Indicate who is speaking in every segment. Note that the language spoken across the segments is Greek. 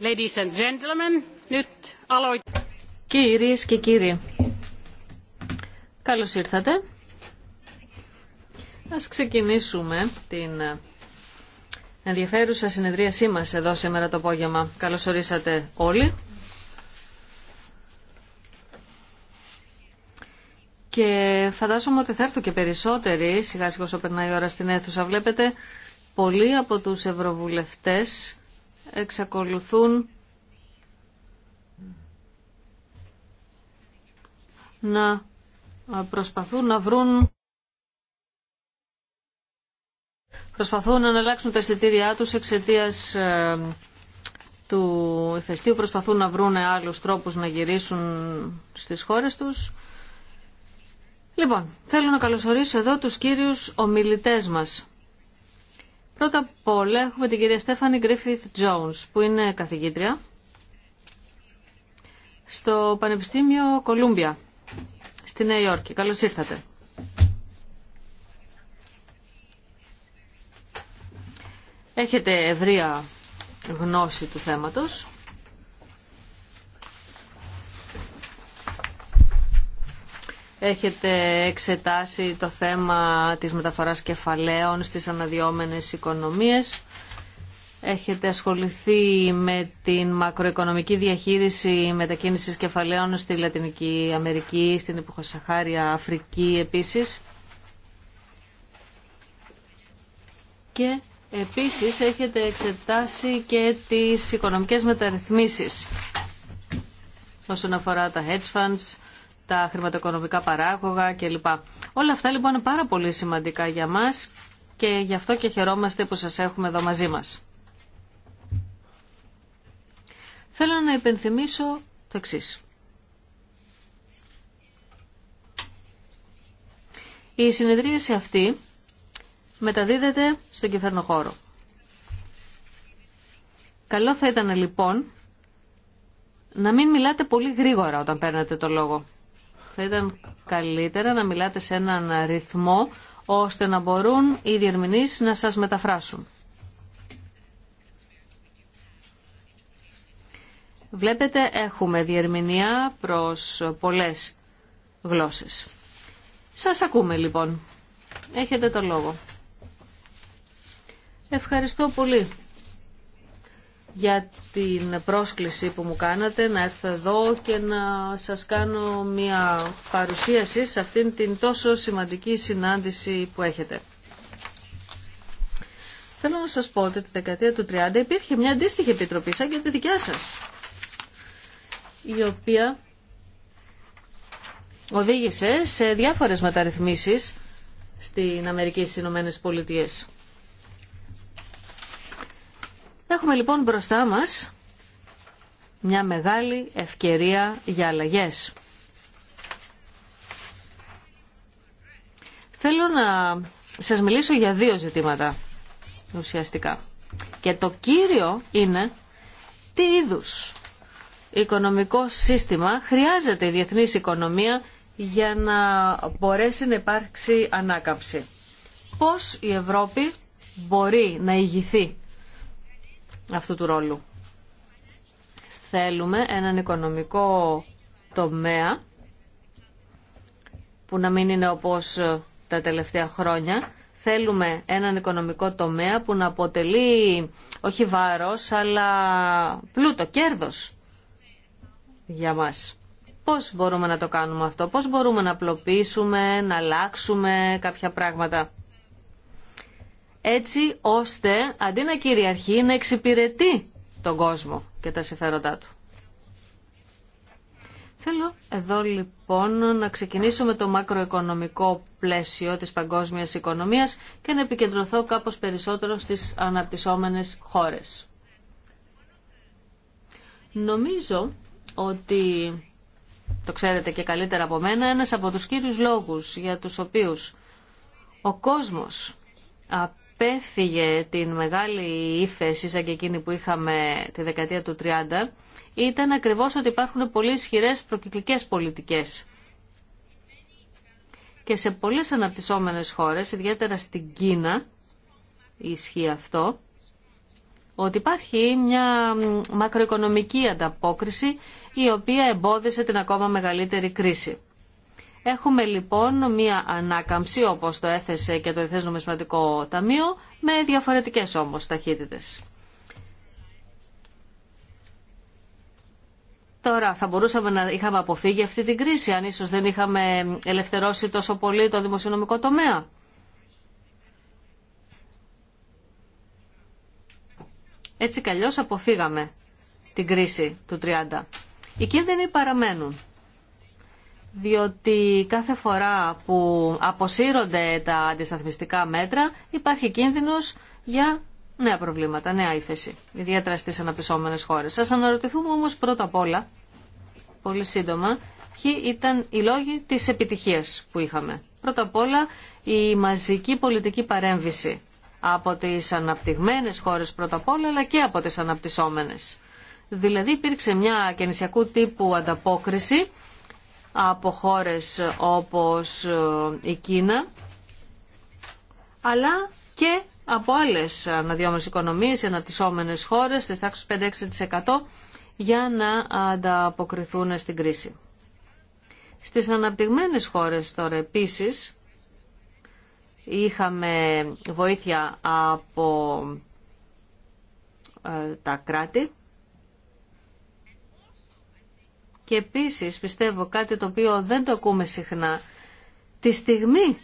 Speaker 1: Ladies and gentlemen, nyt... Κυρίες και κύριοι, καλώς ήρθατε. Ας ξεκινήσουμε την ενδιαφέρουσα συνεδρίασή μας εδώ σήμερα το απόγευμα. Καλώς ορίσατε όλοι. Και φαντάζομαι ότι θα έρθουν και περισσότεροι σιγά σιγά όσο περνάει η ώρα στην αίθουσα. Βλέπετε, πολλοί από τους ευρωβουλευτές εξακολουθούν να προσπαθούν να βρουν προσπαθούν να αλλάξουν τα εισιτήριά τους εξαιτίας ε, του ηφαιστείου, προσπαθούν να βρουν άλλους τρόπους να γυρίσουν στις χώρες τους. Λοιπόν, θέλω να καλωσορίσω εδώ τους κύριους ομιλητές μας. Πρώτα απ' όλα έχουμε την κυρία Στέφανη Γκρίφιθ Τζόουνς, που είναι καθηγήτρια στο Πανεπιστήμιο Κολούμπια, στη Νέα Υόρκη. Καλώς ήρθατε. Έχετε ευρεία γνώση του θέματος. Έχετε εξετάσει το θέμα της μεταφοράς κεφαλαίων στις αναδυόμενες οικονομίες. Έχετε ασχοληθεί με την μακροοικονομική διαχείριση μετακίνησης κεφαλαίων στη Λατινική Αμερική, στην Υποχοσαχάρια Αφρική επίσης. Και Επίσης έχετε εξετάσει και τις οικονομικές μεταρρυθμίσεις όσον αφορά τα hedge funds, τα χρηματοοικονομικά παράγωγα κλπ. Όλα αυτά λοιπόν είναι πάρα πολύ σημαντικά για μας και γι' αυτό και χαιρόμαστε που σας έχουμε εδώ μαζί μας. Θέλω να υπενθυμίσω το εξής. Η συνεδρίαση αυτή μεταδίδεται στον κυβερνοχώρο. Καλό θα ήταν λοιπόν να μην μιλάτε πολύ γρήγορα όταν παίρνετε το λόγο. Θα ήταν καλύτερα να μιλάτε σε έναν ρυθμό ώστε να μπορούν οι διερμηνείς να σας μεταφράσουν. Βλέπετε έχουμε διερμηνία προς πολλές γλώσσες. Σας ακούμε λοιπόν. Έχετε το λόγο. Ευχαριστώ πολύ για την πρόσκληση που μου κάνατε να έρθω εδώ και να σας κάνω μια παρουσίαση σε αυτήν την τόσο σημαντική συνάντηση που έχετε. Θέλω να σας πω ότι τη δεκαετία του 30 υπήρχε μια αντίστοιχη επιτροπή σαν και τη δικιά σας, η οποία οδήγησε σε διάφορες μεταρρυθμίσεις στην Αμερική στις Ηνωμένες Πολιτείες. Έχουμε λοιπόν μπροστά μας μια μεγάλη ευκαιρία για αλλαγές. Θέλω να σας μιλήσω για δύο ζητήματα ουσιαστικά. Και το κύριο είναι τι είδους οικονομικό σύστημα χρειάζεται η διεθνής οικονομία για να μπορέσει να υπάρξει ανάκαμψη. Πώς η Ευρώπη μπορεί να ηγηθεί αυτού του ρόλου. Θέλουμε έναν οικονομικό τομέα που να μην είναι όπως τα τελευταία χρόνια. Θέλουμε έναν οικονομικό τομέα που να αποτελεί όχι βάρος αλλά πλούτο, κέρδος για μας. Πώς μπορούμε να το κάνουμε αυτό, πώς μπορούμε να απλοποιήσουμε, να αλλάξουμε κάποια πράγματα έτσι ώστε αντί να κυριαρχεί να εξυπηρετεί τον κόσμο και τα συμφέροντά του. Θέλω εδώ λοιπόν να ξεκινήσω με το μακροοικονομικό πλαίσιο της παγκόσμιας οικονομίας και να επικεντρωθώ κάπως περισσότερο στις αναπτυσσόμενες χώρες. Νομίζω ότι, το ξέρετε και καλύτερα από μένα, ένας από τους κύριους λόγους για τους οποίους ο κόσμος απέφυγε την μεγάλη ύφεση σαν και εκείνη που είχαμε τη δεκαετία του 30 ήταν ακριβώς ότι υπάρχουν πολύ ισχυρέ προκυκλικές πολιτικές. Και σε πολλές αναπτυσσόμενες χώρες, ιδιαίτερα στην Κίνα, ισχύει αυτό, ότι υπάρχει μια μακροοικονομική ανταπόκριση η οποία εμπόδισε την ακόμα μεγαλύτερη κρίση. Έχουμε λοιπόν μία ανάκαμψη όπως το έθεσε και το Διεθνές Νομισματικό Ταμείο με διαφορετικές όμως ταχύτητες. Τώρα θα μπορούσαμε να είχαμε αποφύγει αυτή την κρίση αν ίσως δεν είχαμε ελευθερώσει τόσο πολύ το δημοσιονομικό τομέα. Έτσι καλλιώς αποφύγαμε την κρίση του 30. Οι κίνδυνοι παραμένουν διότι κάθε φορά που αποσύρονται τα αντισταθμιστικά μέτρα υπάρχει κίνδυνος για νέα προβλήματα, νέα ύφεση, ιδιαίτερα στις αναπτυσσόμενες χώρες. Σας αναρωτηθούμε όμως πρώτα απ' όλα, πολύ σύντομα, ποιοι ήταν οι λόγοι της επιτυχίας που είχαμε. Πρώτα απ' όλα η μαζική πολιτική παρέμβηση από τις αναπτυγμένες χώρες πρώτα απ' όλα, αλλά και από τις αναπτυσσόμενες. Δηλαδή υπήρξε μια κενησιακού τύπου ανταπόκριση από χώρες όπως ε, η Κίνα, αλλά και από άλλες αναδυόμενες οικονομίες, αναπτυσσόμενες χώρες, στις τάξεις 5-6% για να ανταποκριθούν στην κρίση. Στις αναπτυγμένες χώρες τώρα επίσης είχαμε βοήθεια από ε, τα κράτη Και επίσης πιστεύω κάτι το οποίο δεν το ακούμε συχνά. Τη στιγμή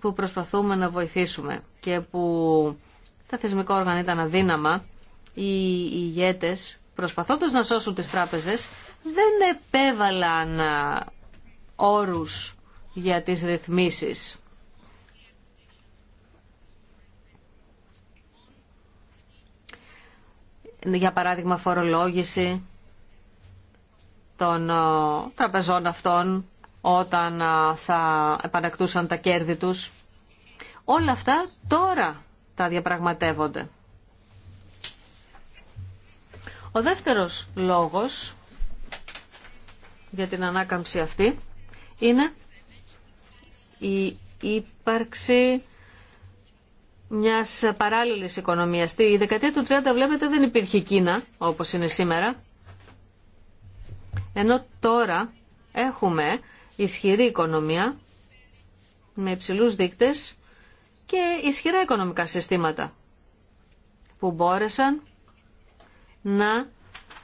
Speaker 1: που προσπαθούμε να βοηθήσουμε και που τα θεσμικά όργανα ήταν αδύναμα, οι ηγέτες προσπαθώντας να σώσουν τις τράπεζες δεν επέβαλαν όρους για τις ρυθμίσεις. Για παράδειγμα φορολόγηση των ε, τραπεζών αυτών όταν ε, θα επανακτούσαν τα κέρδη τους. Όλα αυτά τώρα τα διαπραγματεύονται. Ο δεύτερος λόγος για την ανάκαμψη αυτή είναι η ύπαρξη μιας παράλληλης οικονομίας. Η δεκαετία του 30 βλέπετε δεν υπήρχε Κίνα όπως είναι σήμερα. Ενώ τώρα έχουμε ισχυρή οικονομία με υψηλούς δείκτες και ισχυρά οικονομικά συστήματα που μπόρεσαν να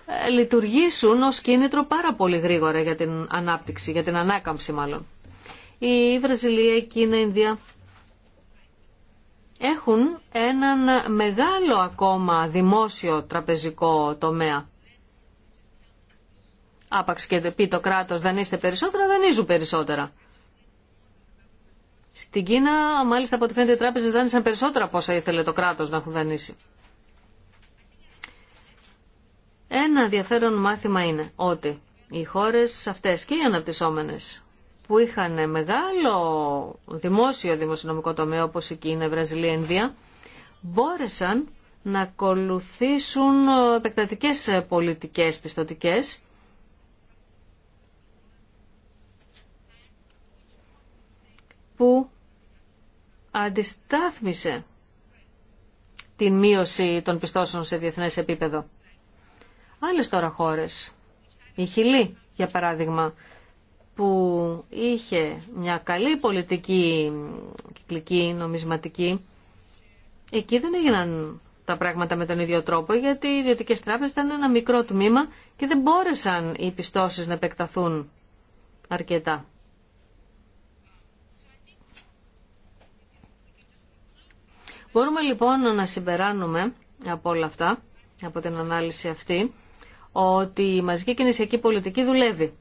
Speaker 1: ε, λειτουργήσουν ως κίνητρο πάρα πολύ γρήγορα για την ανάπτυξη, για την ανάκαμψη μάλλον. Η Βραζιλία, η Κίνα, η Ινδία έχουν έναν μεγάλο ακόμα δημόσιο τραπεζικό τομέα. Άπαξ και πει το κράτος δανείστε περισσότερα, δανείζουν περισσότερα. Στην Κίνα, μάλιστα από ό,τι φαίνεται, οι τράπεζες δάνεισαν περισσότερα από όσα ήθελε το κράτος να έχουν δανείσει. Ένα ενδιαφέρον μάθημα είναι ότι οι χώρες αυτές και οι αναπτυσσόμενες που είχαν μεγάλο δημόσιο δημοσιονομικό τομέα όπως η Κίνα, η Βραζιλία, η Ινδία μπόρεσαν να ακολουθήσουν επεκτατικές πολιτικές πιστοτικές που αντιστάθμισε την μείωση των πιστώσεων σε διεθνές επίπεδο. Άλλες τώρα χώρες, η Χιλή για παράδειγμα, που είχε μια καλή πολιτική κυκλική νομισματική, εκεί δεν έγιναν τα πράγματα με τον ίδιο τρόπο, γιατί οι ιδιωτικέ τράπεζε ήταν ένα μικρό τμήμα και δεν μπόρεσαν οι πιστώσει να επεκταθούν αρκετά. Μπορούμε λοιπόν να συμπεράνουμε από όλα αυτά, από την ανάλυση αυτή, ότι η μαζική κινησιακή πολιτική δουλεύει.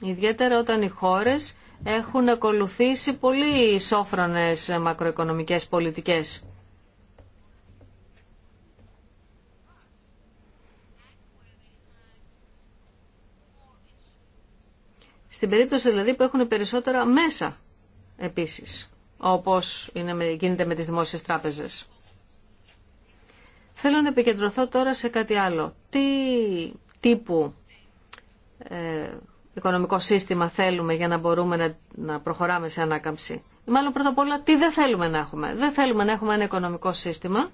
Speaker 1: Ιδιαίτερα όταν οι χώρες έχουν ακολουθήσει πολύ σόφρονες μακροοικονομικές πολιτικές. Στην περίπτωση δηλαδή που έχουν περισσότερα μέσα επίσης όπως είναι, γίνεται με τις δημόσιες τράπεζες. Θέλω να επικεντρωθώ τώρα σε κάτι άλλο. Τι τύπου ε, οικονομικό σύστημα θέλουμε για να μπορούμε να, να προχωράμε σε ανάκαμψη. Μάλλον πρώτα απ' όλα τι δεν θέλουμε να έχουμε. Δεν θέλουμε να έχουμε ένα οικονομικό σύστημα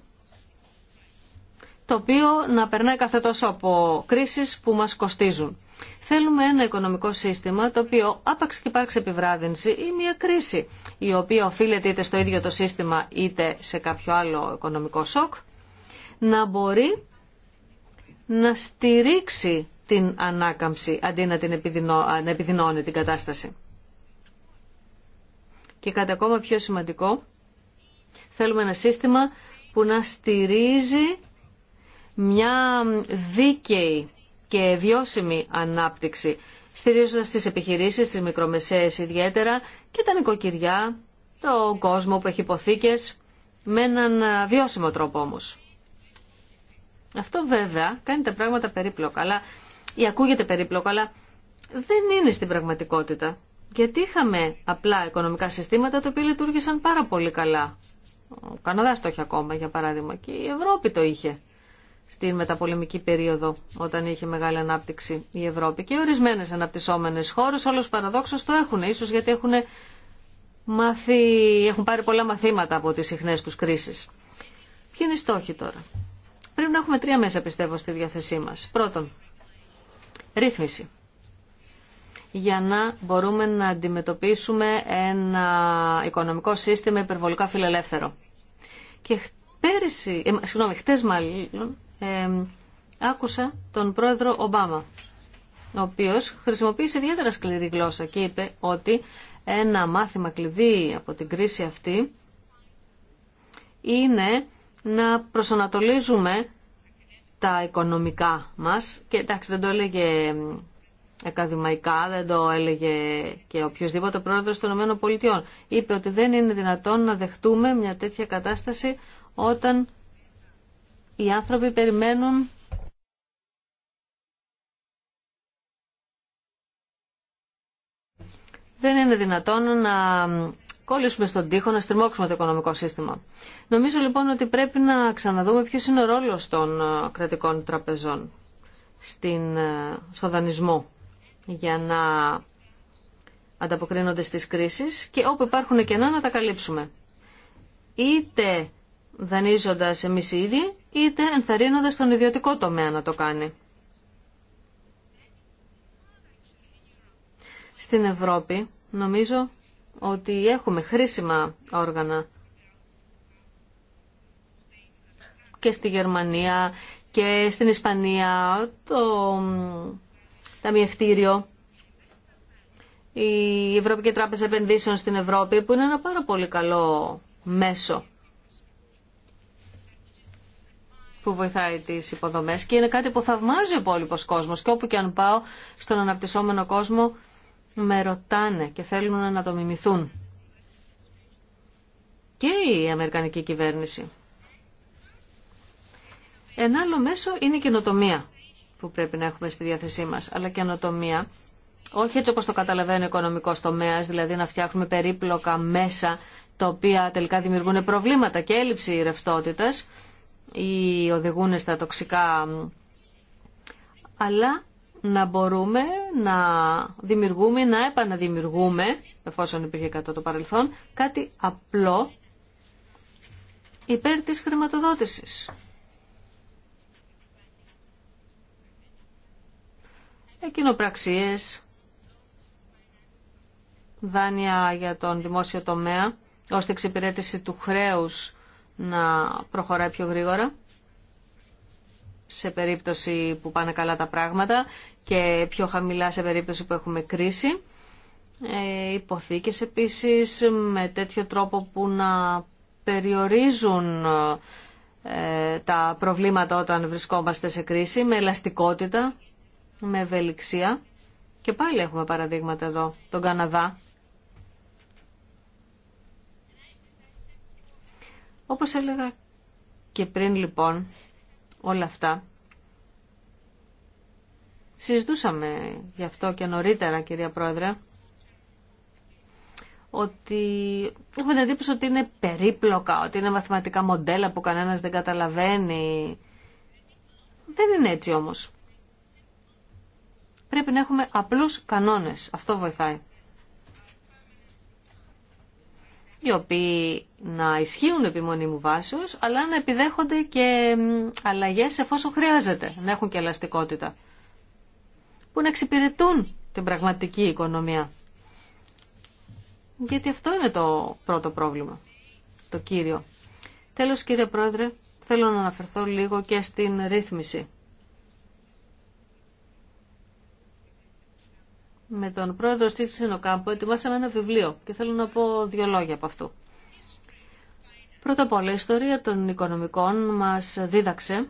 Speaker 1: το οποίο να περνάει καθετός από κρίσεις που μας κοστίζουν. Θέλουμε ένα οικονομικό σύστημα το οποίο άπαξ και υπάρξει επιβράδυνση ή μια κρίση η οποία οφείλεται είτε στο ίδιο το σύστημα είτε σε κάποιο άλλο οικονομικό σοκ να μπορεί να στηρίξει την ανάκαμψη αντί να, την επιδεινώ, να επιδεινώνει την κατάσταση. Και κατά ακόμα πιο σημαντικό, θέλουμε ένα σύστημα που να στηρίζει μια δίκαιη και βιώσιμη ανάπτυξη, στηρίζοντας τις επιχειρήσεις, τις μικρομεσαίες ιδιαίτερα και τα νοικοκυριά, το κόσμο που έχει υποθήκες, με έναν βιώσιμο τρόπο όμως. Αυτό βέβαια κάνει τα πράγματα περίπλοκα, αλλά, ή ακούγεται περίπλοκα, αλλά δεν είναι στην πραγματικότητα. Γιατί είχαμε απλά οικονομικά συστήματα τα οποία λειτουργήσαν πάρα πολύ καλά. Ο Καναδάς το έχει ακόμα, για παράδειγμα, και η Ευρώπη το είχε στην μεταπολεμική περίοδο όταν είχε μεγάλη ανάπτυξη η Ευρώπη. Και ορισμένες αναπτυσσόμενες χώρες όλος παραδόξως το έχουν, ίσως γιατί έχουν, μάθει, έχουν πάρει πολλά μαθήματα από τις συχνές τους κρίσεις. Ποιοι είναι οι στόχοι τώρα. Πρέπει να έχουμε τρία μέσα πιστεύω στη διάθεσή μας. Πρώτον, ρύθμιση για να μπορούμε να αντιμετωπίσουμε ένα οικονομικό σύστημα υπερβολικά φιλελεύθερο. Και πέρυσι, ε, συγγνώμη, χτες μάλλον, άκουσα τον πρόεδρο Ομπάμα, ο οποίος χρησιμοποίησε ιδιαίτερα σκληρή γλώσσα και είπε ότι ένα μάθημα κλειδί από την κρίση αυτή είναι να προσανατολίζουμε τα οικονομικά μας και εντάξει δεν το έλεγε ακαδημαϊκά, δεν το έλεγε και οποιοδήποτε πρόεδρος των ΗΠΑ. Είπε ότι δεν είναι δυνατόν να δεχτούμε μια τέτοια κατάσταση όταν οι άνθρωποι περιμένουν δεν είναι δυνατόν να κόλλησουμε στον τοίχο, να στριμώξουμε το οικονομικό σύστημα. Νομίζω λοιπόν ότι πρέπει να ξαναδούμε ποιος είναι ο ρόλος των ε, κρατικών τραπεζών στην, ε, στο δανεισμό για να ανταποκρίνονται στις κρίσεις και όπου υπάρχουν κενά να τα καλύψουμε. Είτε δανείζοντας εμείς ήδη, είτε ενθαρρύνοντας τον ιδιωτικό τομέα να το κάνει. Στην Ευρώπη νομίζω ότι έχουμε χρήσιμα όργανα και στη Γερμανία και στην Ισπανία το ταμιευτήριο η Ευρωπαϊκή Τράπεζα Επενδύσεων στην Ευρώπη που είναι ένα πάρα πολύ καλό μέσο που βοηθάει τι υποδομές και είναι κάτι που θαυμάζει ο υπόλοιπο κόσμο και όπου και αν πάω στον αναπτυσσόμενο κόσμο με ρωτάνε και θέλουν να το μιμηθούν. Και η Αμερικανική κυβέρνηση. Ένα άλλο μέσο είναι η καινοτομία που πρέπει να έχουμε στη διάθεσή μας. Αλλά καινοτομία, όχι έτσι όπως το καταλαβαίνει ο οικονομικός τομέας, δηλαδή να φτιάχνουμε περίπλοκα μέσα τα οποία τελικά δημιουργούν προβλήματα και έλλειψη ρευστότητας, ή οδηγούν στα τοξικά, αλλά να μπορούμε να δημιουργούμε, να επαναδημιουργούμε, εφόσον υπήρχε κατά το παρελθόν, κάτι απλό υπέρ της χρηματοδότησης. Εκκοινοπραξίες, δάνεια για τον δημόσιο τομέα, ώστε εξυπηρέτηση του χρέους να προχωράει πιο γρήγορα σε περίπτωση που πάνε καλά τα πράγματα και πιο χαμηλά σε περίπτωση που έχουμε κρίση. Ε, υποθήκες επίσης με τέτοιο τρόπο που να περιορίζουν ε, τα προβλήματα όταν βρισκόμαστε σε κρίση με ελαστικότητα, με ευελιξία. Και πάλι έχουμε παραδείγματα εδώ, τον Καναδά Όπως έλεγα και πριν λοιπόν όλα αυτά, συζητούσαμε γι' αυτό και νωρίτερα κυρία Πρόεδρε, ότι έχουμε την εντύπωση ότι είναι περίπλοκα, ότι είναι μαθηματικά μοντέλα που κανένας δεν καταλαβαίνει. Δεν είναι έτσι όμως. Πρέπει να έχουμε απλούς κανόνες. Αυτό βοηθάει. Οι οποίοι να ισχύουν επιμονή μου βάσεως, αλλά να επιδέχονται και αλλαγές εφόσον χρειάζεται, να έχουν και ελαστικότητα, που να εξυπηρετούν την πραγματική οικονομία. Γιατί αυτό είναι το πρώτο πρόβλημα, το κύριο. Τέλος κύριε Πρόεδρε, θέλω να αναφερθώ λίγο και στην ρύθμιση. Με τον πρόεδρο Στίφη Σινοκάμπο ετοιμάσαμε ένα βιβλίο και θέλω να πω δύο λόγια από αυτού. Πρώτα απ' όλα, η ιστορία των οικονομικών μας δίδαξε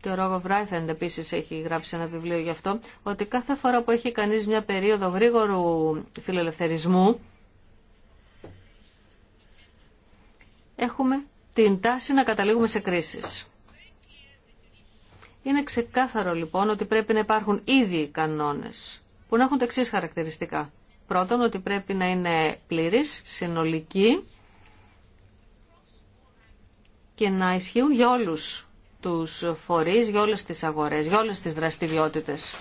Speaker 1: και ο Ρόγο Βράιφεντ επίση έχει γράψει ένα βιβλίο γι' αυτό, ότι κάθε φορά που έχει κανεί μια περίοδο γρήγορου φιλελευθερισμού, έχουμε την τάση να καταλήγουμε σε κρίσεις. Είναι ξεκάθαρο λοιπόν ότι πρέπει να υπάρχουν ήδη κανόνες που να έχουν τα εξή χαρακτηριστικά. Πρώτον ότι πρέπει να είναι πλήρης, συνολική και να ισχύουν για όλους τους φορείς, για όλες τις αγορές, για όλες τις δραστηριότητες.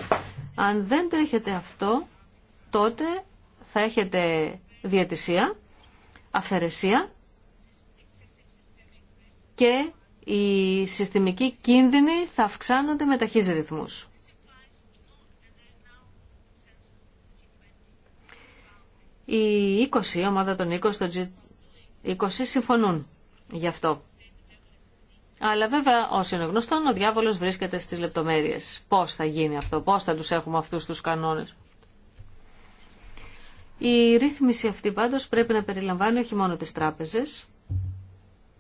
Speaker 1: Αν δεν το έχετε αυτό, τότε θα έχετε διατησία, αφαιρεσία και οι συστημικοί κίνδυνοι θα αυξάνονται με ταχύς ρυθμούς. Οι 20, η ομάδα των 20, το 20 συμφωνούν γι' αυτό. Αλλά βέβαια, όσοι είναι γνωστόν, ο διάβολος βρίσκεται στις λεπτομέρειες. Πώς θα γίνει αυτό, πώς θα τους έχουμε αυτούς τους κανόνες. Η ρύθμιση αυτή πάντως πρέπει να περιλαμβάνει όχι μόνο τις τράπεζες,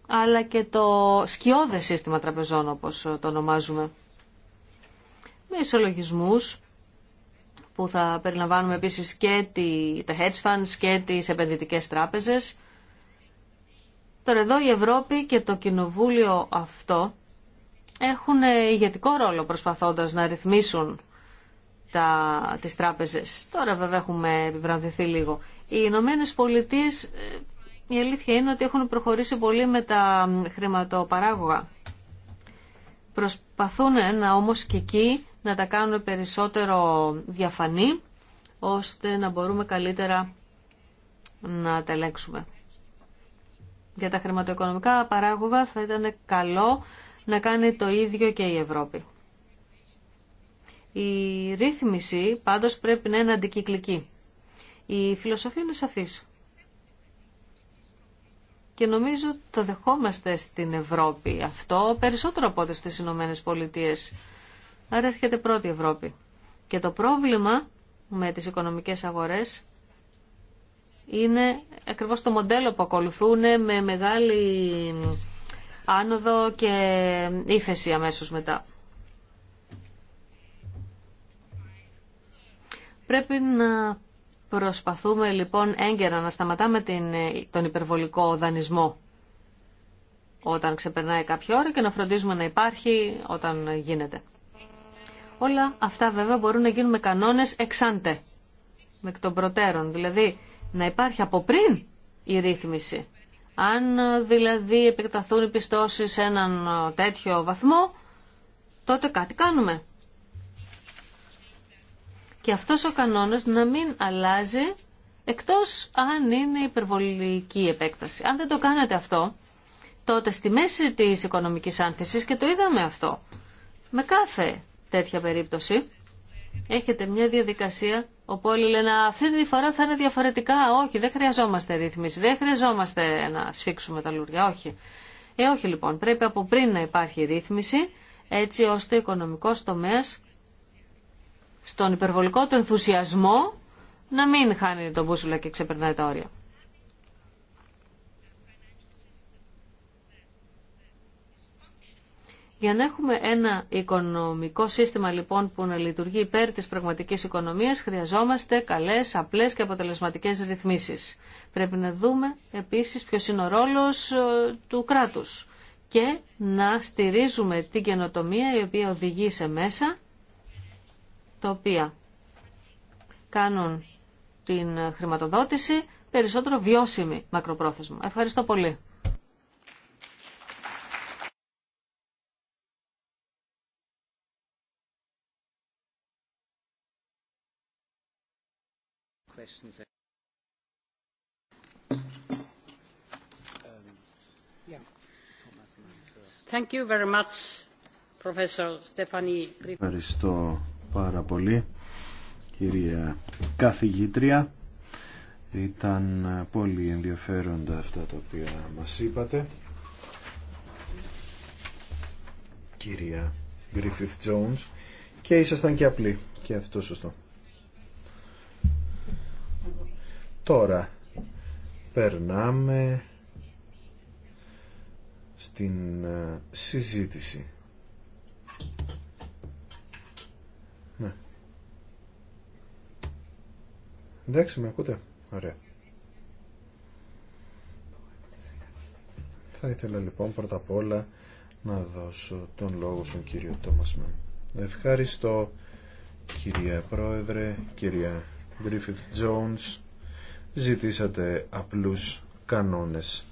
Speaker 1: αλλά και το σκιώδε σύστημα τραπεζών όπως το ονομάζουμε. Με ισολογισμούς που θα περιλαμβάνουμε επίσης και τα hedge funds και τις επενδυτικές τράπεζες. Τώρα εδώ η Ευρώπη και το κοινοβούλιο αυτό έχουν ηγετικό ρόλο προσπαθώντας να ρυθμίσουν τα, τις τράπεζες. Τώρα βέβαια έχουμε επιβραδυθεί λίγο. Οι Ηνωμένε Πολιτείε, ε, η αλήθεια είναι ότι έχουν προχωρήσει πολύ με τα χρηματοπαράγωγα. Προσπαθούν να όμως και εκεί να τα κάνουμε περισσότερο διαφανή, ώστε να μπορούμε καλύτερα να τα ελέγξουμε. Για τα χρηματοοικονομικά παράγωγα θα ήταν καλό να κάνει το ίδιο και η Ευρώπη. Η ρύθμιση πάντως πρέπει να είναι αντικυκλική. Η φιλοσοφία είναι σαφής. Και νομίζω το δεχόμαστε στην Ευρώπη αυτό περισσότερο από ό,τι στις Ηνωμένε Πολιτείες. Άρα έρχεται πρώτη Ευρώπη. Και το πρόβλημα με τις οικονομικές αγορές είναι ακριβώς το μοντέλο που ακολουθούν με μεγάλη άνοδο και ύφεση αμέσως μετά. Πρέπει να προσπαθούμε λοιπόν έγκαιρα να σταματάμε την, τον υπερβολικό δανεισμό όταν ξεπερνάει κάποια ώρα και να φροντίζουμε να υπάρχει όταν γίνεται. Όλα αυτά βέβαια μπορούν να γίνουν με κανόνες εξάντε, με των προτέρων, δηλαδή να υπάρχει από πριν η ρύθμιση. Αν δηλαδή επεκταθούν οι πιστώσει σε έναν ε, τέτοιο βαθμό, τότε κάτι κάνουμε. Και αυτός ο κανόνας να μην αλλάζει εκτός αν είναι υπερβολική επέκταση. Αν δεν το κάνετε αυτό, τότε στη μέση της οικονομικής άνθησης, και το είδαμε αυτό, με κάθε τέτοια περίπτωση, έχετε μια διαδικασία όπου όλοι λένε αυτή τη φορά θα είναι διαφορετικά. Όχι, δεν χρειαζόμαστε ρύθμιση, δεν χρειαζόμαστε να σφίξουμε τα λουριά, όχι. Ε, όχι λοιπόν, πρέπει από πριν να υπάρχει ρύθμιση, έτσι ώστε ο οικονομικός τομέας στον υπερβολικό του ενθουσιασμό να μην χάνει τον μπούσουλα και ξεπερνάει τα όρια. Για να έχουμε ένα οικονομικό σύστημα λοιπόν που να λειτουργεί υπέρ της πραγματικής οικονομίας χρειαζόμαστε καλές, απλές και αποτελεσματικές ρυθμίσεις. Πρέπει να δούμε επίσης ποιος είναι ο ρόλος ε, του κράτους και να στηρίζουμε την καινοτομία η οποία οδηγεί σε μέσα τα οποία κάνουν την χρηματοδότηση περισσότερο βιώσιμη μακροπρόθεσμα. Ευχαριστώ πολύ.
Speaker 2: Um,
Speaker 3: Ευχαριστώ πάρα πολύ, κυρία καθηγήτρια. Ήταν πολύ ενδιαφέροντα αυτά τα οποία μας είπατε. Κυρία Γκρίφιθ Τζόουνς. Και ήσασταν και απλοί. Και αυτό σωστό. Τώρα περνάμε στην ε, συζήτηση. Ναι. Εντάξει, με ακούτε. Ωραία. Θα ήθελα λοιπόν πρώτα απ' όλα να δώσω τον λόγο στον κύριο Τόμασμαν. Ευχαριστώ κυρία Πρόεδρε, κυρία Γκρίφιθ ζητήσατε απλούς κανόνες.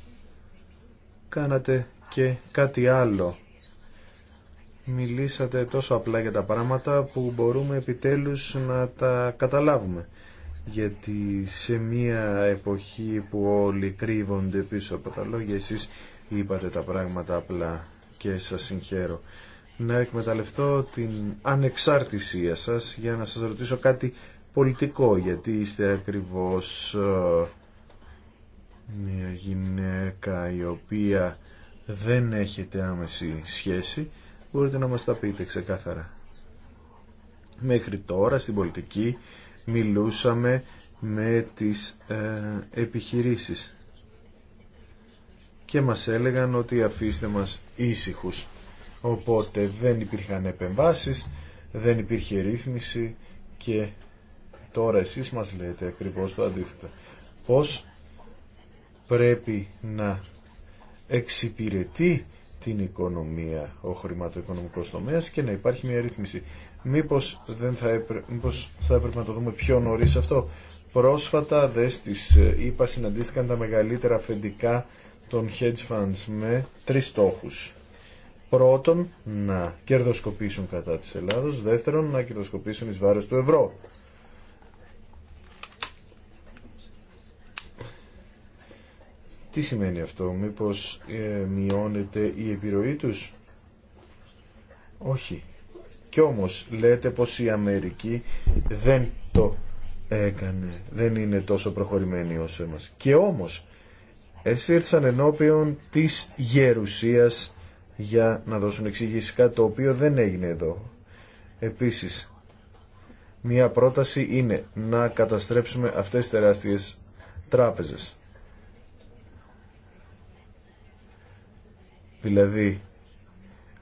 Speaker 3: Κάνατε και κάτι άλλο. Μιλήσατε τόσο απλά για τα πράγματα που μπορούμε επιτέλους να τα καταλάβουμε. Γιατί σε μια εποχή που όλοι κρύβονται πίσω από τα λόγια, εσείς είπατε τα πράγματα απλά και σας συγχαίρω. Να εκμεταλλευτώ την ανεξάρτησία σας για να σας ρωτήσω κάτι πολιτικό γιατί είστε ακριβώς ε, μια γυναίκα η οποία δεν έχετε άμεση σχέση μπορείτε να μας τα πείτε ξεκάθαρα. Μέχρι τώρα στην πολιτική μιλούσαμε με τις ε, επιχειρήσεις και μας έλεγαν ότι αφήστε μας ήσυχους. Οπότε δεν υπήρχαν επεμβάσεις, δεν υπήρχε ρύθμιση και Τώρα εσείς μας λέτε ακριβώς το αντίθετο. Πώς πρέπει να εξυπηρετεί την οικονομία ο χρηματοοικονομικός τομέας και να υπάρχει μια ρύθμιση. Μήπως, δεν θα, έπρε... Μήπως θα έπρεπε να το δούμε πιο νωρίς αυτό. Πρόσφατα δε στις ε, είπα, συναντήθηκαν τα μεγαλύτερα αφεντικά των hedge funds με τρεις στόχους. Πρώτον, να κερδοσκοπήσουν κατά της Ελλάδος. Δεύτερον, να κερδοσκοπήσουν εις βάρος του ευρώ. Τι σημαίνει αυτό, μήπως ε, μειώνεται η επιρροή τους. Όχι. Κι όμως λέτε πως η Αμερική δεν το έκανε, δεν είναι τόσο προχωρημένη όσο εμάς. Και όμως, έτσι ήρθαν ενώπιον της γερουσίας για να δώσουν εξήγηση κάτι το οποίο δεν έγινε εδώ. Επίσης, μία πρόταση είναι να καταστρέψουμε αυτές τις τεράστιες τράπεζες. δηλαδή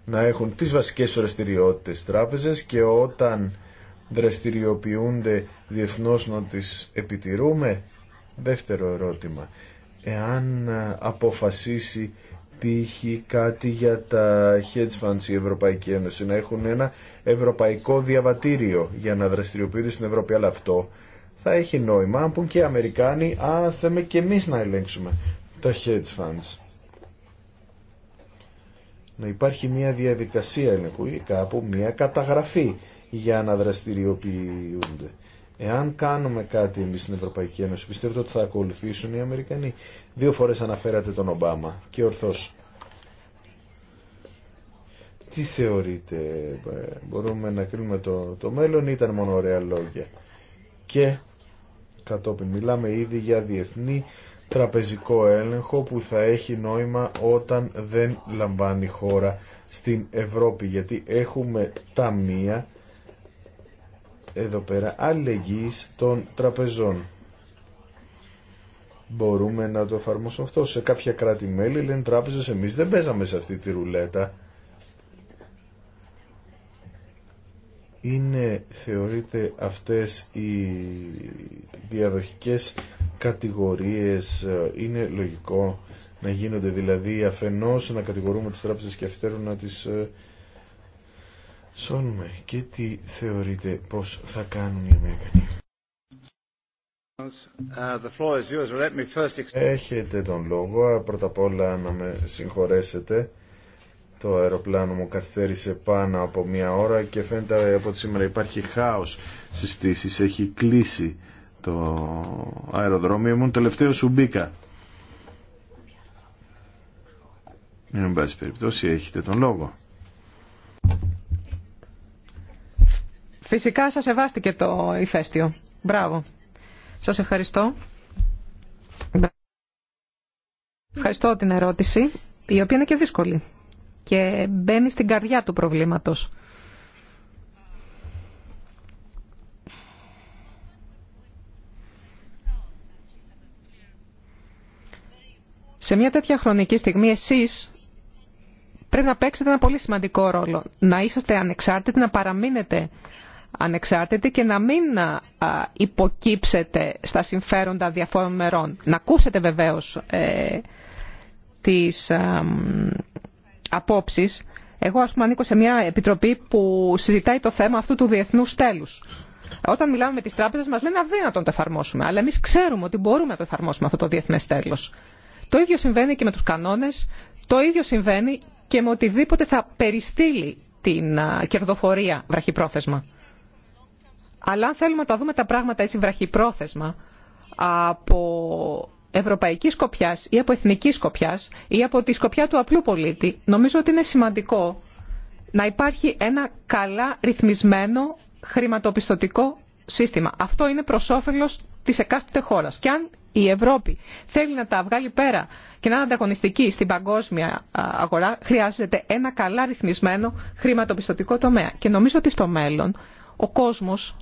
Speaker 3: να έχουν τις βασικές δραστηριότητες τράπεζες και όταν δραστηριοποιούνται διεθνώς να τις επιτηρούμε. Δεύτερο ερώτημα. Εάν ε, αποφασίσει π.χ. κάτι για τα hedge funds η Ευρωπαϊκή Ένωση να έχουν ένα ευρωπαϊκό διαβατήριο για να δραστηριοποιούνται στην Ευρώπη αλλά αυτό θα έχει νόημα αν πούν και οι Αμερικάνοι α, θέμε και εμείς να ελέγξουμε τα hedge funds να υπάρχει μια διαδικασία ελεγχού ή κάπου μια καταγραφή για να δραστηριοποιούνται. Εάν κάνουμε κάτι εμείς στην Ευρωπαϊκή Ένωση, πιστεύετε ότι θα ακολουθήσουν οι Αμερικανοί. Δύο φορές αναφέρατε τον Ομπάμα και ορθώς. Τι θεωρείτε, ε, μπορούμε να κρίνουμε το, το μέλλον ή ήταν μόνο ωραία λόγια. Και κατόπιν μιλάμε ήδη για διεθνή τραπεζικό έλεγχο που θα έχει νόημα όταν δεν λαμβάνει χώρα στην Ευρώπη γιατί έχουμε ταμεία εδώ πέρα αλληλεγγύης των τραπεζών. Μπορούμε να το εφαρμόσουμε αυτό. Σε κάποια κράτη-μέλη λένε τράπεζες εμείς δεν παίζαμε σε αυτή τη ρουλέτα. είναι θεωρείται αυτές οι διαδοχικές κατηγορίες ε, είναι λογικό να γίνονται δηλαδή αφενός να κατηγορούμε τις τράπεζες και αφετέρου να τις ε, σώνουμε και τι θεωρείτε πως θα κάνουν οι Αμερικανοί
Speaker 4: uh,
Speaker 3: Έχετε τον λόγο πρώτα απ' όλα να με συγχωρέσετε το αεροπλάνο μου καθυστέρησε πάνω από μία ώρα και φαίνεται από σήμερα υπάρχει χάος στις πτήσεις έχει κλείσει το αεροδρόμιο. Ήμουν τελευταίο σου μπήκα. Εν πάση περιπτώσει έχετε τον λόγο.
Speaker 2: Φυσικά σας σεβάστηκε το ηφαίστειο. Μπράβο. Σας ευχαριστώ. Ευχαριστώ την ερώτηση, η οποία είναι και δύσκολη και μπαίνει στην καρδιά του προβλήματος. Σε μια τέτοια χρονική στιγμή εσείς πρέπει να παίξετε ένα πολύ σημαντικό ρόλο. Να είσαστε ανεξάρτητοι, να παραμείνετε ανεξάρτητοι και να μην υποκύψετε στα συμφέροντα διαφόρων μερών. Να ακούσετε βεβαίως ε, τις απόψεις. Εγώ ας πούμε ανήκω σε μια επιτροπή που συζητάει το θέμα αυτού του διεθνούς τέλους. Όταν μιλάμε με τις τράπεζες μας λένε αδύνατον να το εφαρμόσουμε, αλλά εμείς ξέρουμε ότι μπορούμε να το εφαρμόσουμε αυτό το διεθνές τέλος. Το ίδιο συμβαίνει και με τους κανόνες, το ίδιο συμβαίνει και με οτιδήποτε θα περιστύλει την κερδοφορία βραχυπρόθεσμα. Αλλά αν θέλουμε να τα δούμε τα πράγματα έτσι βραχυπρόθεσμα, από ευρωπαϊκή σκοπιά ή από εθνική σκοπιά ή από τη σκοπιά του απλού πολίτη, νομίζω ότι είναι σημαντικό να υπάρχει ένα καλά ρυθμισμένο χρηματοπιστωτικό σύστημα. Αυτό είναι προ όφελο τη εκάστοτε χώρα. Και αν η Ευρώπη θέλει να τα βγάλει πέρα και να είναι ανταγωνιστική στην παγκόσμια αγορά, χρειάζεται ένα καλά ρυθμισμένο χρηματοπιστωτικό τομέα. Και νομίζω ότι στο μέλλον ο κόσμος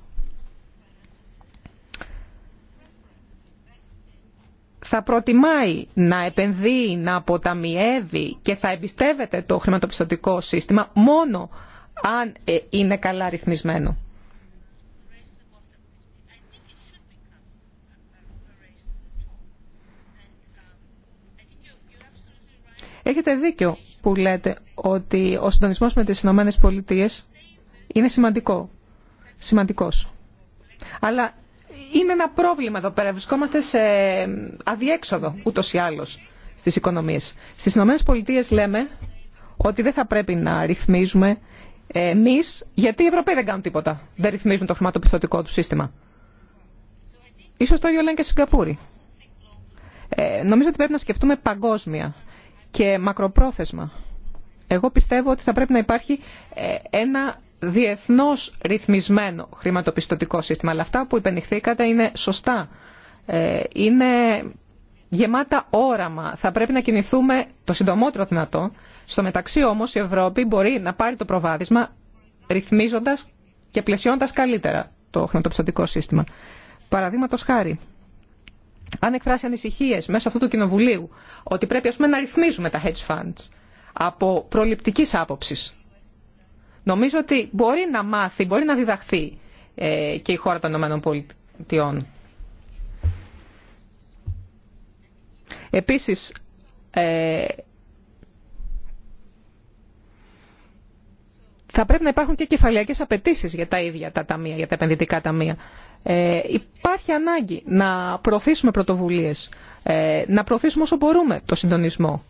Speaker 2: θα προτιμάει να επενδύει, να αποταμιεύει και θα εμπιστεύεται το χρηματοπιστωτικό σύστημα μόνο αν ε, είναι καλά ρυθμισμένο. Έχετε δίκιο που λέτε ότι ο συντονισμός με τις Ηνωμένε Πολιτείε είναι σημαντικό. Σημαντικός. Αλλά είναι ένα πρόβλημα εδώ πέρα. Βρισκόμαστε σε αδιέξοδο ούτως ή άλλως στις οικονομίες. Στις Ηνωμένε Πολιτείε λέμε ότι δεν θα πρέπει να ρυθμίζουμε ε, εμεί, γιατί οι Ευρωπαίοι δεν κάνουν τίποτα. Δεν ρυθμίζουν το χρηματοπιστωτικό του σύστημα. Ίσως το ίδιο λένε και Σιγκαπούρη. Ε, νομίζω ότι πρέπει να σκεφτούμε παγκόσμια και μακροπρόθεσμα. Εγώ πιστεύω ότι θα πρέπει να υπάρχει ε, ένα διεθνώς ρυθμισμένο χρηματοπιστωτικό σύστημα. Αλλά αυτά που υπενηχθήκατε είναι σωστά. Ε, είναι γεμάτα όραμα. Θα πρέπει να κινηθούμε το συντομότερο δυνατό. Στο μεταξύ όμως η Ευρώπη μπορεί να πάρει το προβάδισμα ρυθμίζοντας και πλαισιώντας καλύτερα το χρηματοπιστωτικό σύστημα. Παραδείγματος χάρη, αν εκφράσει ανησυχίε μέσω αυτού του κοινοβουλίου ότι πρέπει ας να ρυθμίζουμε τα hedge funds από προληπτική άποψη, νομίζω ότι μπορεί να μάθει, μπορεί να διδαχθεί ε, και η χώρα των ΗΠΑ. Επίσης, ε, θα πρέπει να υπάρχουν και κεφαλαιακές απαιτήσει για τα ίδια τα ταμεία, για τα επενδυτικά ταμεία. Ε, υπάρχει ανάγκη να προωθήσουμε πρωτοβουλίες, ε, να προωθήσουμε όσο μπορούμε το συντονισμό.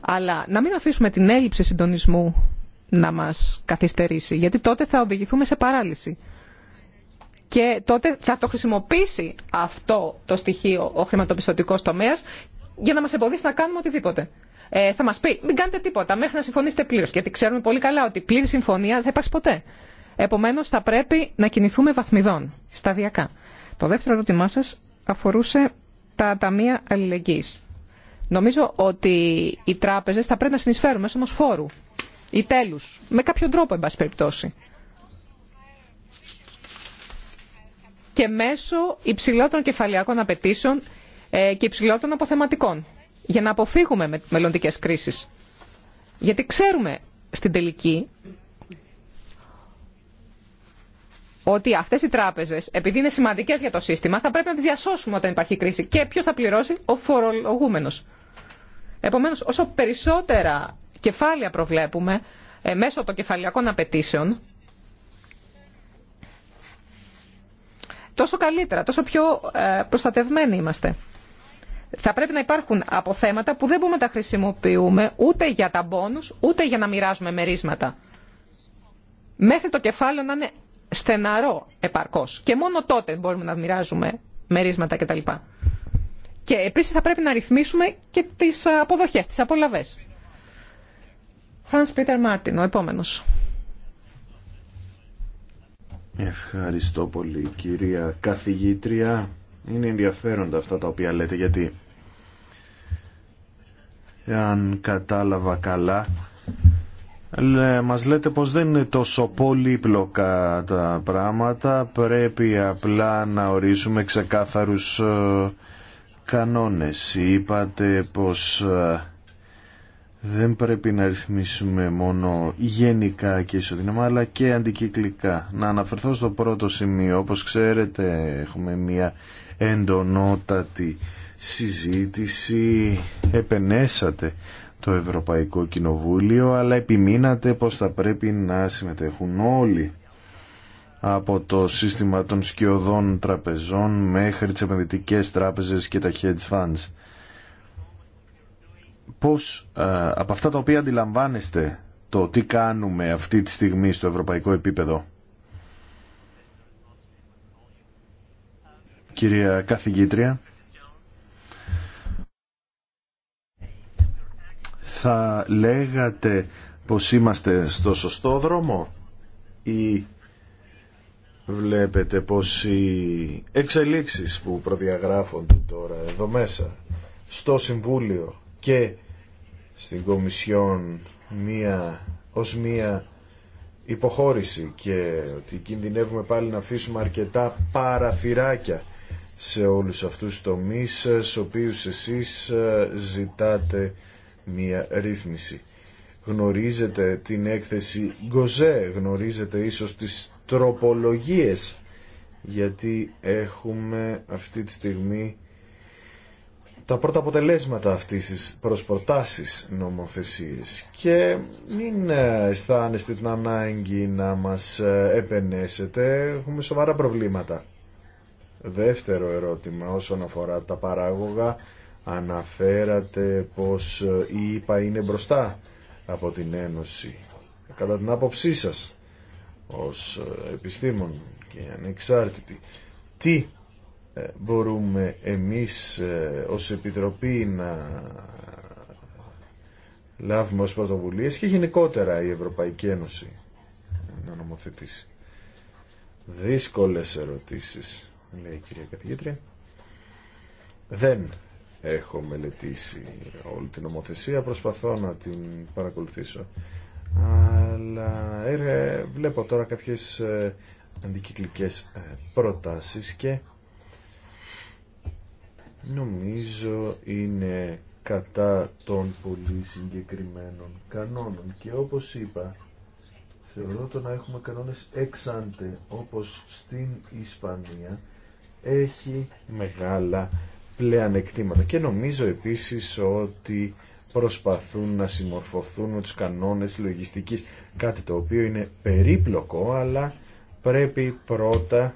Speaker 2: Αλλά να μην αφήσουμε την έλλειψη συντονισμού να μας καθυστερήσει, γιατί τότε θα οδηγηθούμε σε παράλυση. Και τότε θα το χρησιμοποιήσει αυτό το στοιχείο ο χρηματοπιστωτικό τομέα για να μα εμποδίσει να κάνουμε οτιδήποτε. Ε, θα μας πει μην κάνετε τίποτα μέχρι να συμφωνήσετε πλήρω. Γιατί ξέρουμε πολύ καλά ότι πλήρη συμφωνία δεν θα ποτέ. Επομένω, θα πρέπει να κινηθούμε βαθμιδών, σταδιακά. Το δεύτερο ερώτημά σα αφορούσε τα ταμεία αλληλεγγύη. Νομίζω ότι οι τράπεζε θα πρέπει να συνεισφέρουν μέσω ενό φόρου ή τέλου. Με κάποιο τρόπο, εν πάση περιπτώσει. Και μέσω υψηλότερων κεφαλιάκων απαιτήσεων ε, και υψηλότερων αποθεματικών για να αποφύγουμε με μελλοντικές κρίσεις. Γιατί ξέρουμε στην τελική ότι αυτές οι τράπεζες, επειδή είναι σημαντικές για το σύστημα, θα πρέπει να τις διασώσουμε όταν υπάρχει κρίση. Και ποιος θα πληρώσει, ο φορολογούμενος. Επομένως, όσο περισσότερα κεφάλαια προβλέπουμε, ε, μέσω των κεφαλαιακών απαιτήσεων, τόσο καλύτερα, τόσο πιο ε, προστατευμένοι είμαστε θα πρέπει να υπάρχουν αποθέματα που δεν μπορούμε να τα χρησιμοποιούμε ούτε για τα μπόνους, ούτε για να μοιράζουμε μερίσματα. Μέχρι το κεφάλαιο να είναι στεναρό επαρκώς. Και μόνο τότε μπορούμε να μοιράζουμε μερίσματα κτλ. Και επίσης θα πρέπει να ρυθμίσουμε και τις αποδοχές, τις απολαβές. Hans Peter Martin, ο επόμενος.
Speaker 3: Ευχαριστώ πολύ κυρία καθηγήτρια. Είναι ενδιαφέροντα αυτά τα οποία λέτε γιατί αν κατάλαβα καλά μας λέτε πως δεν είναι τόσο πολύπλοκα τα πράγματα πρέπει απλά να ορίσουμε ξεκάθαρους ε, κανόνες είπατε πως ε, δεν πρέπει να ρυθμίσουμε μόνο γενικά και ισοδύναμα αλλά και αντικυκλικά. Να αναφερθώ στο πρώτο σημείο. Όπως ξέρετε έχουμε μια εντονότατη συζήτηση. Επενέσατε το Ευρωπαϊκό Κοινοβούλιο αλλά επιμείνατε πως θα πρέπει να συμμετέχουν όλοι από το σύστημα των σκιωδών τραπεζών μέχρι τις επενδυτικές τράπεζες και τα hedge funds πώς ε, από αυτά τα οποία αντιλαμβάνεστε το τι κάνουμε αυτή τη στιγμή στο ευρωπαϊκό επίπεδο κυρία καθηγήτρια θα λέγατε πως είμαστε στο σωστό δρόμο ή βλέπετε πως οι εξελίξεις που προδιαγράφονται τώρα εδώ μέσα στο Συμβούλιο και στην Κομισιόν μία, ως μία υποχώρηση και ότι κινδυνεύουμε πάλι να αφήσουμε αρκετά παραφυράκια σε όλους αυτούς τους τομείς στους οποίους εσείς ε, ζητάτε μία ρύθμιση. Γνωρίζετε την έκθεση Γκοζέ, γνωρίζετε ίσως τις τροπολογίες γιατί έχουμε αυτή τη στιγμή τα πρώτα αποτελέσματα αυτής της προσποτάσει νομοθεσίες και μην ε, αισθάνεστε την ανάγκη να μας ε, επενέσετε, έχουμε σοβαρά προβλήματα. Δεύτερο ερώτημα όσον αφορά τα παράγωγα, αναφέρατε πως ε, η ΕΠΑ είναι μπροστά από την Ένωση. Κατά την άποψή σας ως επιστήμον και ανεξάρτητη, τι ε, μπορούμε εμείς ε, ως Επιτροπή να λάβουμε ως πρωτοβουλίες και γενικότερα η Ευρωπαϊκή Ένωση να νομοθετήσει. Δύσκολες ερωτήσεις, λέει η κυρία Καθηγήτρια. Δεν έχω μελετήσει όλη την νομοθεσία, προσπαθώ να την παρακολουθήσω. Αλλά ε, βλέπω τώρα κάποιες αντικυκλικές προτάσεις και νομίζω είναι κατά των πολύ συγκεκριμένων κανόνων και όπως είπα θεωρώ το να έχουμε κανόνες εξάντε όπως στην Ισπανία έχει μεγάλα πλεανεκτήματα και νομίζω επίσης ότι προσπαθούν να συμμορφωθούν με τους κανόνες λογιστικής κάτι το οποίο είναι περίπλοκο αλλά πρέπει πρώτα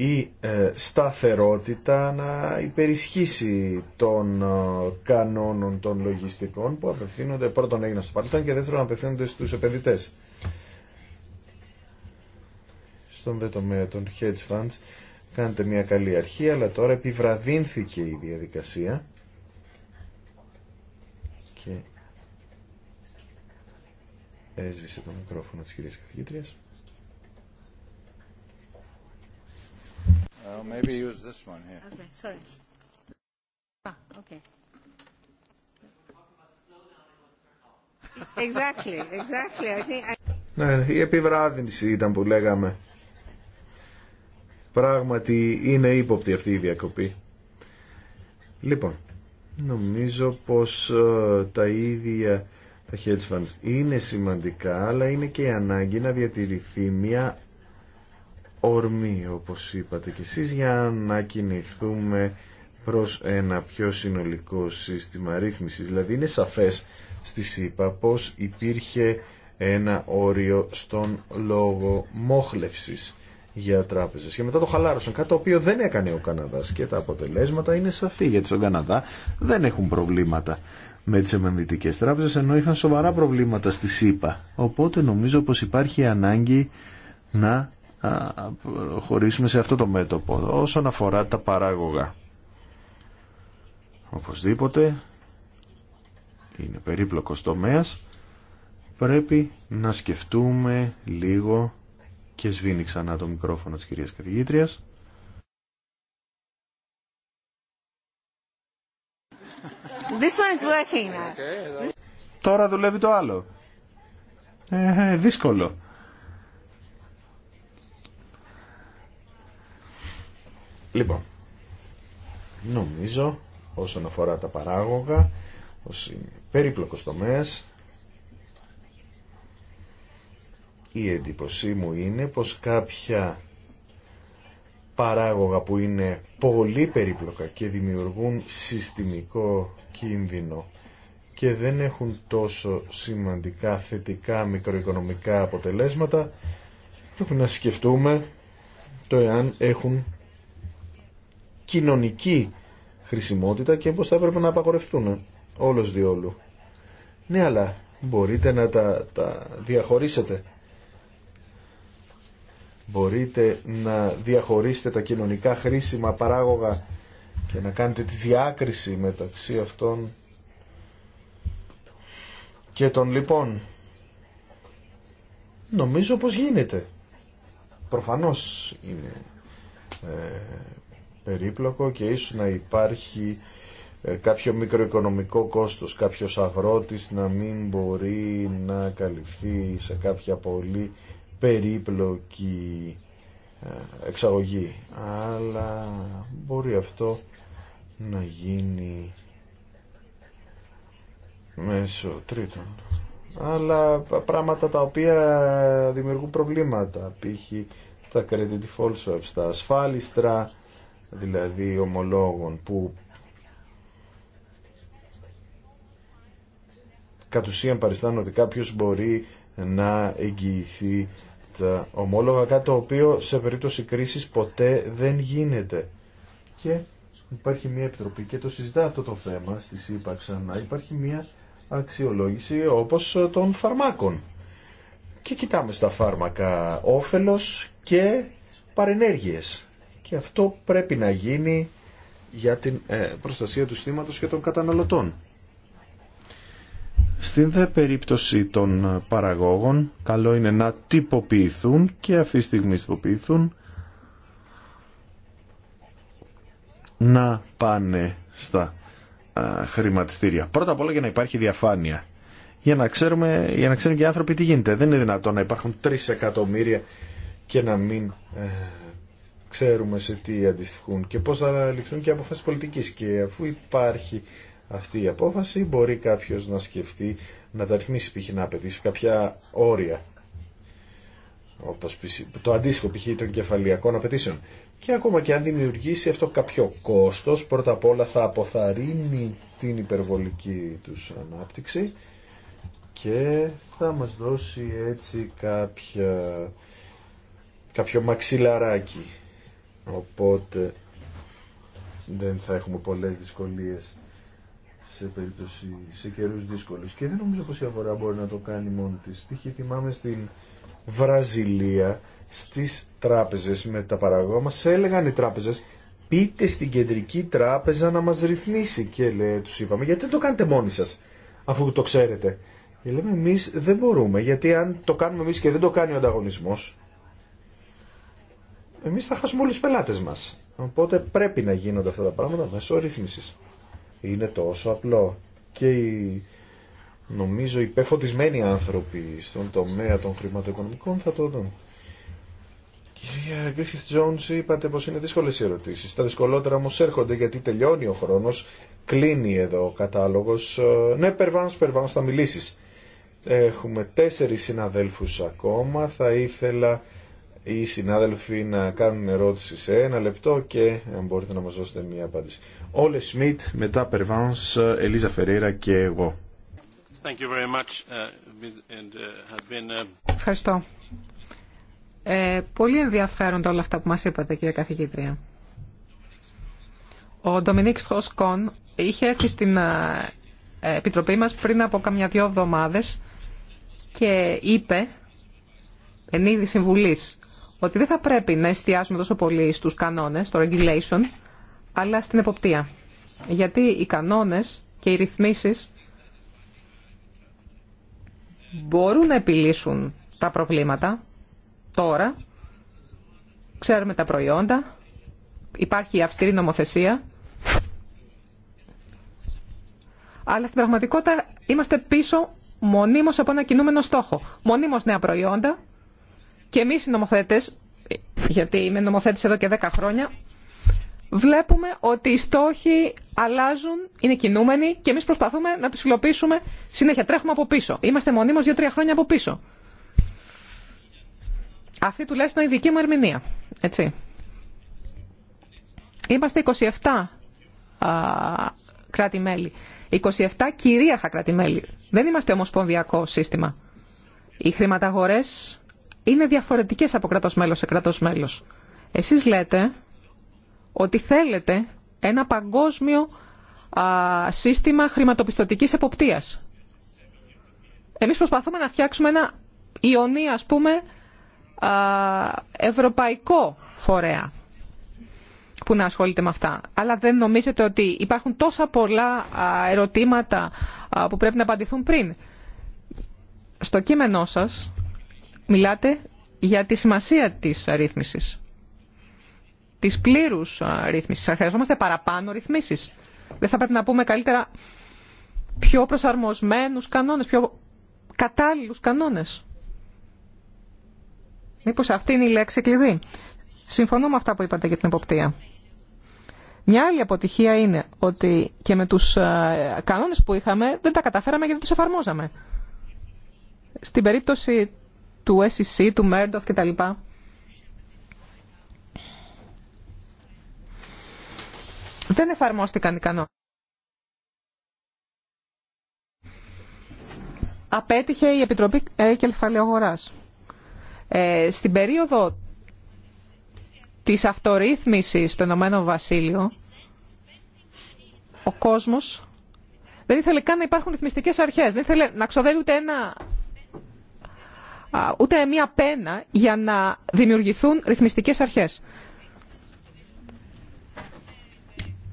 Speaker 3: η ε, σταθερότητα να υπερισχύσει των ε, κανόνων των λογιστικών που απευθύνονται πρώτον έγιναν στο παρελθόν και δεύτερον απευθύνονται στους επενδυτές. Στον δε τομέα των hedge funds κάνετε μια καλή αρχή αλλά τώρα επιβραδύνθηκε η διαδικασία έσβησε το μικρόφωνο της κυρίας καθηγήτριας. Well, oh, maybe use this one here.
Speaker 1: Okay, sorry.
Speaker 4: Ah, okay.
Speaker 2: Exactly, exactly. I think
Speaker 3: ναι, ναι, η επιβράδυνση ήταν που λέγαμε. Πράγματι είναι ύποπτη αυτή η διακοπή. Λοιπόν, νομίζω πως ε, τα ίδια τα hedge funds είναι σημαντικά, αλλά είναι και η ανάγκη να διατηρηθεί μια ορμή, όπως είπατε κι εσείς, για να κινηθούμε προς ένα πιο συνολικό σύστημα ρύθμισης. Δηλαδή είναι σαφές στη ΣΥΠΑ πως υπήρχε ένα όριο στον λόγο μόχλευσης για τράπεζες. Και μετά το χαλάρωσαν, κάτι το οποίο δεν έκανε ο Καναδάς και τα αποτελέσματα είναι σαφή, γιατί στον Καναδά δεν έχουν προβλήματα με τις επενδυτικές τράπεζες, ενώ είχαν σοβαρά προβλήματα στη ΣΥΠΑ. Οπότε νομίζω πως υπάρχει ανάγκη να χωρίσουμε σε αυτό το μέτωπο. Όσον αφορά τα παράγωγα, οπωσδήποτε είναι περίπλοκος τομέας, πρέπει να σκεφτούμε λίγο και σβήνει ξανά το μικρόφωνο της κυρίας καθηγήτριας. This one is working Τώρα δουλεύει το άλλο. Ε, ε δύσκολο. Λοιπόν, νομίζω όσον αφορά τα παράγωγα, ως περίπλοκος τομέας, η εντύπωσή μου είναι πως κάποια παράγωγα που είναι πολύ περίπλοκα και δημιουργούν συστημικό κίνδυνο και δεν έχουν τόσο σημαντικά θετικά μικροοικονομικά αποτελέσματα, πρέπει να σκεφτούμε το εάν έχουν κοινωνική χρησιμότητα και πως θα έπρεπε να απαγορευτούν όλος διόλου. Ναι, αλλά μπορείτε να τα, τα διαχωρίσετε. Μπορείτε να διαχωρίσετε τα κοινωνικά χρήσιμα παράγωγα και να κάνετε τη διάκριση μεταξύ αυτών και των λοιπόν. Νομίζω πως γίνεται. Προφανώς είναι ε, περίπλοκο και ίσως να υπάρχει ε, κάποιο μικροοικονομικό κόστος, κάποιος αγρότης να μην μπορεί να καλυφθεί σε κάποια πολύ περίπλοκη ε, εξαγωγή. Αλλά μπορεί αυτό να γίνει μέσω τρίτων. Αλλά πράγματα τα οποία δημιουργούν προβλήματα, π.χ. τα credit default swaps, τα ασφάλιστρα δηλαδή ομολόγων που κατ' ουσίαν παριστάνουν ότι κάποιος μπορεί να εγγυηθεί τα ομόλογα, κάτι το οποίο σε περίπτωση κρίσης ποτέ δεν γίνεται. Και υπάρχει μια επιτροπή και το συζητά αυτό το θέμα στη ΣΥΠΑ ξανά. Υπάρχει μια αξιολόγηση όπως των φαρμάκων. Και κοιτάμε στα φάρμακα όφελος και παρενέργειες. Και αυτό πρέπει να γίνει για την ε, προστασία του συστήματος και των καταναλωτών. Στην δε περίπτωση των ε, παραγόγων, καλό είναι να τυποποιηθούν και αυτή τη στιγμή τυποποιηθούν να πάνε στα χρηματιστήρια. Πρώτα απ' όλα για να υπάρχει διαφάνεια. Για να, ξέρουμε, για να ξέρουν και οι άνθρωποι τι γίνεται. Δεν είναι δυνατόν να υπάρχουν 3 εκατομμύρια και να μην ε, ξέρουμε σε τι αντιστοιχούν και πώς θα ληφθούν και αποφάσεις πολιτικής. Και αφού υπάρχει αυτή η απόφαση μπορεί κάποιος να σκεφτεί να τα ρυθμίσει π.χ. να απαιτήσει κάποια όρια όπως το αντίστοιχο π.χ. των κεφαλιακών απαιτήσεων. Και ακόμα και αν δημιουργήσει αυτό κάποιο κόστος, πρώτα απ' όλα θα αποθαρρύνει την υπερβολική τους ανάπτυξη και θα μας δώσει έτσι κάποια, κάποιο μαξιλαράκι Οπότε δεν θα έχουμε πολλές δυσκολίες σε, περίπτωση, σε καιρούς δύσκολους. Και δεν νομίζω πως η αγορά μπορεί να το κάνει μόνη της. Π.χ. θυμάμαι στην Βραζιλία, στις τράπεζες με τα παραγωγά μας, έλεγαν οι τράπεζες πείτε στην κεντρική τράπεζα να μας ρυθμίσει. Και λέει, τους είπαμε, γιατί δεν το κάνετε μόνοι σας, αφού το ξέρετε. Και λέμε, εμείς δεν μπορούμε, γιατί αν το κάνουμε εμείς και δεν το κάνει ο ανταγωνισμός, εμείς θα χάσουμε όλους τους πελάτες μας. Οπότε πρέπει να γίνονται αυτά τα πράγματα μέσω ρύθμισης. Είναι τόσο απλό. Και νομίζω οι πεφωτισμένοι άνθρωποι στον τομέα των χρηματοοικονομικών θα το δουν. Κυρία Γκρίφιθ Τζόνς, είπατε πως είναι δύσκολες οι ερωτήσεις. Τα δυσκολότερα όμως έρχονται γιατί τελειώνει ο χρόνος, κλείνει εδώ ο κατάλογος. Ε, ναι, περβάνω, περβάνω, θα μιλήσεις. Έχουμε τέσσερις συναδέλφους ακόμα, θα ήθελα οι συνάδελφοι να κάνουν ερώτηση σε ένα λεπτό και αν μπορείτε να μας δώσετε μια απάντηση. Όλε Σμιτ, μετά Περβάνς, Ελίζα Φερέιρα και εγώ. Ευχαριστώ. Ε,
Speaker 2: πολύ ενδιαφέροντα όλα αυτά που μας είπατε, κύριε καθηγήτρια. Ο Ντομινίκ Στροσκόν είχε έρθει στην ε, Επιτροπή μας πριν από καμιά δυο εβδομάδες και είπε εν είδη συμβουλής ότι δεν θα πρέπει να εστιάσουμε τόσο πολύ στους κανόνες, στο regulation, αλλά στην εποπτεία. Γιατί οι κανόνες και οι ρυθμίσεις μπορούν να επιλύσουν τα προβλήματα τώρα. Ξέρουμε τα προϊόντα, υπάρχει αυστηρή νομοθεσία, αλλά στην πραγματικότητα είμαστε πίσω μονίμως από ένα κινούμενο στόχο. Μονίμως νέα προϊόντα, και εμείς οι νομοθέτες, γιατί είμαι νομοθέτης εδώ και 10 χρόνια, βλέπουμε ότι οι στόχοι αλλάζουν, είναι κινούμενοι και εμείς προσπαθούμε να τους υλοποιήσουμε συνέχεια. Τρέχουμε από πίσω. Είμαστε μονίμως 2-3 χρόνια από πίσω. Αυτή τουλάχιστον είναι η δική μου ερμηνεία. Έτσι. Είμαστε 27 κράτη-μέλη. 27 κυρίαρχα κράτη-μέλη. Δεν είμαστε ομοσπονδιακό σύστημα. Οι χρηματαγορές είναι διαφορετικές από κράτος μέλος σε κράτος μέλος. Εσείς λέτε ότι θέλετε ένα παγκόσμιο σύστημα χρηματοπιστωτικής εποπτείας. Εμείς προσπαθούμε να φτιάξουμε ένα ιονί, ας πούμε, ευρωπαϊκό φορέα που να ασχολείται με αυτά. Αλλά δεν νομίζετε ότι υπάρχουν τόσα πολλά ερωτήματα που πρέπει να απαντηθούν πριν. Στο κείμενό σας μιλάτε για τη σημασία της αρρύθμισης. Της πλήρους Θα Χρειαζόμαστε παραπάνω ρυθμίσεις. Δεν θα πρέπει να πούμε καλύτερα πιο προσαρμοσμένους κανόνες, πιο κατάλληλους κανόνες. Μήπως αυτή είναι η λέξη κλειδί. Συμφωνώ με αυτά που είπατε για την εποπτεία. Μια άλλη αποτυχία είναι ότι και με τους κανόνες που είχαμε δεν τα καταφέραμε γιατί τους εφαρμόζαμε. Στην περίπτωση του SEC, του Μέρντοφ κτλ. Δεν εφαρμόστηκαν οι κανόνες. Απέτυχε η Επιτροπή Κελφαλαιογοράς. Ε, στην περίοδο της αυτορύθμισης του Ηνωμένο Βασίλειο, ο κόσμος δεν ήθελε καν να υπάρχουν ρυθμιστικές αρχές, δεν ήθελε να ξοδεύει ούτε ένα ούτε μία πένα για να δημιουργηθούν ρυθμιστικές αρχές.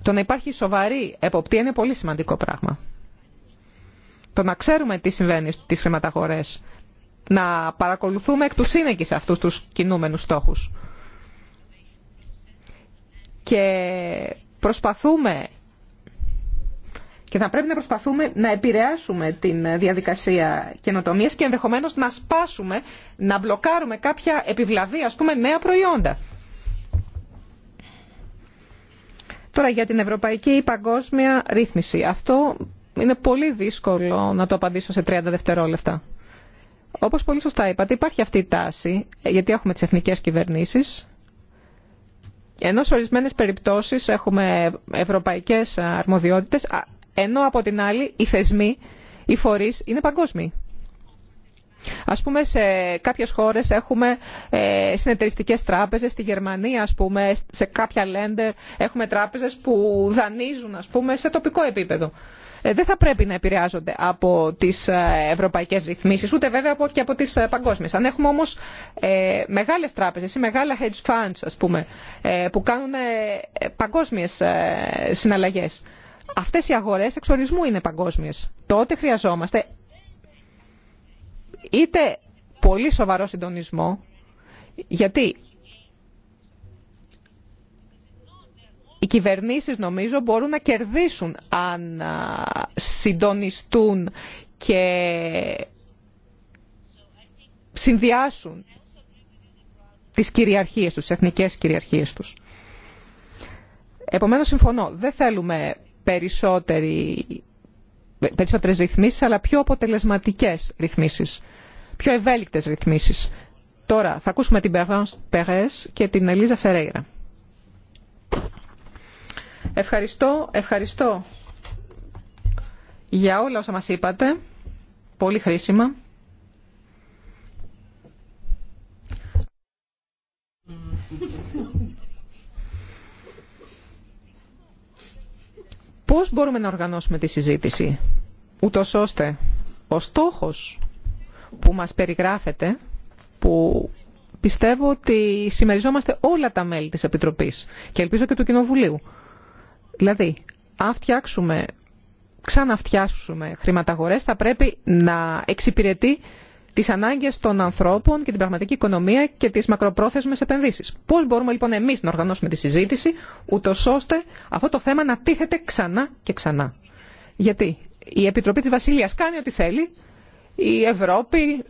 Speaker 2: Το να υπάρχει σοβαρή εποπτεία είναι πολύ σημαντικό πράγμα. Το να ξέρουμε τι συμβαίνει στις χρηματαγορές, να παρακολουθούμε εκ του σύνεκης αυτούς τους κινούμενους στόχους. Και προσπαθούμε και θα πρέπει να προσπαθούμε να επηρεάσουμε την διαδικασία καινοτομία και ενδεχομένω να σπάσουμε, να μπλοκάρουμε κάποια επιβλαβή, α πούμε, νέα προϊόντα. Τώρα για την ευρωπαϊκή ή παγκόσμια ρύθμιση. Αυτό είναι πολύ δύσκολο να το απαντήσω σε 30 δευτερόλεπτα. Όπως πολύ σωστά είπατε, υπάρχει αυτή η τάση, γιατί έχουμε τις εθνικές κυβερνήσεις, ενώ σε ορισμένες περιπτώσεις έχουμε ευρωπαϊκές αρμοδιότητες, ενώ από την άλλη οι θεσμοί, οι φορείς είναι παγκόσμιοι. Ας πούμε σε κάποιες χώρες έχουμε ε, συνεταιριστικές τράπεζες, στη Γερμανία ας πούμε, σε κάποια lender έχουμε τράπεζες που δανείζουν ας πούμε σε τοπικό επίπεδο. Ε, δεν θα πρέπει να επηρεάζονται από τις ε, ευρωπαϊκές ρυθμίσεις, ούτε βέβαια από, και από τις ε, παγκόσμιες. Αν έχουμε όμως ε, μεγάλες τράπεζες ή μεγάλα hedge funds ας πούμε, ε, που κάνουν παγκόσμιες συναλλαγές, Αυτέ οι αγορές εξορισμού είναι παγκόσμιες. Τότε χρειαζόμαστε είτε πολύ σοβαρό συντονισμό, γιατί οι κυβερνήσεις νομίζω μπορούν να κερδίσουν αν συντονιστούν και συνδυάσουν τις κυριαρχίες τους, τι εθνικές κυριαρχίες τους. Επομένως συμφωνώ, δεν θέλουμε περισσότερη, περισσότερες ρυθμίσεις, αλλά πιο αποτελεσματικές ρυθμίσεις, πιο ευέλικτες ρυθμίσεις. Τώρα θα ακούσουμε την Περανς Περές και την Ελίζα Φερέιρα. Ευχαριστώ, ευχαριστώ για όλα όσα μας είπατε, πολύ χρήσιμα. Πώς μπορούμε να οργανώσουμε τη συζήτηση, ούτω ώστε ο στόχος που μας περιγράφεται, που πιστεύω ότι συμμεριζόμαστε όλα τα μέλη της Επιτροπής και ελπίζω και του Κοινοβουλίου. Δηλαδή, αν φτιάξουμε, ξαναφτιάσουμε χρηματαγορές, θα πρέπει να εξυπηρετεί τις ανάγκε των ανθρώπων και την πραγματική οικονομία και τις μακροπρόθεσμες επενδύσεις. Πώς μπορούμε λοιπόν εμείς να οργανώσουμε τη συζήτηση, ούτω ώστε αυτό το θέμα να τίθεται ξανά και ξανά. Γιατί η Επιτροπή της Βασιλείας κάνει ό,τι θέλει, η Ευρώπη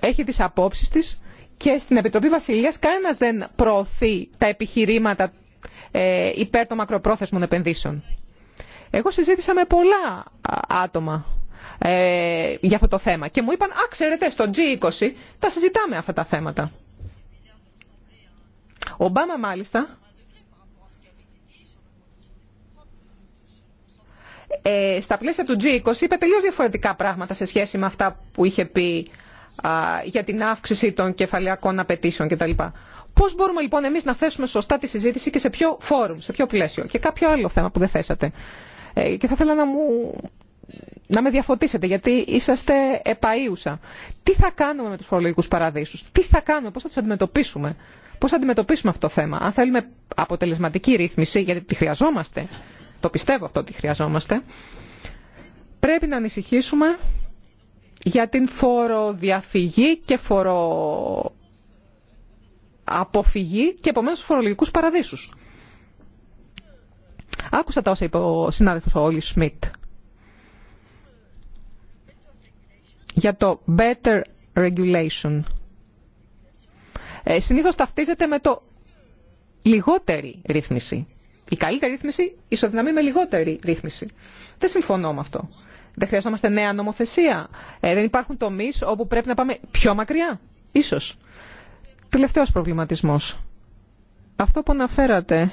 Speaker 2: έχει τις απόψει της και στην Επιτροπή Βασιλείας κανένας δεν προωθεί τα επιχειρήματα ε, υπέρ των μακροπρόθεσμων επενδύσεων. Εγώ συζήτησα με πολλά άτομα ε, για αυτό το θέμα. Και μου είπαν, α, ξέρετε, στο G20 τα συζητάμε αυτά τα θέματα. Ο Ομπάμα μάλιστα ε, στα πλαίσια του G20 είπε τελείως διαφορετικά πράγματα σε σχέση με αυτά που είχε πει για την αύξηση των κεφαλαιακών απαιτήσεων κτλ. Πώς μπορούμε λοιπόν εμείς να θέσουμε σωστά τη συζήτηση και σε ποιο φόρουμ, σε ποιο πλαίσιο και κάποιο άλλο θέμα που δεν θέσατε. Ε, και θα ήθελα να μου να με διαφωτίσετε, γιατί είσαστε επαΐουσα. Τι θα κάνουμε με τους φορολογικούς παραδείσους, τι θα κάνουμε, πώς θα τους αντιμετωπίσουμε, πώς θα αντιμετωπίσουμε αυτό το θέμα. Αν θέλουμε αποτελεσματική ρύθμιση, γιατί τη χρειαζόμαστε, το πιστεύω αυτό ότι χρειαζόμαστε, πρέπει να ανησυχήσουμε για την φοροδιαφυγή και φοροαποφυγή και επομένως τους φορολογικούς παραδείσους. Άκουσα τα όσα είπε ο συνάδελφος ο Όλης Σμιτ για το better regulation. Ε, συνήθως ταυτίζεται με το λιγότερη ρύθμιση. Η καλύτερη ρύθμιση ισοδυναμεί με λιγότερη ρύθμιση. Δεν συμφωνώ με αυτό. Δεν χρειαζόμαστε νέα νομοθεσία. Ε, δεν υπάρχουν τομείς όπου πρέπει να πάμε πιο μακριά. Ίσως. Τελευταίος προβληματισμός. Αυτό που αναφέρατε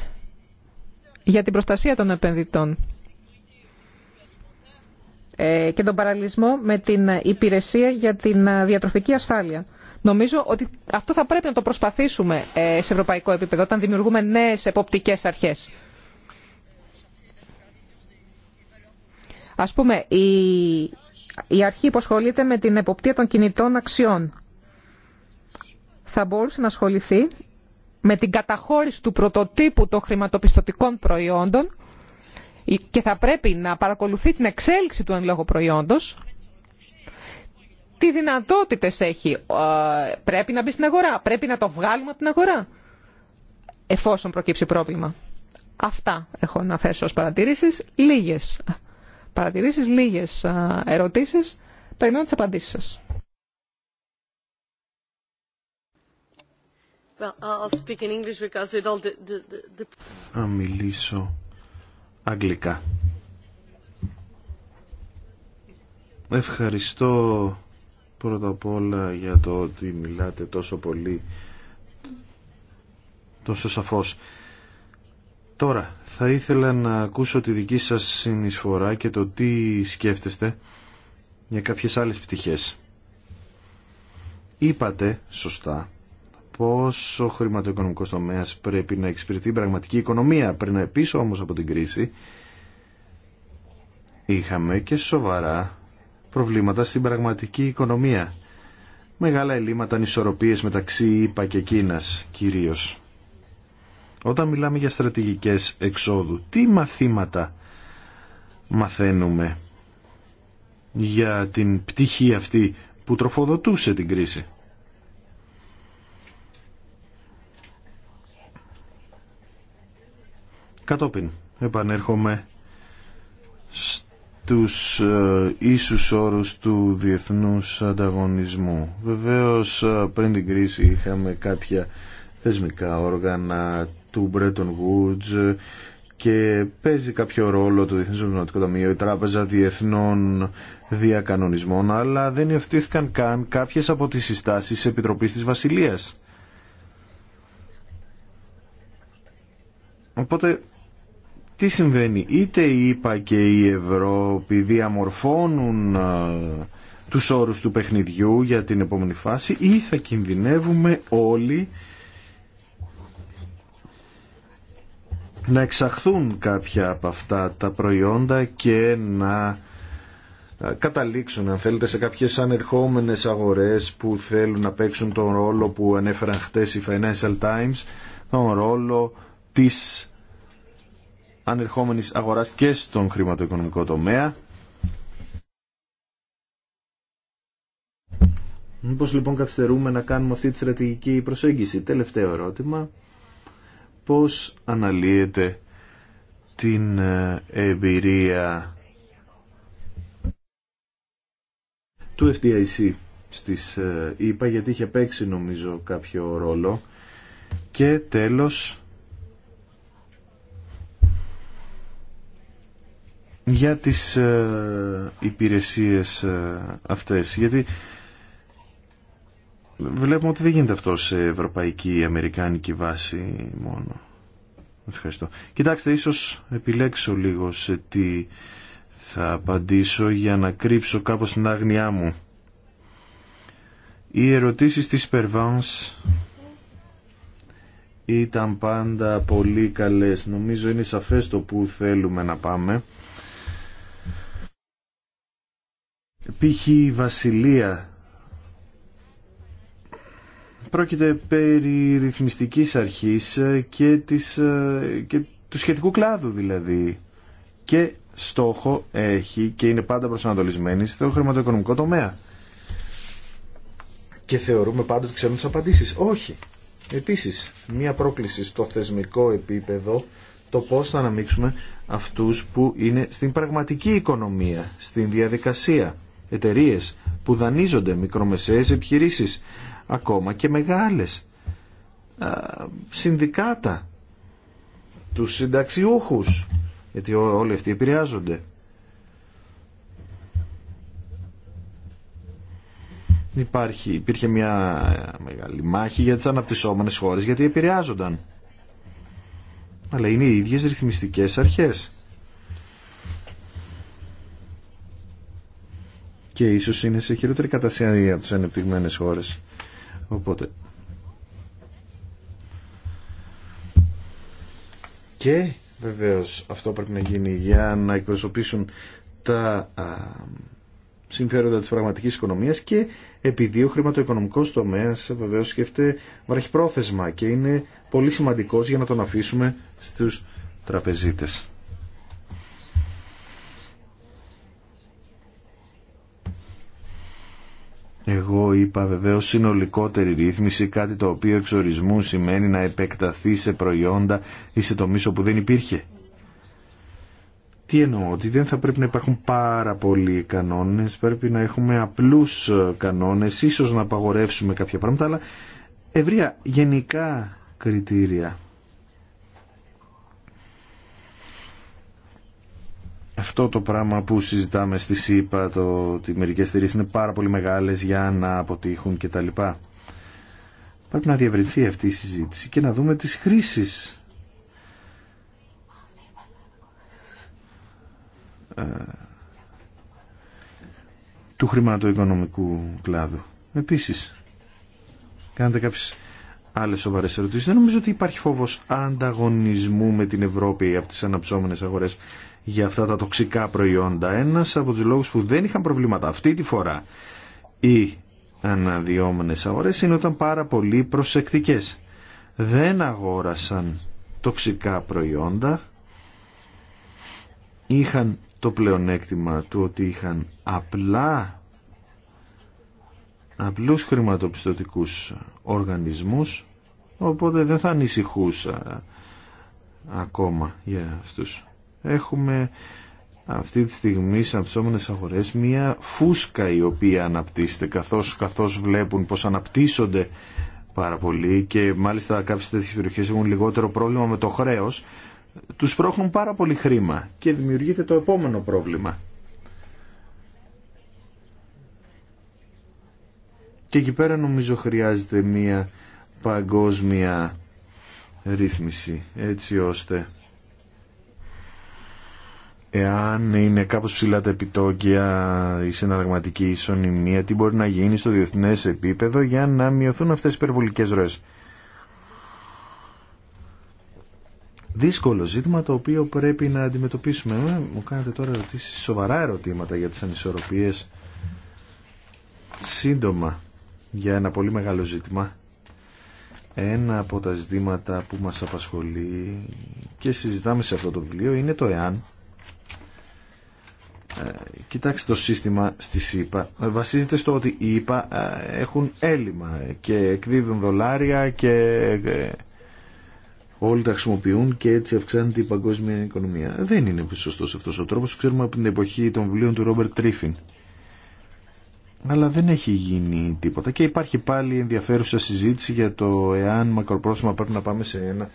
Speaker 2: για την προστασία των επενδυτών. Ε, και τον παραλυσμό με την υπηρεσία για την ε, διατροφική ασφάλεια. Νομίζω ότι αυτό θα πρέπει να το προσπαθήσουμε ε, σε ευρωπαϊκό επίπεδο όταν δημιουργούμε νέες εποπτικές αρχές. Ας πούμε, η, η αρχή που με την εποπτεία των κινητών αξιών θα μπορούσε να ασχοληθεί με την καταχώρηση του πρωτοτύπου των χρηματοπιστωτικών προϊόντων και θα πρέπει να παρακολουθεί την εξέλιξη του εν λόγω προϊόντος, τι δυνατότητες έχει, πρέπει να μπει στην αγορά, πρέπει να το βγάλουμε από την αγορά, εφόσον προκύψει πρόβλημα. Αυτά έχω να θέσω ως παρατηρήσεις, λίγες παρατηρήσεις, λίγες ερωτήσεις, περιμένω τις απαντήσεις
Speaker 3: σας. Θα μιλήσω αγγλικά. Ευχαριστώ πρώτα απ' όλα για το ότι μιλάτε τόσο πολύ, τόσο σαφώς. Τώρα, θα ήθελα να ακούσω τη δική σας συνεισφορά και το τι σκέφτεστε για κάποιες άλλες πτυχές. Είπατε, σωστά, πώς ο χρηματοοικονομικός τομέας πρέπει να εξυπηρετεί την πραγματική οικονομία. Πριν πίσω όμως από την κρίση είχαμε και σοβαρά προβλήματα στην πραγματική οικονομία. Μεγάλα ελλείμματα, ανισορροπίες μεταξύ ΙΠΑ και Κίνας κυρίως. Όταν μιλάμε για στρατηγικές εξόδου, τι μαθήματα μαθαίνουμε για την πτυχή αυτή που τροφοδοτούσε την κρίση. Κατόπιν επανέρχομαι στους ε, ίσους όρους του διεθνούς ανταγωνισμού. Βεβαίως ε, πριν την κρίση είχαμε κάποια θεσμικά όργανα του Bretton Woods και παίζει κάποιο ρόλο το Διεθνές Νομισματικό Ταμείο, η Τράπεζα Διεθνών Διακανονισμών, αλλά δεν ευθύθηκαν καν κάποιες από τις συστάσεις της Επιτροπής της Βασιλείας. Οπότε τι συμβαίνει. Είτε η ΕΠΑ και η Ευρώπη διαμορφώνουν τους όρους του παιχνιδιού για την επόμενη φάση ή θα κινδυνεύουμε όλοι να εξαχθούν κάποια από αυτά τα προϊόντα και να καταλήξουν αν θέλετε σε κάποιες ανερχόμενες αγορές που θέλουν να παίξουν τον ρόλο που ανέφεραν χτες οι Financial Times τον ρόλο της ανερχόμενης αγοράς και στον χρηματοοικονομικό τομέα. Μήπως λοιπόν καθυστερούμε να κάνουμε αυτή τη στρατηγική προσέγγιση. Τελευταίο ερώτημα. Πώς αναλύεται την ε, εμπειρία του FDIC στις ΕΠΑ γιατί είχε παίξει νομίζω κάποιο ρόλο και τέλος για τις ε, υπηρεσίες ε, αυτές. Γιατί βλέπουμε ότι δεν γίνεται αυτό σε ευρωπαϊκή ή αμερικάνικη βάση μόνο. Ευχαριστώ. Κοιτάξτε, ίσως επιλέξω λίγο σε τι θα απαντήσω για να κρύψω κάπως την άγνοιά μου. Οι ερωτήσεις της Περβάνς ήταν πάντα πολύ καλές. Νομίζω είναι σαφές το που θέλουμε να πάμε. π.χ. η Βασιλεία πρόκειται περί ρυθμιστικής αρχής και, της, ε, και του σχετικού κλάδου δηλαδή και στόχο έχει και είναι πάντα προσανατολισμένη στο χρηματοοικονομικό τομέα. Και θεωρούμε πάντα ότι ξέρουμε τις απαντήσεις. Όχι. Επίσης, μία πρόκληση στο θεσμικό επίπεδο το πώς θα αναμίξουμε αυτούς που είναι στην πραγματική οικονομία, στην διαδικασία εταιρείε που δανείζονται, μικρομεσαίες επιχειρήσεις, ακόμα και μεγάλες, συνδικάτα, τους συνταξιούχους, γιατί όλοι αυτοί επηρεάζονται. Υπάρχει, υπήρχε μια μεγάλη μάχη για τις αναπτυσσόμενες χώρες γιατί επηρεάζονταν. Αλλά είναι οι ίδιες ρυθμιστικές αρχές. και ίσως είναι σε χειρότερη κατασία από τις ανεπτυγμένες χώρες. Οπότε... Και βεβαίως αυτό πρέπει να γίνει για να εκπροσωπήσουν τα συμφέροντα της πραγματικής οικονομίας και επειδή ο χρηματοοικονομικός τομέας βεβαίως σκέφτεται βραχυπρόθεσμα και είναι πολύ σημαντικός για να τον αφήσουμε στους τραπεζίτες. Εγώ είπα βεβαίως συνολικότερη ρύθμιση, κάτι το οποίο εξορισμού σημαίνει να επεκταθεί σε προϊόντα ή σε τομείς όπου δεν υπήρχε. Τι εννοώ, ότι δεν θα πρέπει να υπάρχουν πάρα πολλοί κανόνες, πρέπει να έχουμε απλούς κανόνες, ίσως να απαγορεύσουμε κάποια πράγματα, αλλά ευρεία γενικά κριτήρια. αυτό το πράγμα που συζητάμε στη ΣΥΠΑ, το ότι μερικέ εταιρείε είναι πάρα πολύ μεγάλε για να αποτύχουν κτλ. Πρέπει να διευρυνθεί αυτή η συζήτηση και να δούμε τις χρήσεις. Ε, του χρηματοοικονομικού κλάδου. Επίσης, κάνετε κάποιες άλλες σοβαρές ερωτήσεις. Δεν νομίζω ότι υπάρχει φόβος ανταγωνισμού με την Ευρώπη από τις αναψώμενες αγορές για αυτά τα τοξικά προϊόντα. Ένας από τους λόγους που δεν είχαν προβλήματα αυτή τη φορά οι αναδυόμενες αγορές είναι ήταν πάρα πολύ προσεκτικές. Δεν αγόρασαν τοξικά προϊόντα, είχαν το πλεονέκτημα του ότι είχαν απλά απλούς χρηματοπιστωτικούς οργανισμούς, οπότε δεν θα ανησυχούσα ακόμα για αυτούς. Έχουμε αυτή τη στιγμή στις αναπτυσσόμενες αγορές μια φούσκα η οποία αναπτύσσεται καθώς, καθώς βλέπουν πως αναπτύσσονται πάρα πολύ και μάλιστα κάποιες τέτοιες περιοχές έχουν λιγότερο πρόβλημα με το χρέος τους πρόχνουν πάρα πολύ χρήμα και δημιουργείται το επόμενο πρόβλημα. Και εκεί πέρα νομίζω χρειάζεται μια παγκόσμια ρύθμιση έτσι ώστε εάν είναι κάπως ψηλά τα επιτόκια, η συναλλαγματική ισονημία, τι μπορεί να γίνει στο διεθνές επίπεδο για να μειωθούν αυτές οι υπερβολικές ροές. Δύσκολο ζήτημα το οποίο πρέπει να αντιμετωπίσουμε. Ε, μου κάνετε τώρα ερωτήσεις, σοβαρά ερωτήματα για τις ανισορροπίες. Σύντομα, για ένα πολύ μεγάλο ζήτημα. Ένα από τα ζητήματα που μας απασχολεί και συζητάμε σε αυτό το βιβλίο είναι το εάν ε, κοιτάξτε το σύστημα στη ΣΥΠΑ ε, βασίζεται στο ότι οι ΙΠΑ ε, έχουν έλλειμμα και εκδίδουν δολάρια και όλοι τα χρησιμοποιούν και έτσι αυξάνεται η παγκόσμια οικονομία. Δεν είναι σωστό αυτός ο τρόπος, ξέρουμε από την εποχή των βιβλίων του Ρόμπερτ Τρίφιν. Αλλά δεν έχει γίνει τίποτα και υπάρχει πάλι ενδιαφέρουσα συζήτηση για το εάν μακροπρόθεσμα πρέπει να πάμε σε ένα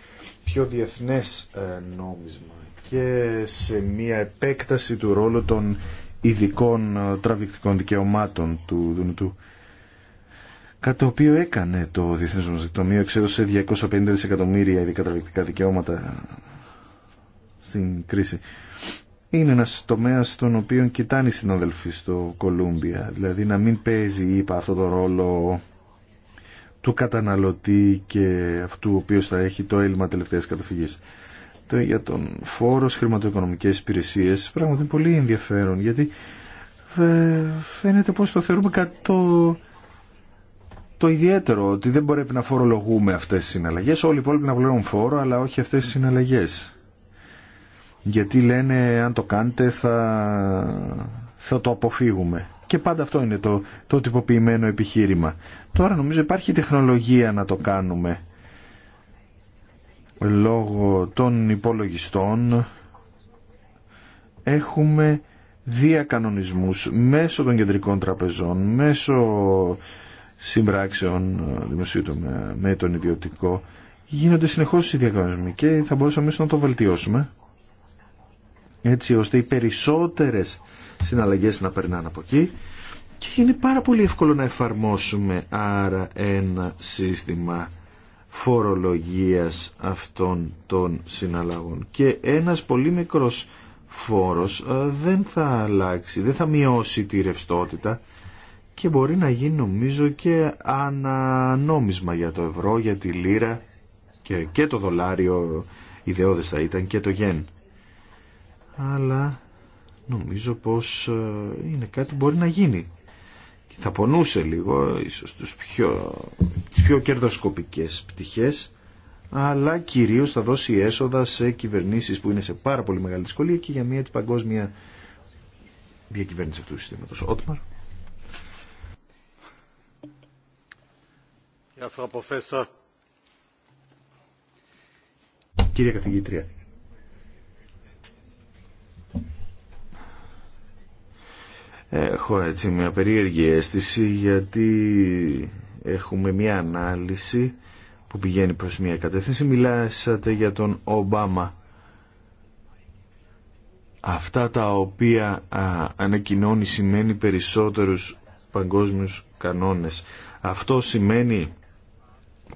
Speaker 3: πιο διεθνές ε, νόμισμα και σε μια επέκταση του ρόλου των ειδικών ε, τραβηκτικών δικαιωμάτων του Δουνουτού. Κάτι το οποίο έκανε το Διεθνές Νομισματικό εξέδωσε 250 δισεκατομμύρια ειδικά τραβηκτικά δικαιώματα στην κρίση. Είναι ένας τομέας στον οποίο κοιτάνε οι συναδελφοί στο Κολούμπια, δηλαδή να μην παίζει, είπα, αυτό το ρόλο του καταναλωτή και αυτού ο οποίος θα έχει το έλλειμμα τελευταίας καταφυγής. Το, για τον φόρο στις χρηματοοικονομικές υπηρεσίες πράγματι είναι πολύ ενδιαφέρον γιατί φαίνεται πως το θεωρούμε κάτι το, το ιδιαίτερο ότι δεν μπορεί να φορολογούμε αυτές τις συναλλαγές όλοι οι υπόλοιποι να βλέπουν φόρο αλλά όχι αυτές τις συναλλαγές γιατί λένε αν το κάνετε θα θα το αποφύγουμε. Και πάντα αυτό είναι το, το τυποποιημένο επιχείρημα. Τώρα νομίζω υπάρχει τεχνολογία να το κάνουμε λόγω των υπολογιστών έχουμε διακανονισμούς μέσω των κεντρικών τραπεζών, μέσω συμπράξεων ε, δημοσίου με τον ιδιωτικό. Γίνονται συνεχώς οι διακανονισμοί και θα μπορούσαμε να το βελτιώσουμε έτσι ώστε οι περισσότερες συναλλαγές να περνάνε από εκεί και είναι πάρα πολύ εύκολο να εφαρμόσουμε άρα ένα σύστημα φορολογίας αυτών των συναλλαγών και ένας πολύ μικρός φόρος ε, δεν θα αλλάξει, δεν θα μειώσει τη ρευστότητα και μπορεί να γίνει νομίζω και ανανόμισμα για το ευρώ, για τη λίρα και, και το δολάριο ιδεώδες θα ήταν και το γεν. Αλλά νομίζω πως ε, είναι κάτι που μπορεί να γίνει. Και θα πονούσε λίγο ίσως τους πιο, τις πιο κερδοσκοπικές πτυχές αλλά κυρίως θα δώσει έσοδα σε κυβερνήσεις που είναι σε πάρα πολύ μεγάλη δυσκολία και για μια της παγκόσμια διακυβέρνηση αυτού του συστήματος. Ότμαρ. Κύριε Καθηγήτρια, Ε, έχω έτσι μια περίεργη αίσθηση γιατί έχουμε μια ανάλυση που πηγαίνει προς μια κατεύθυνση. Μιλάσατε για τον Ομπάμα. Αυτά τα οποία α, ανακοινώνει σημαίνει περισσότερους παγκόσμιους κανόνες. Αυτό σημαίνει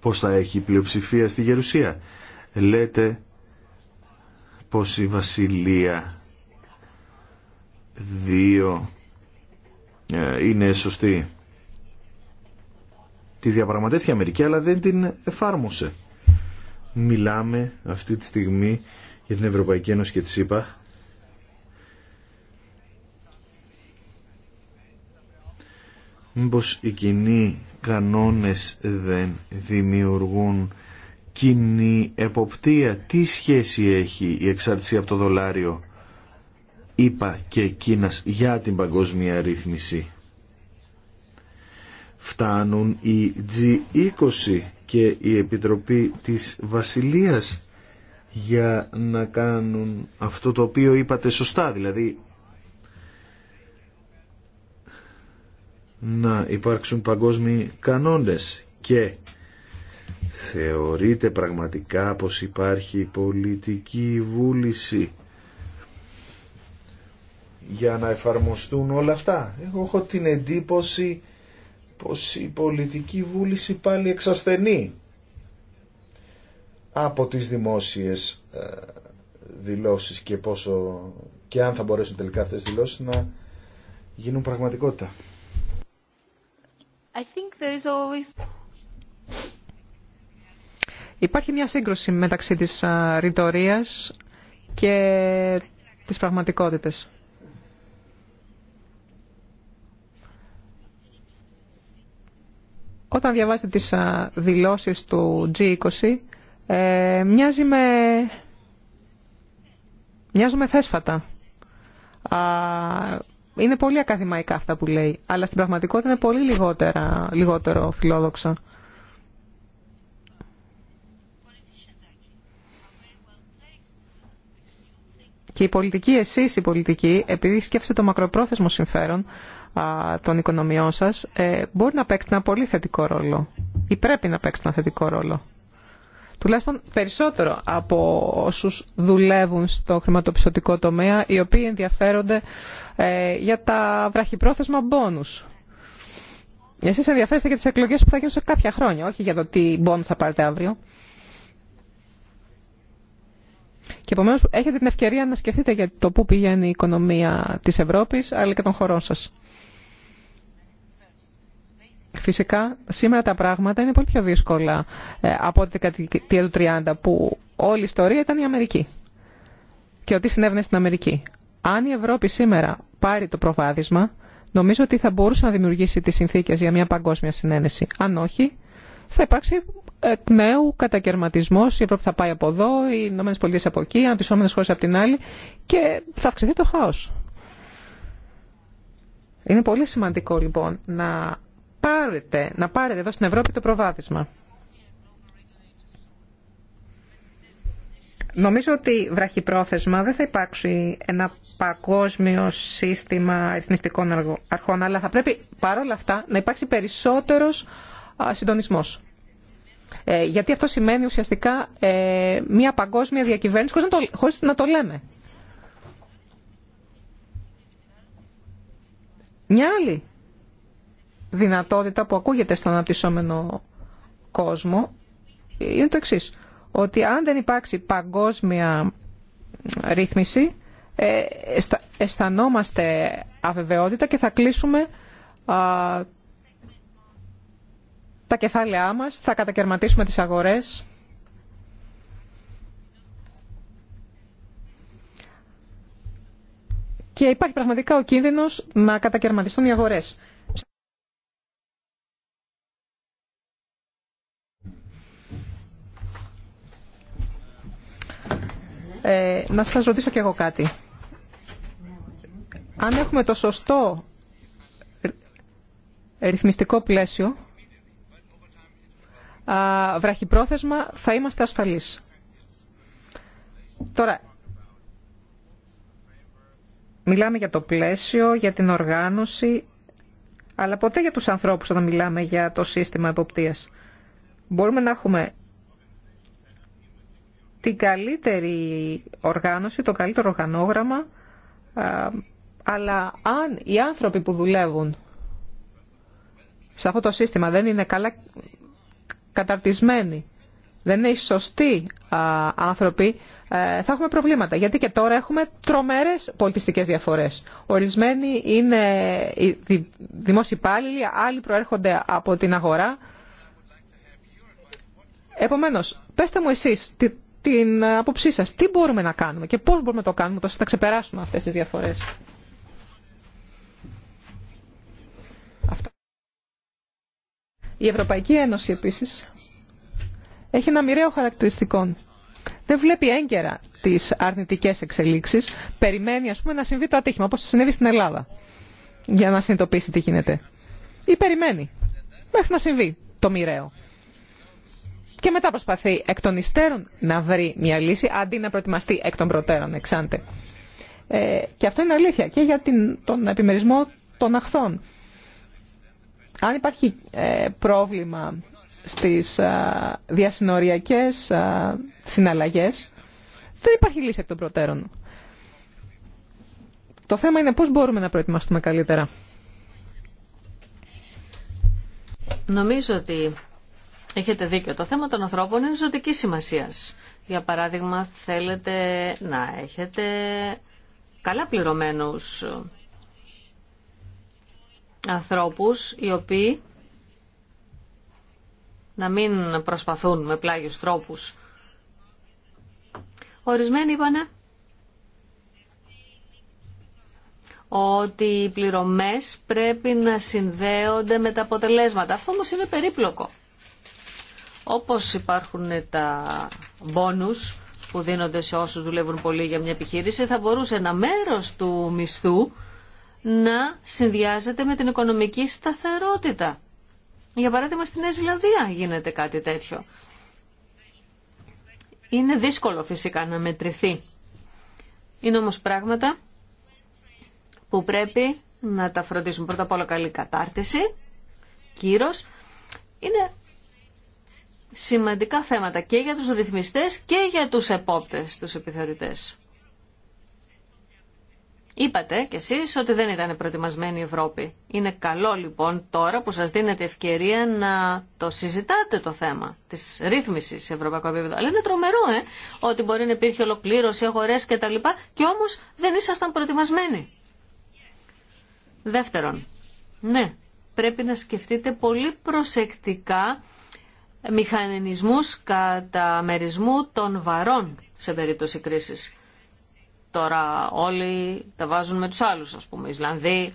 Speaker 3: πως θα έχει πλειοψηφία στη Γερουσία. Λέτε πως η Βασιλεία δύο ε, είναι σωστή. Τη διαπραγματεύτηκε η Αμερική αλλά δεν την εφάρμοσε. Μιλάμε αυτή τη στιγμή για την Ευρωπαϊκή Ένωση και τη ΣΥΠΑ. Μήπως οι κοινοί κανόνες δεν δημιουργούν κοινή εποπτεία. Τι σχέση έχει η εξάρτηση από το δολάριο είπα και εκείνας για την παγκόσμια ρύθμιση. Φτάνουν οι G20 και η Επιτροπή της Βασιλείας για να κάνουν αυτό το οποίο είπατε σωστά, δηλαδή να υπάρξουν παγκόσμιοι κανόνες και θεωρείτε πραγματικά πως υπάρχει πολιτική βούληση για να εφαρμοστούν όλα αυτά. Εγώ έχω την εντύπωση πως η πολιτική βούληση πάλι εξασθενεί από τις δημόσιες ε, δηλώσεις και πόσο και αν θα μπορέσουν τελικά αυτές τις δηλώσεις να γίνουν πραγματικότητα.
Speaker 1: I think
Speaker 2: Υπάρχει μια σύγκρουση μεταξύ της ε, ρητορίας και της πραγματικότητας. Όταν διαβάζετε τις δηλώσεις του G20, ε, μοιάζει με... μοιάζουμε θέσφατα. Α, είναι πολύ ακαδημαϊκά αυτά που λέει, αλλά στην πραγματικότητα είναι πολύ λιγότερα, λιγότερο φιλόδοξα. Και η πολιτική, εσείς οι πολιτικοί, επειδή σκέφτεστε το μακροπρόθεσμο συμφέρον, των οικονομιών σας ε, μπορεί να παίξει ένα πολύ θετικό ρόλο ή πρέπει να παίξει ένα θετικό ρόλο. Τουλάχιστον περισσότερο από όσου δουλεύουν στο χρηματοπιστωτικό τομέα οι οποίοι ενδιαφέρονται ε, για τα βραχυπρόθεσμα μπόνου. Εσεί ενδιαφέρεστε για τι εκλογέ που θα γίνουν σε κάποια χρόνια, όχι για το τι μπόνου θα πάρετε αύριο. Και επομένω έχετε την ευκαιρία να σκεφτείτε για το πού πηγαίνει η οικονομία τη Ευρώπη αλλά και των χωρών σα. Φυσικά σήμερα τα πράγματα είναι πολύ πιο δύσκολα ε, από τη δεκαετία του 30 που όλη η ιστορία ήταν η Αμερική και ό,τι συνέβαινε στην Αμερική. Αν η Ευρώπη σήμερα πάρει το προβάδισμα, νομίζω ότι θα μπορούσε να δημιουργήσει τις συνθήκες για μια παγκόσμια συνένεση. Αν όχι, θα υπάρξει εκ νέου κατακαιρματισμό. Η Ευρώπη θα πάει από εδώ, οι Ηνωμένε Πολιτείε από εκεί, οι αναπτυσσόμενε χώρε από την άλλη και θα αυξηθεί το χάο. Είναι πολύ σημαντικό λοιπόν να πάρετε, να πάρετε εδώ στην Ευρώπη το προβάδισμα. Νομίζω ότι βραχυπρόθεσμα δεν θα υπάρξει ένα παγκόσμιο σύστημα εθνιστικών αρχών, αλλά θα πρέπει παρόλα αυτά να υπάρξει περισσότερος συντονισμός. Ε, γιατί αυτό σημαίνει ουσιαστικά ε, μια παγκόσμια διακυβέρνηση χωρίς να, το, χωρίς να το λέμε. Μια άλλη δυνατότητα που ακούγεται στον αναπτυσσόμενο κόσμο είναι το εξής. Ότι αν δεν υπάρξει παγκόσμια ρύθμιση ε, αισθανόμαστε αβεβαιότητα και θα κλείσουμε τα κεφάλαιά μας, θα κατακαιρματίσουμε τις αγορές. Και υπάρχει πραγματικά ο κίνδυνος να κατακαιρματιστούν οι αγορές. Ε, να σας ρωτήσω κι εγώ κάτι. Αν έχουμε το σωστό ρυθμιστικό πλαίσιο, α, βραχυπρόθεσμα θα είμαστε ασφαλείς. Τώρα, μιλάμε για το πλαίσιο, για την οργάνωση, αλλά ποτέ για τους ανθρώπους όταν μιλάμε για το σύστημα εποπτείας. Μπορούμε να έχουμε την καλύτερη οργάνωση, το καλύτερο οργανόγραμμα, αλλά αν οι άνθρωποι που δουλεύουν σε αυτό το σύστημα δεν είναι καλά καταρτισμένοι, δεν είναι οι σωστοί άνθρωποι, ε, θα έχουμε προβλήματα. Γιατί και τώρα έχουμε τρομερές πολιτιστικές διαφορές. Ορισμένοι είναι οι δημόσιοι υπάλληλοι, άλλοι προέρχονται από την αγορά. Επομένως, πέστε μου εσείς την άποψή σας. Τι μπορούμε να κάνουμε και πώς μπορούμε να το κάνουμε ώστε να ξεπεράσουμε αυτές τις διαφορές. Η Ευρωπαϊκή Ένωση επίσης έχει ένα μοιραίο χαρακτηριστικό. Δεν βλέπει έγκαιρα τις αρνητικές εξελίξεις. Περιμένει ας πούμε να συμβεί το ατύχημα όπως συνέβη στην Ελλάδα για να συνειδητοποιήσει τι γίνεται. Ή περιμένει μέχρι να συμβεί το μοιραίο και μετά προσπαθεί εκ των υστέρων να βρει μια λύση αντί να προετοιμαστεί εκ των προτέρων εξάντε. Ε, και αυτό είναι αλήθεια και για την, τον επιμερισμό των αχθών. Αν υπάρχει ε, πρόβλημα στις α, διασυνοριακές συναλλαγές, δεν υπάρχει λύση εκ των προτέρων. Το θέμα είναι πώς μπορούμε να προετοιμαστούμε καλύτερα.
Speaker 1: Νομίζω ότι Έχετε δίκιο. Το θέμα των ανθρώπων είναι ζωτική σημασία. Για παράδειγμα, θέλετε να έχετε καλά πληρωμένους ανθρώπους οι οποίοι να μην προσπαθούν με πλάγιους τρόπους. Ορισμένοι είπανε ότι οι πληρωμές πρέπει να συνδέονται με τα αποτελέσματα. Αυτό όμως είναι περίπλοκο. Όπως υπάρχουν τα μπόνους που δίνονται σε όσους δουλεύουν πολύ για μια επιχείρηση, θα μπορούσε ένα μέρος του μισθού να συνδυάζεται με την οικονομική σταθερότητα. Για παράδειγμα, στην Νέα γίνεται κάτι τέτοιο. Είναι δύσκολο φυσικά να μετρηθεί. Είναι όμως πράγματα που πρέπει να τα φροντίσουν. Πρώτα απ' όλα καλή κατάρτιση, κύρος. Είναι σημαντικά θέματα και για τους ρυθμιστές και για τους επόπτες, τους επιθεωρητές. Είπατε κι εσείς ότι δεν ήταν προετοιμασμένη η Ευρώπη. Είναι καλό λοιπόν τώρα που σας δίνετε ευκαιρία να το συζητάτε το θέμα της ρύθμισης σε ευρωπαϊκό επίπεδο. Αλλά είναι τρομερό ε, ότι μπορεί να υπήρχε ολοκλήρωση, αγορές κτλ. Και όμως δεν ήσασταν προετοιμασμένοι. Δεύτερον, ναι, πρέπει να σκεφτείτε πολύ προσεκτικά μηχανισμούς μερισμού των βαρών σε περίπτωση κρίσης. Τώρα όλοι τα βάζουν με τους άλλους, ας πούμε, Ισλανδοί,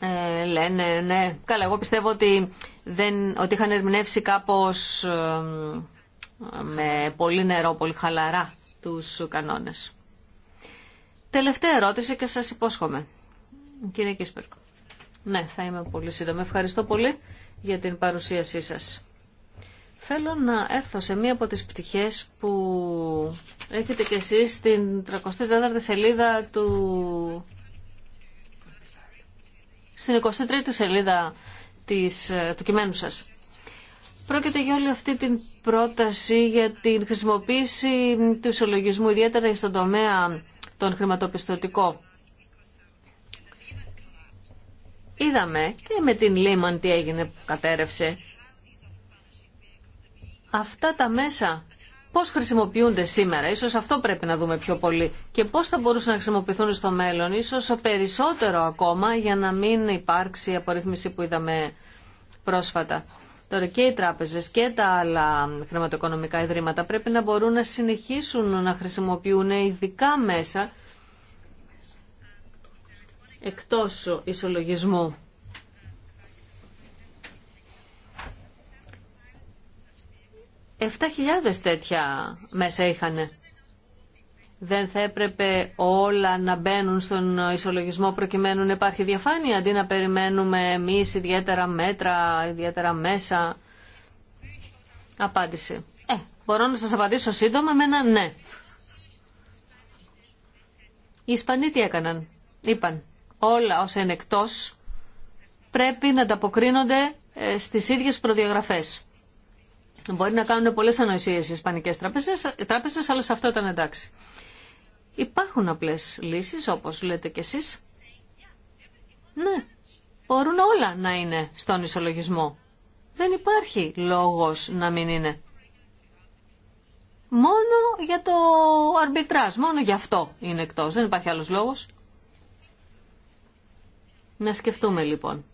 Speaker 1: ε, λένε ναι. Καλά, εγώ πιστεύω ότι, δεν, ότι είχαν ερμηνεύσει κάπως με πολύ νερό, πολύ χαλαρά τους κανόνες. Τελευταία ερώτηση και σας υπόσχομαι. Κύριε Κίσπερκ. Ναι, θα είμαι πολύ σύντομη. Ευχαριστώ πολύ για την παρουσίασή σας. Θέλω να έρθω σε μία από τις πτυχές που έχετε κι εσείς στην 34η σελίδα του... στην 23η σελίδα της... Ε, του κειμένου σας. Πρόκειται για όλη αυτή την πρόταση για την χρησιμοποίηση του ισολογισμού, ιδιαίτερα στον τομέα των χρηματοπιστωτικών. Είδαμε και με την Λίμαν τι έγινε που κατέρευσε αυτά τα μέσα πώς χρησιμοποιούνται σήμερα. Ίσως αυτό πρέπει να δούμε πιο πολύ. Και πώς θα μπορούσαν να χρησιμοποιηθούν στο μέλλον. Ίσως περισσότερο ακόμα για να μην υπάρξει η απορρίθμιση που είδαμε πρόσφατα. Τώρα και οι τράπεζες και τα άλλα χρηματοοικονομικά ιδρύματα πρέπει να μπορούν να συνεχίσουν να χρησιμοποιούν ειδικά μέσα εκτός ισολογισμού. 7.000 τέτοια μέσα είχαν. Δεν θα έπρεπε όλα να μπαίνουν στον ισολογισμό προκειμένου να υπάρχει διαφάνεια, αντί να περιμένουμε εμείς ιδιαίτερα μέτρα, ιδιαίτερα μέσα. Απάντηση. Ε, μπορώ να σας απαντήσω σύντομα με ένα ναι. Οι Ισπανοί τι έκαναν. Είπαν όλα όσα είναι εκτός πρέπει να ανταποκρίνονται ε, στις ίδιες προδιαγραφές. Μπορεί να κάνουν πολλές ανοησίες οι ισπανικές τράπεζες, αλλά σε αυτό ήταν εντάξει. Υπάρχουν απλές λύσεις, όπως λέτε κι εσείς. Ναι, μπορούν όλα να είναι στον ισολογισμό. Δεν υπάρχει λόγος να μην είναι. Μόνο για το αρμπιτράζ, μόνο για αυτό είναι εκτός. Δεν υπάρχει άλλος λόγος. Να σκεφτούμε λοιπόν.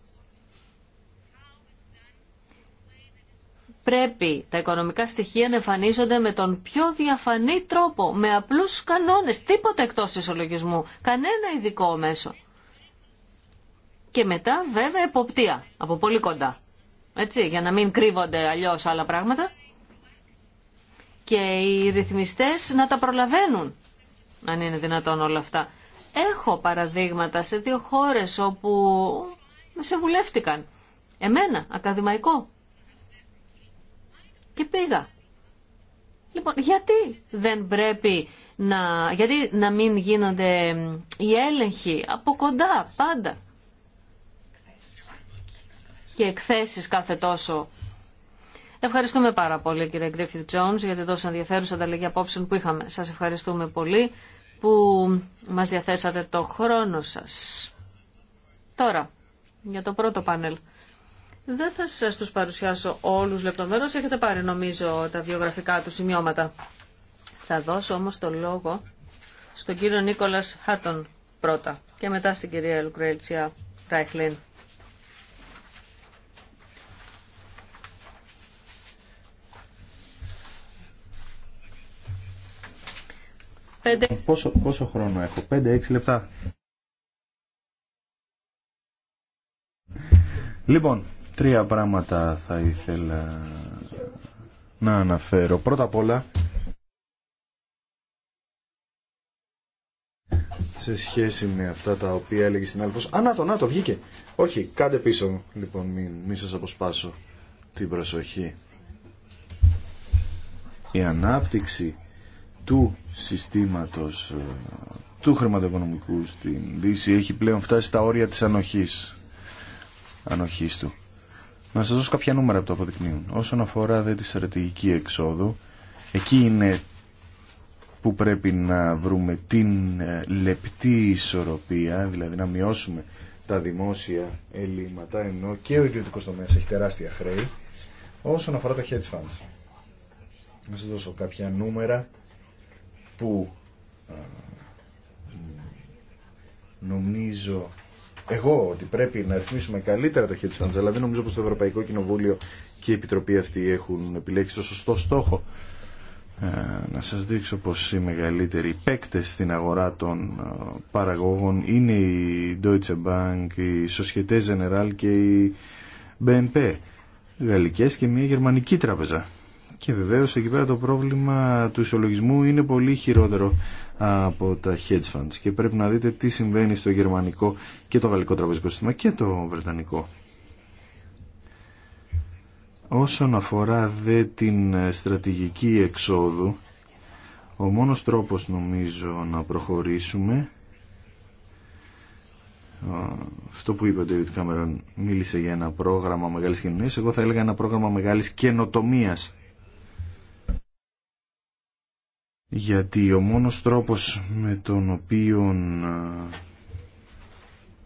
Speaker 1: πρέπει τα οικονομικά στοιχεία να εμφανίζονται με τον πιο διαφανή τρόπο, με απλούς κανόνες, τίποτα εκτός ισολογισμού, κανένα ειδικό μέσο. Και μετά βέβαια εποπτεία, από πολύ κοντά, έτσι, για να μην κρύβονται αλλιώς άλλα πράγματα. Και οι ρυθμιστές να τα προλαβαίνουν, αν είναι δυνατόν όλα αυτά. Έχω παραδείγματα σε δύο χώρες όπου με σε Εμένα, ακαδημαϊκό, και πήγα. Λοιπόν, γιατί δεν πρέπει να, γιατί να μην γίνονται οι έλεγχοι από κοντά πάντα και εκθέσεις κάθε τόσο. Ευχαριστούμε πάρα πολύ κύριε Γκρίφιθ Τζόνς για την τόσο ενδιαφέρουσα ανταλλαγή απόψεων που είχαμε. Σας ευχαριστούμε πολύ που μας διαθέσατε το χρόνο σας. Τώρα, για το πρώτο πάνελ. Δεν θα σας τους παρουσιάσω όλους λεπτομέρως, έχετε πάρει νομίζω τα βιογραφικά του σημειώματα. Θα δώσω όμως το λόγο στον κύριο Νίκολας Χάτον πρώτα και μετά στην κυρία Λουκρέλτσια Ράιχλιν.
Speaker 3: Πόσο, πόσο χρόνο έχω, 5-6 λεπτά. Λοιπόν, Τρία πράγματα θα ήθελα να αναφέρω. Πρώτα απ' όλα, σε σχέση με αυτά τα οποία έλεγε στην άλλη Α, να το, να το, βγήκε. Όχι, κάντε πίσω, λοιπόν, μην, μην σας αποσπάσω την προσοχή. Η ανάπτυξη του συστήματος ε, του χρηματοοικονομικού στην Δύση έχει πλέον φτάσει στα όρια της ανοχής, ανοχής του. Να σας δώσω κάποια νούμερα που το αποδεικνύουν. Όσον αφορά δε τη στρατηγική εξόδου, εκεί είναι που πρέπει να βρούμε την ε, λεπτή ισορροπία, δηλαδή να μειώσουμε τα δημόσια ελλείμματα, ενώ και ο ιδιωτικός τομέας έχει τεράστια χρέη, όσον αφορά τα hedge funds. Να σας δώσω κάποια νούμερα που ε, νομίζω εγώ ότι πρέπει να ρυθμίσουμε καλύτερα τα χέρια της Φαντζέλα, αλλά δεν νομίζω πω το Ευρωπαϊκό Κοινοβούλιο και η Επιτροπή αυτή έχουν επιλέξει το σωστό στόχο. Ε, να σας δείξω πως οι μεγαλύτεροι παίκτες στην αγορά των ε, παραγόγων είναι η Deutsche Bank, η Societe Generale και η BNP, γαλλικές και μια γερμανική τράπεζα. Και βεβαίω εκεί πέρα το πρόβλημα του ισολογισμού είναι πολύ χειρότερο από τα hedge funds και πρέπει να δείτε τι συμβαίνει στο γερμανικό και το γαλλικό τραπεζικό σύστημα και το βρετανικό. Όσον αφορά δε την στρατηγική εξόδου, ο μόνος τρόπος νομίζω να προχωρήσουμε αυτό που είπε ο David Cameron μίλησε για ένα πρόγραμμα μεγάλης κοινωνίας εγώ θα έλεγα ένα πρόγραμμα μεγάλης καινοτομίας γιατί ο μόνος τρόπος με τον οποίο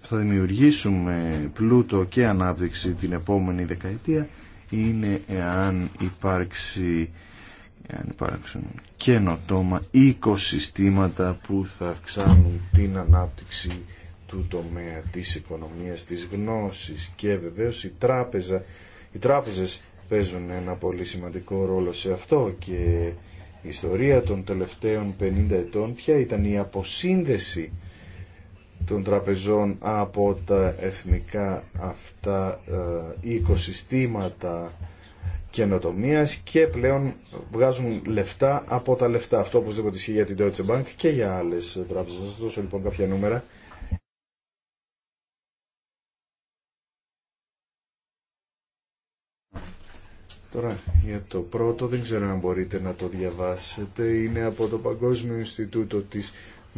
Speaker 3: θα δημιουργήσουμε πλούτο και ανάπτυξη την επόμενη δεκαετία είναι εάν υπάρξει εάν υπάρξουν καινοτόμα οικοσυστήματα που θα αυξάνουν την ανάπτυξη του τομέα της οικονομίας, της γνώσης και βεβαίως η τράπεζα, οι τράπεζες παίζουν ένα πολύ σημαντικό ρόλο σε αυτό και η ιστορία των τελευταίων 50 ετών πια ήταν η αποσύνδεση των τραπεζών από τα εθνικά αυτά ε, οικοσυστήματα καινοτομία και πλέον βγάζουν λεφτά από τα λεφτά. Αυτό οπωσδήποτε ισχύει για την Deutsche Bank και για άλλε τράπεζε. Θα σα δώσω λοιπόν κάποια νούμερα Τώρα, για το πρώτο δεν ξέρω αν μπορείτε να το διαβάσετε. Είναι από το Παγκόσμιο Ινστιτούτο της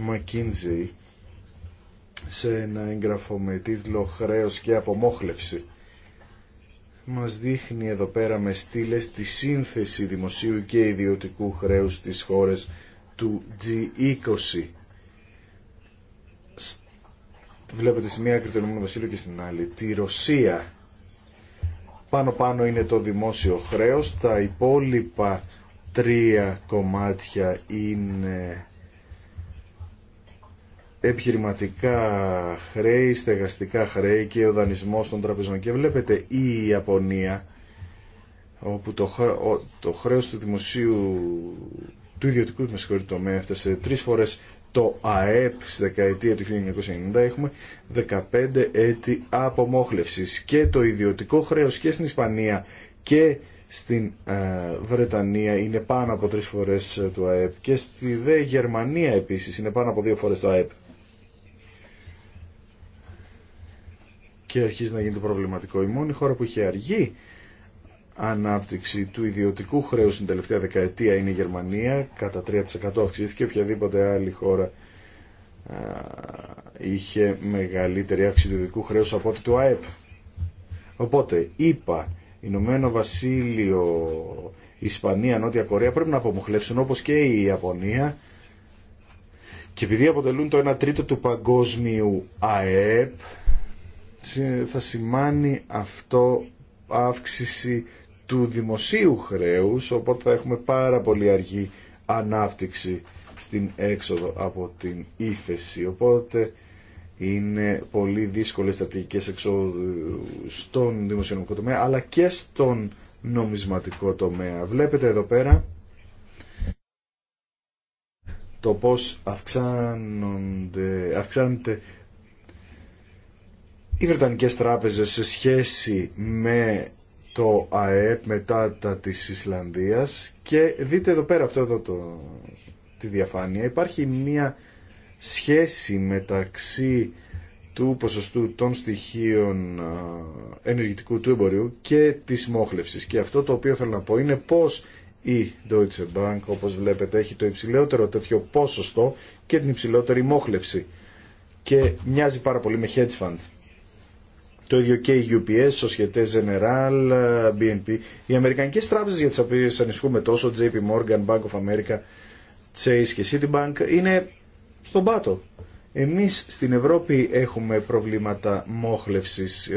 Speaker 3: McKinsey σε ένα έγγραφο με τίτλο «Χρέος και απομόχλευση». Μας δείχνει εδώ πέρα με στήλες τη σύνθεση δημοσίου και ιδιωτικού χρέους στις χώρες του G20. Βλέπετε σε μία άκρη το Βασίλειο και στην άλλη τη Ρωσία πάνω-πάνω είναι το δημόσιο χρέος, τα υπόλοιπα τρία κομμάτια είναι επιχειρηματικά χρέη, στεγαστικά χρέη και ο δανεισμός των τραπεζών. Και βλέπετε η Ιαπωνία, όπου το, το χρέος του δημοσίου, του ιδιωτικού με τομέα έφτασε τρεις φορές το ΑΕΠ στη δεκαετία του 1990 έχουμε 15 έτη απομόχλευσης και το ιδιωτικό χρέος και στην Ισπανία και στην ε, Βρετανία είναι πάνω από τρεις φορές ε, του ΑΕΠ και στη δε Γερμανία επίσης είναι πάνω από δύο φορές το ΑΕΠ. Και αρχίζει να γίνεται προβληματικό. Η μόνη χώρα που είχε αργεί ανάπτυξη του ιδιωτικού χρέου στην τελευταία δεκαετία είναι η Γερμανία, κατά 3% αυξήθηκε, οποιαδήποτε άλλη χώρα είχε μεγαλύτερη αύξηση του ιδιωτικού χρέους από ό,τι του ΑΕΠ. Οπότε, είπα, Ηνωμένο Βασίλειο, Ισπανία, Νότια Κορέα πρέπει να απομοχλεύσουν όπως και η Ιαπωνία και επειδή αποτελούν το 1 τρίτο του παγκόσμιου ΑΕΠ θα σημάνει αυτό αύξηση του δημοσίου χρέους, οπότε θα έχουμε πάρα πολύ αργή ανάπτυξη στην έξοδο από την ύφεση. Οπότε είναι πολύ δύσκολες στρατηγικές εξόδου στον δημοσιονομικό τομέα, αλλά και στον νομισματικό τομέα. Βλέπετε εδώ πέρα το πώς αυξάνονται, αυξάνεται οι Βρετανικές τράπεζες σε σχέση με το ΑΕΠ μετά τα της Ισλανδίας και δείτε εδώ πέρα αυτό εδώ το, τη διαφάνεια. Υπάρχει μία σχέση μεταξύ του ποσοστού των στοιχείων ενεργητικού του εμπορίου και της μόχλευσης. Και αυτό το οποίο θέλω να πω είναι πως η Deutsche Bank, όπως βλέπετε, έχει το υψηλότερο τέτοιο ποσοστό και την υψηλότερη μόχλευση. Και μοιάζει πάρα πολύ με hedge fund. Το ίδιο και η UPS, Societe General, BNP. Οι Αμερικανικέ τράπεζε για τις οποίες ανησυχούμε τόσο, JP Morgan, Bank of America, Chase και Citibank, είναι στον πάτο. Εμείς στην Ευρώπη έχουμε προβλήματα μόχλευσης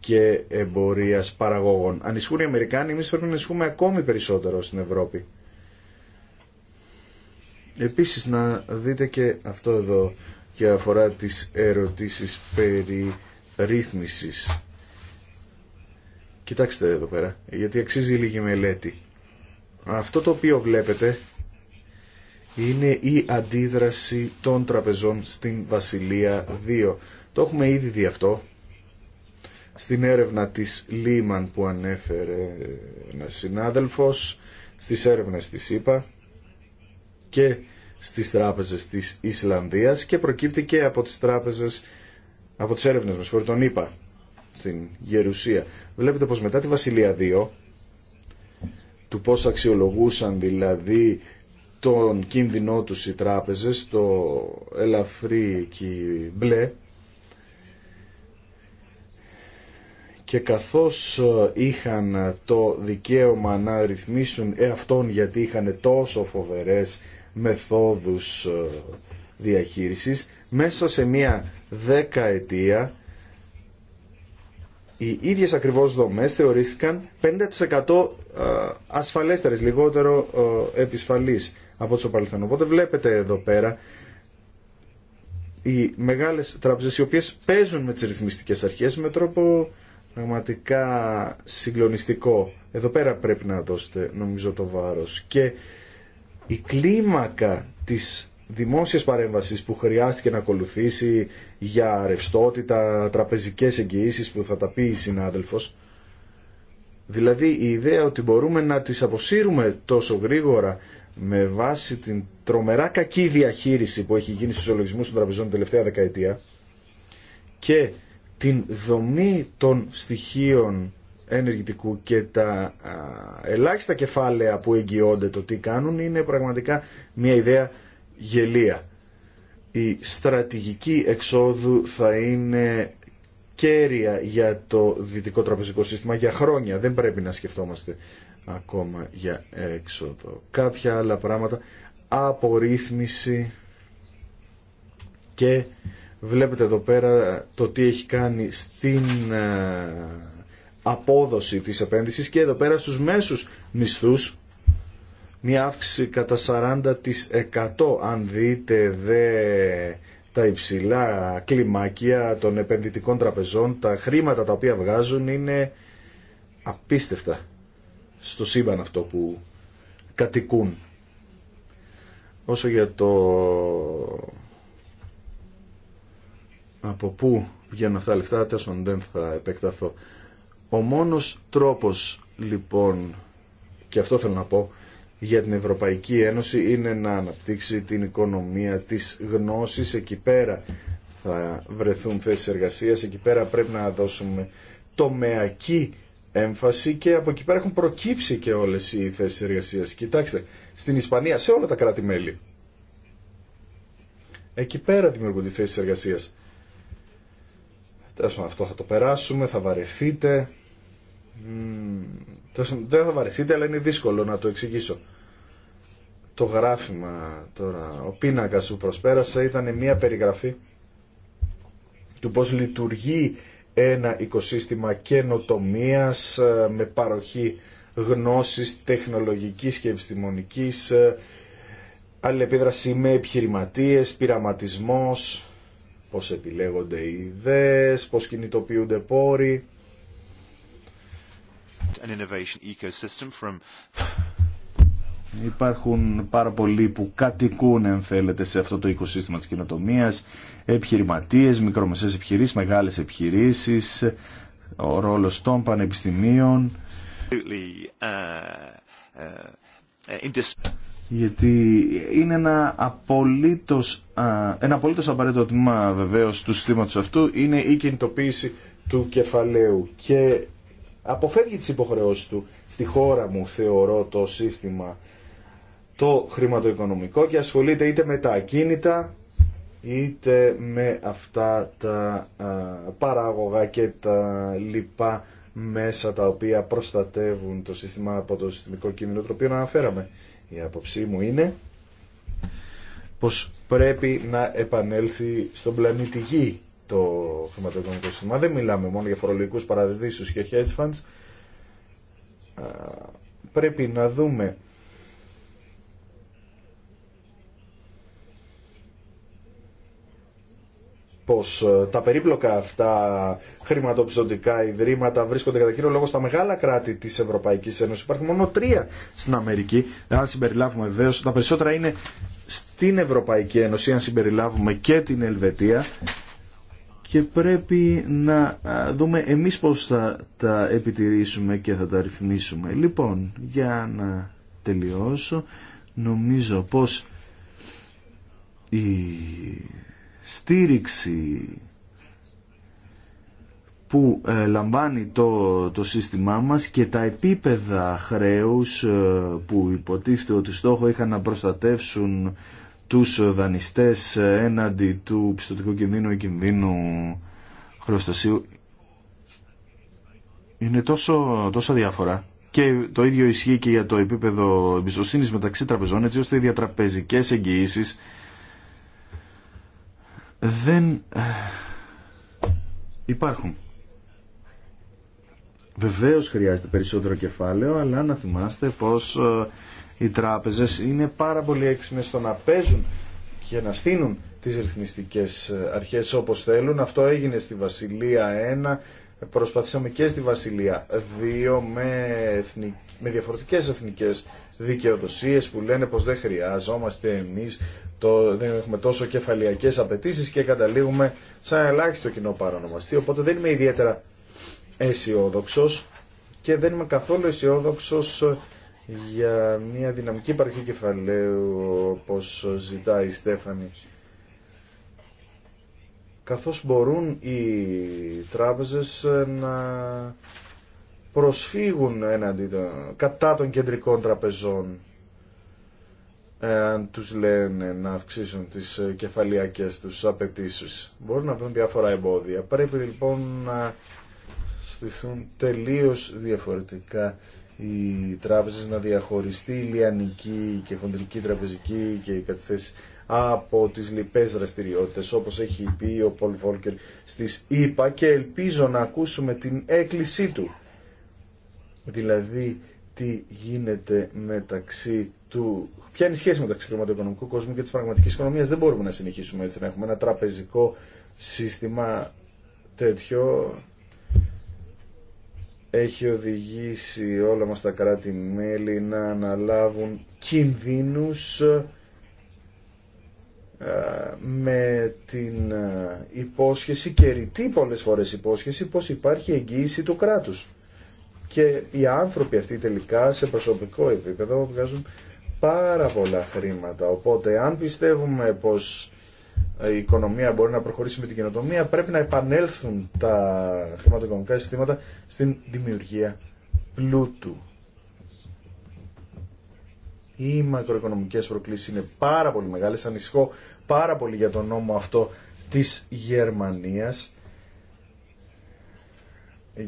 Speaker 3: και εμπορίας παραγωγών. Ανησυχούν οι Αμερικάνοι, εμεί πρέπει να ανησυχούμε ακόμη περισσότερο στην Ευρώπη. Επίση να δείτε και αυτό εδώ και αφορά τι ερωτήσει περί ρύθμισης. Κοιτάξτε εδώ πέρα, γιατί αξίζει λίγη μελέτη. Αυτό το οποίο βλέπετε είναι η αντίδραση των τραπεζών στην Βασιλεία 2. Το έχουμε ήδη δει αυτό στην έρευνα της Λίμαν που ανέφερε ένας συνάδελφος, στις έρευνες της ΕΠΑ και στις τράπεζες της Ισλανδίας και προκύπτει και από τις τράπεζες από τις έρευνες μας, χωρίς τον είπα, στην Γερουσία. Βλέπετε πως μετά τη Βασιλεία 2, του πώς αξιολογούσαν δηλαδή τον κίνδυνό του οι τράπεζες, το ελαφρύ και μπλε, και καθώς ε, είχαν το δικαίωμα να ρυθμίσουν εαυτόν γιατί είχαν τόσο φοβερές μεθόδους ε, διαχείρισης, μέσα σε μια δεκαετία οι ίδιες ακριβώς δομές θεωρήθηκαν 50% ε, ασφαλέστερες, λιγότερο ε, επισφαλείς από το παρελθόν. Οπότε βλέπετε εδώ πέρα οι μεγάλες τράπεζες οι οποίες παίζουν με τις ρυθμιστικές αρχές με τρόπο πραγματικά συγκλονιστικό. Εδώ πέρα πρέπει να δώσετε νομίζω το βάρος και η κλίμακα της δημόσιας παρέμβασης που χρειάστηκε να ακολουθήσει για ρευστότητα, τραπεζικές εγγυήσεις που θα τα πει η συνάδελφος. Δηλαδή η ιδέα ότι μπορούμε να τις αποσύρουμε τόσο γρήγορα με βάση την τρομερά κακή διαχείριση που έχει γίνει στους ολογισμούς των τραπεζών την τελευταία δεκαετία και την δομή των στοιχείων ενεργητικού και τα ελάχιστα κεφάλαια που εγγυώνται το τι κάνουν είναι πραγματικά μια ιδέα γελία. Η στρατηγική εξόδου θα είναι κέρια για το δυτικό τραπεζικό σύστημα για χρόνια. Δεν πρέπει να σκεφτόμαστε ακόμα για έξοδο. Κάποια άλλα πράγματα, απορρίθμιση και βλέπετε εδώ πέρα το τι έχει κάνει στην ε, απόδοση της επένδυσης και εδώ πέρα στους μέσους μισθούς μια αύξηση κατά 40% αν δείτε δε τα υψηλά κλιμάκια των επενδυτικών τραπεζών, τα χρήματα τα οποία βγάζουν είναι απίστευτα στο σύμπαν αυτό που κατοικούν. Όσο για το από πού βγαίνουν αυτά τα λεφτά, τέσσερα δεν θα επεκταθώ. Ο μόνος τρόπος λοιπόν, και αυτό θέλω να πω, για την Ευρωπαϊκή Ένωση είναι να αναπτύξει την οικονομία της γνώσης. Εκεί πέρα θα βρεθούν θέσεις εργασίας, εκεί πέρα πρέπει να δώσουμε τομεακή έμφαση και από εκεί πέρα έχουν προκύψει και όλες οι θέσεις εργασίας. Κοιτάξτε, στην Ισπανία, σε όλα τα κράτη-μέλη, εκεί πέρα δημιουργούνται θέσεις εργασίας. Αυτό θα το περάσουμε, θα βαρεθείτε, δεν θα βαρεθείτε, αλλά είναι δύσκολο να το εξηγήσω. Το γράφημα τώρα, ο πίνακα που προσπέρασα ήταν μια περιγραφή του πώς λειτουργεί ένα οικοσύστημα καινοτομία ε, με παροχή γνώσης τεχνολογικής και επιστημονικής, ε, αλληλεπίδραση με επιχειρηματίες, πειραματισμός, πώς επιλέγονται οι ιδέες, πώς κινητοποιούνται πόροι Υπάρχουν πάρα πολλοί που κατοικούν, εν θέλετε, σε αυτό το οικοσύστημα της κοινοτομίας, επιχειρηματίες, μικρομεσαίες επιχειρήσεις, μεγάλες επιχειρήσεις, ο ρόλος των πανεπιστημίων. Uh, uh, Γιατί είναι ένα απολύτως, ένα απολύτως απαραίτητο τμήμα βεβαίως του συστήματος αυτού είναι η κινητοποίηση του κεφαλαίου και αποφεύγει τις υποχρεώσεις του. Στη χώρα μου θεωρώ το σύστημα το χρηματοοικονομικό και ασχολείται είτε με τα ακίνητα είτε με αυτά τα παράγωγα και τα λοιπά μέσα τα οποία προστατεύουν το σύστημα από το συστημικό κίνδυνο το οποίο αναφέραμε. Η άποψή μου είναι πως πρέπει να επανέλθει στον πλανήτη Γη το χρηματοοικονομικό σύστημα. Δεν μιλάμε μόνο για φορολογικούς παραδείσους και hedge funds. Πρέπει να δούμε πως ε, τα περίπλοκα αυτά χρηματοπιστωτικά ιδρύματα βρίσκονται κατά κύριο λόγο στα μεγάλα κράτη της Ευρωπαϊκής Ένωσης. Υπάρχουν μόνο τρία στην Αμερική, αν συμπεριλάβουμε βεβαίως, Τα περισσότερα είναι στην Ευρωπαϊκή Ένωση, αν συμπεριλάβουμε και την Ελβετία και πρέπει να δούμε εμείς πώς θα τα επιτηρήσουμε και θα τα ρυθμίσουμε. Λοιπόν, για να τελειώσω, νομίζω πως η στήριξη που ε, λαμβάνει το, το σύστημά μας και τα επίπεδα χρέους ε, που υποτίθεται ότι στόχο είχαν να προστατεύσουν τους δανειστές έναντι του πιστοτικού κινδύνου ή κινδύνου χρωστασίου είναι τόσο, τόσο διάφορα και το ίδιο ισχύει και για το επίπεδο εμπιστοσύνη μεταξύ τραπεζών έτσι ώστε οι διατραπεζικές εγγυήσει δεν ε, υπάρχουν. Βεβαίως χρειάζεται περισσότερο κεφάλαιο αλλά να θυμάστε πως ε, οι τράπεζες είναι πάρα πολύ έξυπνες στο να παίζουν και να στείλουν τις ρυθμιστικές αρχές όπως θέλουν. Αυτό έγινε στη Βασιλεία 1, προσπαθήσαμε και στη Βασιλεία 2 με, με διαφορετικές εθνικές δικαιοδοσίες που λένε πως δεν χρειάζομαστε εμείς, το... δεν έχουμε τόσο κεφαλιακές απαιτήσει και καταλήγουμε σαν ελάχιστο κοινό παρανομαστή. Οπότε δεν είμαι ιδιαίτερα αισιόδοξο και δεν είμαι καθόλου αισιόδοξο ε, για μια δυναμική υπαρχή κεφαλαίου όπως ζητάει η Στέφανη καθώς μπορούν οι τράπεζες να προσφύγουν έναντι κατά των κεντρικών τραπεζών αν τους λένε να αυξήσουν τις κεφαλιακές τους απαιτήσεις. Μπορούν να βρουν διάφορα εμπόδια. Πρέπει λοιπόν να στηθούν τελείως διαφορετικά οι τράπεζες να διαχωριστεί η λιανική και χοντρική τραπεζική και οι από τις λοιπές δραστηριότητες όπως έχει πει ο Πολ Βόλκερ στις ΗΠΑ και ελπίζω να ακούσουμε την έκκλησή του δηλαδή τι γίνεται μεταξύ του ποια είναι η σχέση μεταξύ του χρηματοοικονομικού κόσμου και της πραγματικής οικονομίας δεν μπορούμε να συνεχίσουμε έτσι να έχουμε ένα τραπεζικό σύστημα τέτοιο έχει οδηγήσει όλα μας τα κράτη-μέλη να αναλάβουν κινδύνους ε, με την ε, υπόσχεση και ρητή πολλές φορές υπόσχεση πως υπάρχει εγγύηση του κράτους. Και οι άνθρωποι αυτοί τελικά σε προσωπικό επίπεδο βγάζουν πάρα πολλά χρήματα. Οπότε αν πιστεύουμε πως ε, η οικονομία μπορεί να προχωρήσει με την καινοτομία, πρέπει να επανέλθουν τα χρηματοοικονομικά συστήματα στην δημιουργία πλούτου. Οι μακροοικονομικές προκλήσεις είναι πάρα πολύ μεγάλες. Ανησυχώ πάρα πολύ για τον νόμο αυτό της Γερμανίας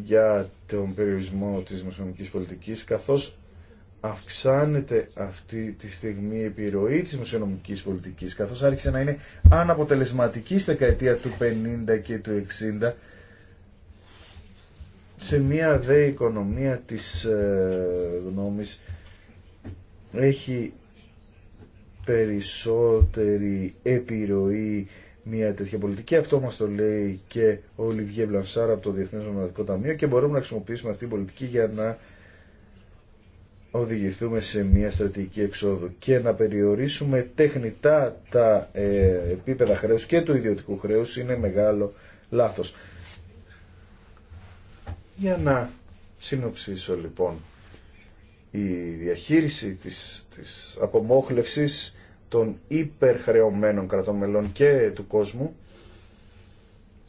Speaker 3: για τον περιορισμό της μεσονομικής πολιτικής καθώς αυξάνεται αυτή τη στιγμή η επιρροή της μεσονομικής πολιτικής, καθώς άρχισε να είναι αναποτελεσματική στα δεκαετία του 50 και του 60, σε μία δε οικονομία της ε, γνώμης έχει περισσότερη επιρροή μια τέτοια πολιτική. Αυτό μας το λέει και ο Λιβιέ Βλανσάρα από το Διεθνές τα Ταμείο και μπορούμε να χρησιμοποιήσουμε αυτή την πολιτική για να οδηγηθούμε σε μια στρατηγική εξόδου και να περιορίσουμε τεχνητά τα ε, επίπεδα χρέους και του ιδιωτικού χρέους είναι μεγάλο λάθος. Για να συνοψίσω λοιπόν η διαχείριση της, της απομόχλευσης των υπερχρεωμένων μελών και του κόσμου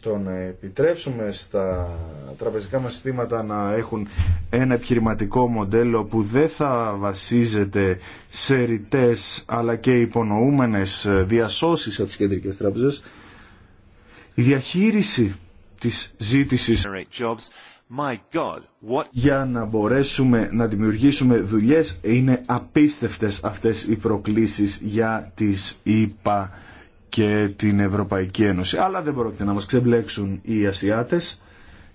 Speaker 3: το να επιτρέψουμε στα τραπεζικά μας συστήματα να έχουν ένα επιχειρηματικό μοντέλο που δεν θα βασίζεται σε ρητές αλλά και υπονοούμενες διασώσεις από τις κεντρικές τράπεζες, η διαχείριση της ζήτησης για να μπορέσουμε να δημιουργήσουμε δουλειές είναι απίστευτες αυτές οι προκλήσεις για τις ΙΠΑ και την Ευρωπαϊκή Ένωση. Αλλά δεν πρόκειται να μας ξεμπλέξουν οι Ασιάτες,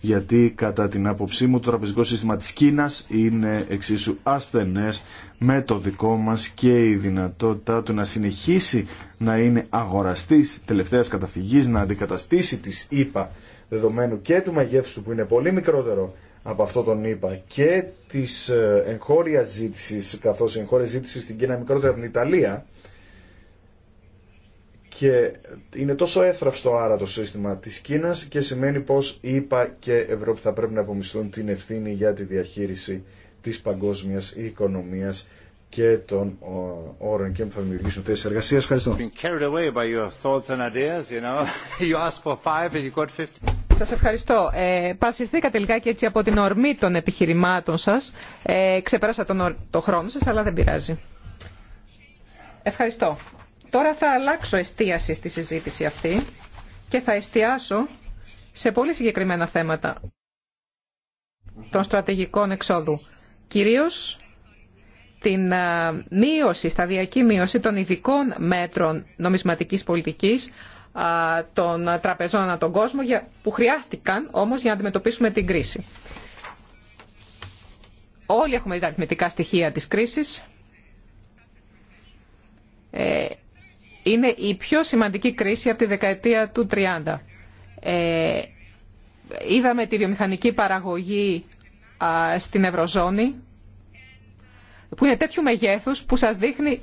Speaker 3: γιατί κατά την άποψή μου το τραπεζικό σύστημα της Κίνας είναι εξίσου ασθενές με το δικό μας και η δυνατότητά του να συνεχίσει να είναι αγοραστής τελευταίας καταφυγής, να αντικαταστήσει τις ΙΠΑ δεδομένου και του μεγέθους που είναι πολύ μικρότερο από αυτό τον είπα και της ε, εγχώριας ζήτησης καθώς η εγχώρια ζήτηση στην Κίνα μικρότερη από την Ιταλία και είναι τόσο έθραυστο άρα το σύστημα της Κίνας και σημαίνει πως η και Ευρώπη θα πρέπει να απομισθούν την ευθύνη για τη διαχείριση της παγκόσμιας οικονομίας και των όρων και που θα δημιουργήσουν τέσσερι εργασία. Ευχαριστώ.
Speaker 2: Σας ευχαριστώ. Ε, παρασυρθήκατε και έτσι από την ορμή των επιχειρημάτων σας. Ε, ξεπέρασα τον, το χρόνο σας, αλλά δεν πειράζει. Ευχαριστώ. Τώρα θα αλλάξω εστίαση στη συζήτηση αυτή και θα εστιάσω σε πολύ συγκεκριμένα θέματα των στρατηγικών εξόδου. Κυρίως την μείωση, σταδιακή μείωση των ειδικών μέτρων νομισματικής πολιτικής των τραπεζών ανά τον κόσμο που χρειάστηκαν όμως για να αντιμετωπίσουμε την κρίση. Όλοι έχουμε δει τα αριθμητικά στοιχεία της κρίσης. Ε, είναι η πιο σημαντική κρίση από τη δεκαετία του 30. Ε, είδαμε τη βιομηχανική παραγωγή στην Ευρωζώνη, που είναι τέτοιου μεγέθους που σας δείχνει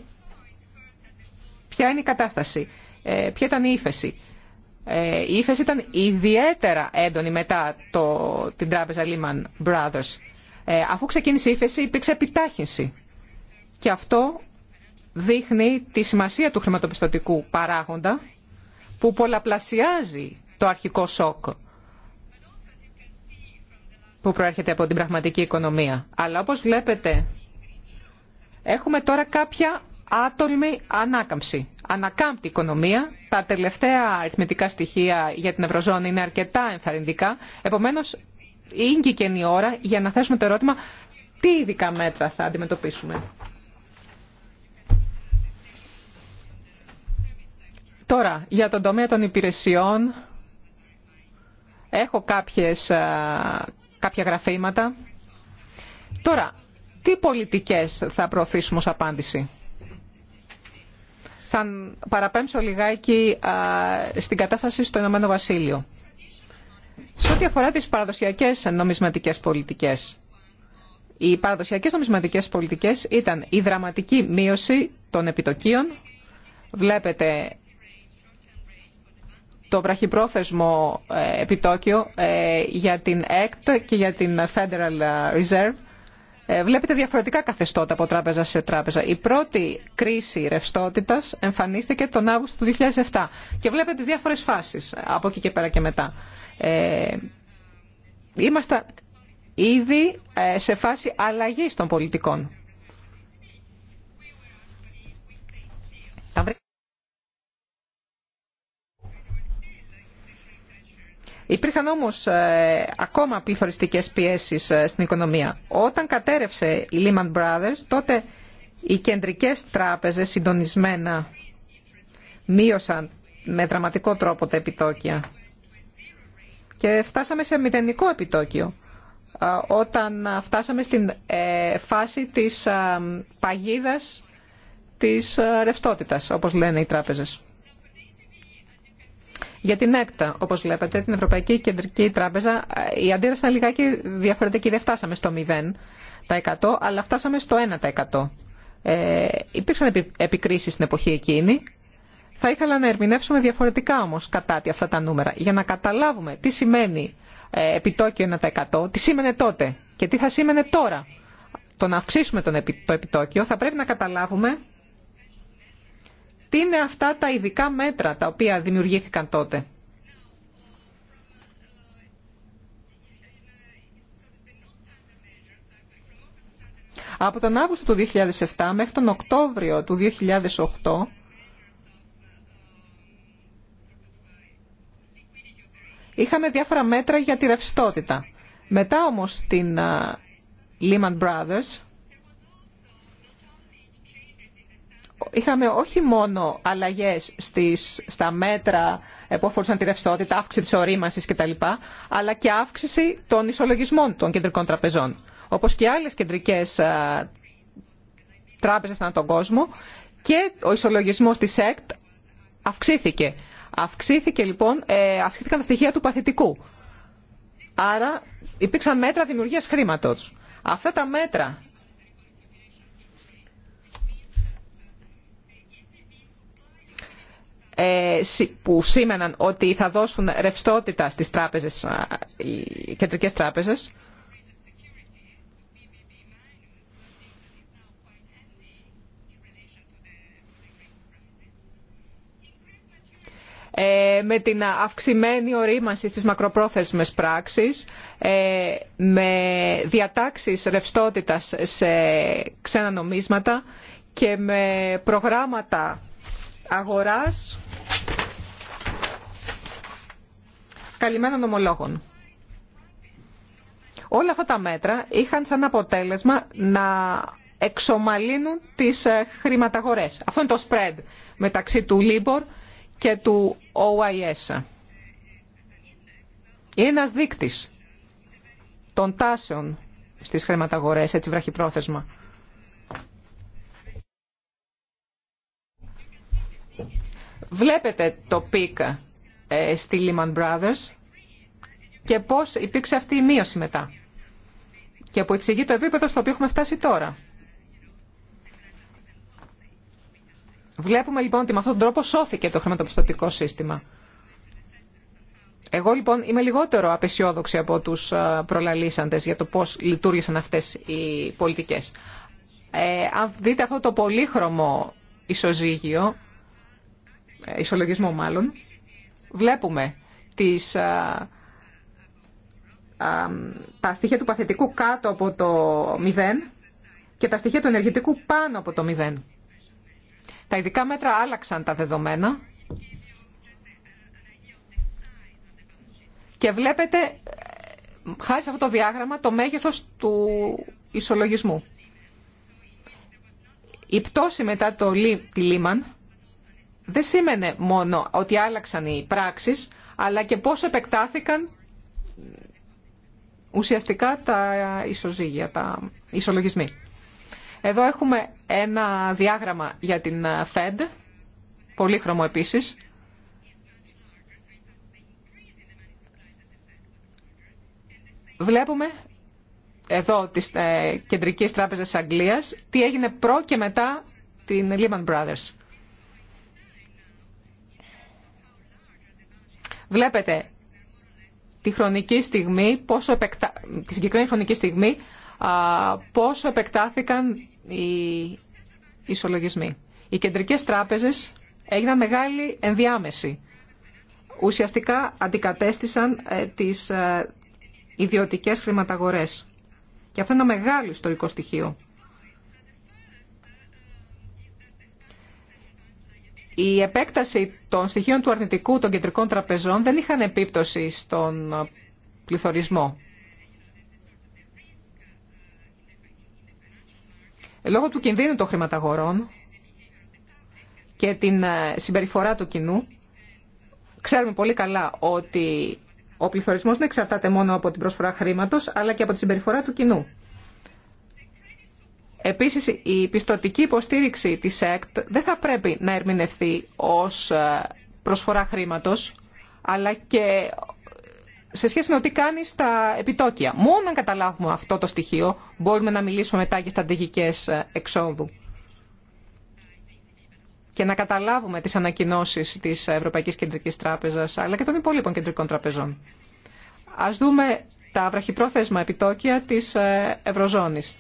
Speaker 2: ποια είναι η κατάσταση, ε, ποια ήταν η ύφεση. Ε, η ύφεση ήταν ιδιαίτερα έντονη μετά το, την τράπεζα Lehman Brothers. Ε, αφού ξεκίνησε η ύφεση υπήρξε επιτάχυνση. Και αυτό δείχνει τη σημασία του χρηματοπιστωτικού παράγοντα που πολλαπλασιάζει το αρχικό σοκ που προέρχεται από την πραγματική οικονομία. Αλλά όπως βλέπετε έχουμε τώρα κάποια άτολμη ανάκαμψη. Ανακάμπτει η οικονομία, τα τελευταία αριθμητικά στοιχεία για την Ευρωζώνη είναι αρκετά ενθαρρυντικά, επομένως ήγηκε η ώρα για να θέσουμε το ερώτημα τι ειδικά μέτρα θα αντιμετωπίσουμε. Τώρα, για τον τομέα των υπηρεσιών, έχω κάποιες, κάποια γραφήματα. Τώρα, τι πολιτικές θα προωθήσουμε ως απάντηση. Θα παραπέμψω λιγάκι στην κατάσταση στο Ηνωμένο Βασίλειο. Σε ό,τι αφορά τις παραδοσιακές νομισματικές πολιτικές, οι παραδοσιακές νομισματικές πολιτικές ήταν η δραματική μείωση των επιτοκίων. Βλέπετε το βραχυπρόθεσμο ε, επιτόκιο ε, για την ΕΚΤ και για την Federal Reserve ε, βλέπετε διαφορετικά καθεστώτα από τράπεζα σε τράπεζα. Η πρώτη κρίση ρευστότητα εμφανίστηκε τον Αύγουστο του 2007 και βλέπετε τις διάφορες φάσεις από εκεί και πέρα και μετά. είμαστε ήδη σε φάση αλλαγής των πολιτικών. Υπήρχαν όμως ε, ακόμα πληθωριστικές πιέσεις ε, στην οικονομία. Όταν κατέρευσε η Lehman Brothers, τότε οι κεντρικές τράπεζες συντονισμένα μείωσαν με δραματικό τρόπο τα επιτόκια. Και φτάσαμε σε μηδενικό επιτόκιο ε, όταν φτάσαμε στην φάση της παγίδας της ρευστότητας, όπως λένε οι τράπεζες. Για την ΕΚΤΑ, όπως βλέπετε, την Ευρωπαϊκή Κεντρική Τράπεζα, η αντίδραση ήταν λιγάκι διαφορετική. Δεν φτάσαμε στο 0%, αλλά φτάσαμε στο 1%. Ε, υπήρξαν επικρίσεις στην εποχή εκείνη. Θα ήθελα να ερμηνεύσουμε διαφορετικά όμως κατά τη αυτά τα νούμερα, για να καταλάβουμε τι σημαίνει ε, επιτόκιο 1%, τι σήμαινε τότε και τι θα σήμαινε τώρα. Το να αυξήσουμε το επιτόκιο θα πρέπει να καταλάβουμε τι είναι αυτά τα ειδικά μέτρα τα οποία δημιουργήθηκαν τότε. Από τον Αύγουστο του 2007 μέχρι τον Οκτώβριο του 2008 είχαμε διάφορα μέτρα για τη ρευστότητα. Μετά όμως την Lehman Brothers είχαμε όχι μόνο αλλαγές στα μέτρα που αφορούσαν τη ρευστότητα, αύξηση τη ορίμαση κτλ, αλλά και αύξηση των ισολογισμών των κεντρικών τραπεζών. Όπως και άλλες κεντρικές τράπεζες ανά τον κόσμο και ο ισολογισμός της ΕΚΤ αυξήθηκε. Αυξήθηκε λοιπόν, ε, αυξήθηκαν τα στοιχεία του παθητικού. Άρα υπήρξαν μέτρα δημιουργία χρήματο. Αυτά τα μέτρα Ε, που σήμαιναν ότι θα δώσουν ρευστότητα στις τράπεζες, οι κεντρικές τράπεζες. Ε, με την αυξημένη ορίμανση στις μακροπρόθεσμες πράξεις, ε, με διατάξεις ρευστότητας σε ξένα νομίσματα και με προγράμματα αγοράς καλυμμένων ομολόγων. Όλα αυτά τα μέτρα είχαν σαν αποτέλεσμα να εξομαλύνουν τις ε, χρηματαγορές. Αυτό είναι το spread μεταξύ του LIBOR και του OIS. Είναι ένας δείκτης των τάσεων στις χρηματαγορές, έτσι βραχυπρόθεσμα. Βλέπετε το πικ ε, στη Lehman Brothers και πώς υπήρξε αυτή η μείωση μετά και που εξηγεί το επίπεδο στο οποίο έχουμε φτάσει τώρα. Βλέπουμε λοιπόν ότι με αυτόν τον τρόπο σώθηκε το χρηματοπιστωτικό σύστημα. Εγώ λοιπόν είμαι λιγότερο απεσιόδοξη από τους ε, προλαλήσαντες για το πώς λειτουργήσαν αυτές οι πολιτικές. Ε, αν δείτε αυτό το πολύχρωμο ισοζύγιο, ισολογισμό μάλλον, βλέπουμε τις, τα στοιχεία του παθητικού κάτω από το 0 και τα στοιχεία του ενεργητικού πάνω από το 0. Τα ειδικά μέτρα άλλαξαν τα δεδομένα και βλέπετε χάρη σε αυτό το διάγραμμα το μέγεθος του ισολογισμού. Η πτώση μετά το, τη Λίμαν δεν σήμαινε μόνο ότι άλλαξαν οι πράξεις, αλλά και πώς επεκτάθηκαν ουσιαστικά τα ισοζύγια, τα ισολογισμοί. Εδώ έχουμε ένα διάγραμμα για την Fed, πολύχρωμο επίσης. Βλέπουμε εδώ ε, της ε, Κεντρικής Τράπεζας Αγγλίας τι έγινε προ και μετά την Lehman Brothers. Βλέπετε τη χρονική στιγμή, πόσο τη συγκεκριμένη χρονική στιγμή, πόσο επεκτάθηκαν οι ισολογισμοί. Οι κεντρικές τράπεζες έγιναν μεγάλη ενδιάμεση. Ουσιαστικά αντικατέστησαν ε, τις ε, ιδιωτικές χρηματαγορές. Και αυτό είναι ένα μεγάλο ιστορικό στοιχείο. Η επέκταση των στοιχείων του αρνητικού των κεντρικών τραπεζών δεν είχαν επίπτωση στον πληθωρισμό. Λόγω του κινδύνου των χρηματαγορών και την ε, συμπεριφορά του κοινού, ξέρουμε πολύ καλά ότι ο πληθωρισμός δεν εξαρτάται μόνο από την προσφορά χρήματος, αλλά και από τη συμπεριφορά του κοινού. Επίσης, η πιστοτική υποστήριξη της ΕΚΤ δεν θα πρέπει να ερμηνευθεί ως ε, προσφορά χρήματος, αλλά και σε σχέση με το τι κάνει στα επιτόκια. Μόνο αν καταλάβουμε αυτό το στοιχείο, μπορούμε να μιλήσουμε μετά για στρατηγικές ε, εξόδου και να καταλάβουμε τις ανακοινώσεις της Ευρωπαϊκής Κεντρικής Τράπεζας, αλλά και των υπόλοιπων κεντρικών τραπεζών. Ας δούμε τα βραχυπρόθεσμα επιτόκια της ε, Ευρωζώνης.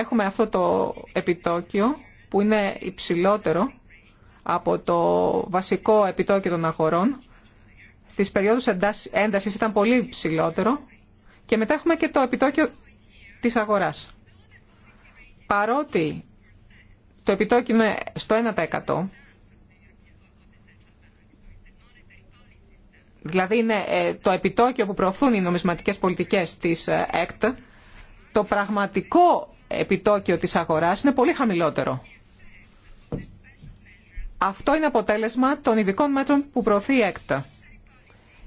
Speaker 2: έχουμε αυτό το επιτόκιο που είναι υψηλότερο από το βασικό επιτόκιο των αγορών. Στις περιόδους έντασης ήταν πολύ υψηλότερο και μετά έχουμε και το επιτόκιο της αγοράς. Παρότι το επιτόκιο είναι στο 1%, δηλαδή είναι ε, το επιτόκιο που προωθούν οι νομισματικές πολιτικές της ε, ΕΚΤ, το πραγματικό επιτόκιο της αγοράς είναι πολύ χαμηλότερο. Αυτό είναι αποτέλεσμα των ειδικών μέτρων που προωθεί η ΕΚΤΑ.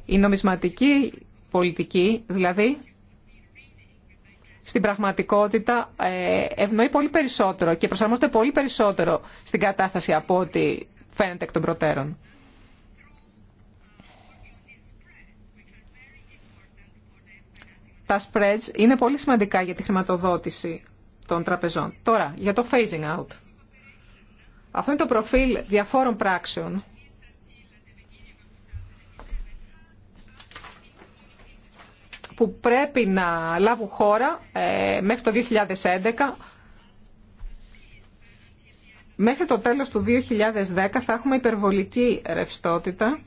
Speaker 2: Η νομισματική πολιτική, δηλαδή, στην πραγματικότητα ε, ευνοεί πολύ περισσότερο και προσαρμόζεται πολύ περισσότερο στην κατάσταση από ό,τι φαίνεται εκ των προτέρων. Τα spreads είναι πολύ σημαντικά για τη χρηματοδότηση των Τώρα, για το phasing out. Αυτό είναι το προφίλ διαφόρων πράξεων. που πρέπει να λάβουν χώρα ε, μέχρι το 2011. Μέχρι το τέλος του 2010 θα έχουμε υπερβολική ρευστότητα.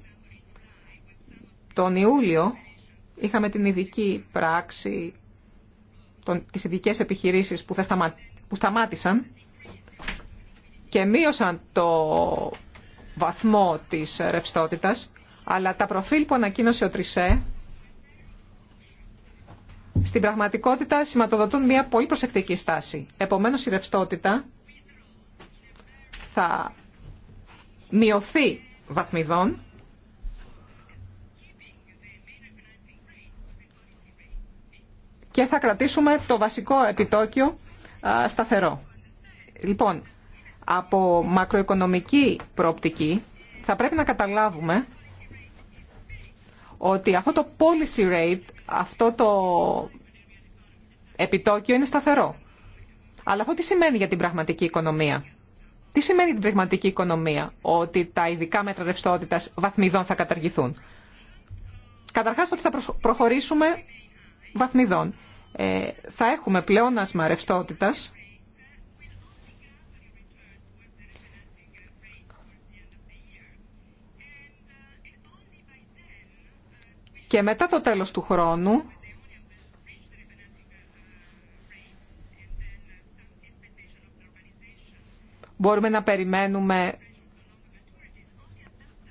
Speaker 2: Τον Ιούλιο είχαμε την ειδική πράξη τι τις ειδικές επιχειρήσεις που, θα σταμάτησαν και μείωσαν το βαθμό της ρευστότητα, αλλά τα προφίλ που ανακοίνωσε ο Τρισέ στην πραγματικότητα σηματοδοτούν μια πολύ προσεκτική στάση. Επομένως η ρευστότητα θα μειωθεί βαθμιδών και θα κρατήσουμε το βασικό επιτόκιο σταθερό. Λοιπόν, από μακροοικονομική προοπτική θα πρέπει να καταλάβουμε ότι αυτό το policy rate, αυτό το επιτόκιο είναι σταθερό. Αλλά αυτό τι σημαίνει για την πραγματική οικονομία. Τι σημαίνει για την πραγματική οικονομία ότι τα ειδικά μέτρα ρευστότητας βαθμιδών θα καταργηθούν. Καταρχάς ότι θα προχωρήσουμε βαθμιδών. Ε, θα έχουμε πλεόνασμα ρευστότητα. Και μετά το τέλος του χρόνου μπορούμε να περιμένουμε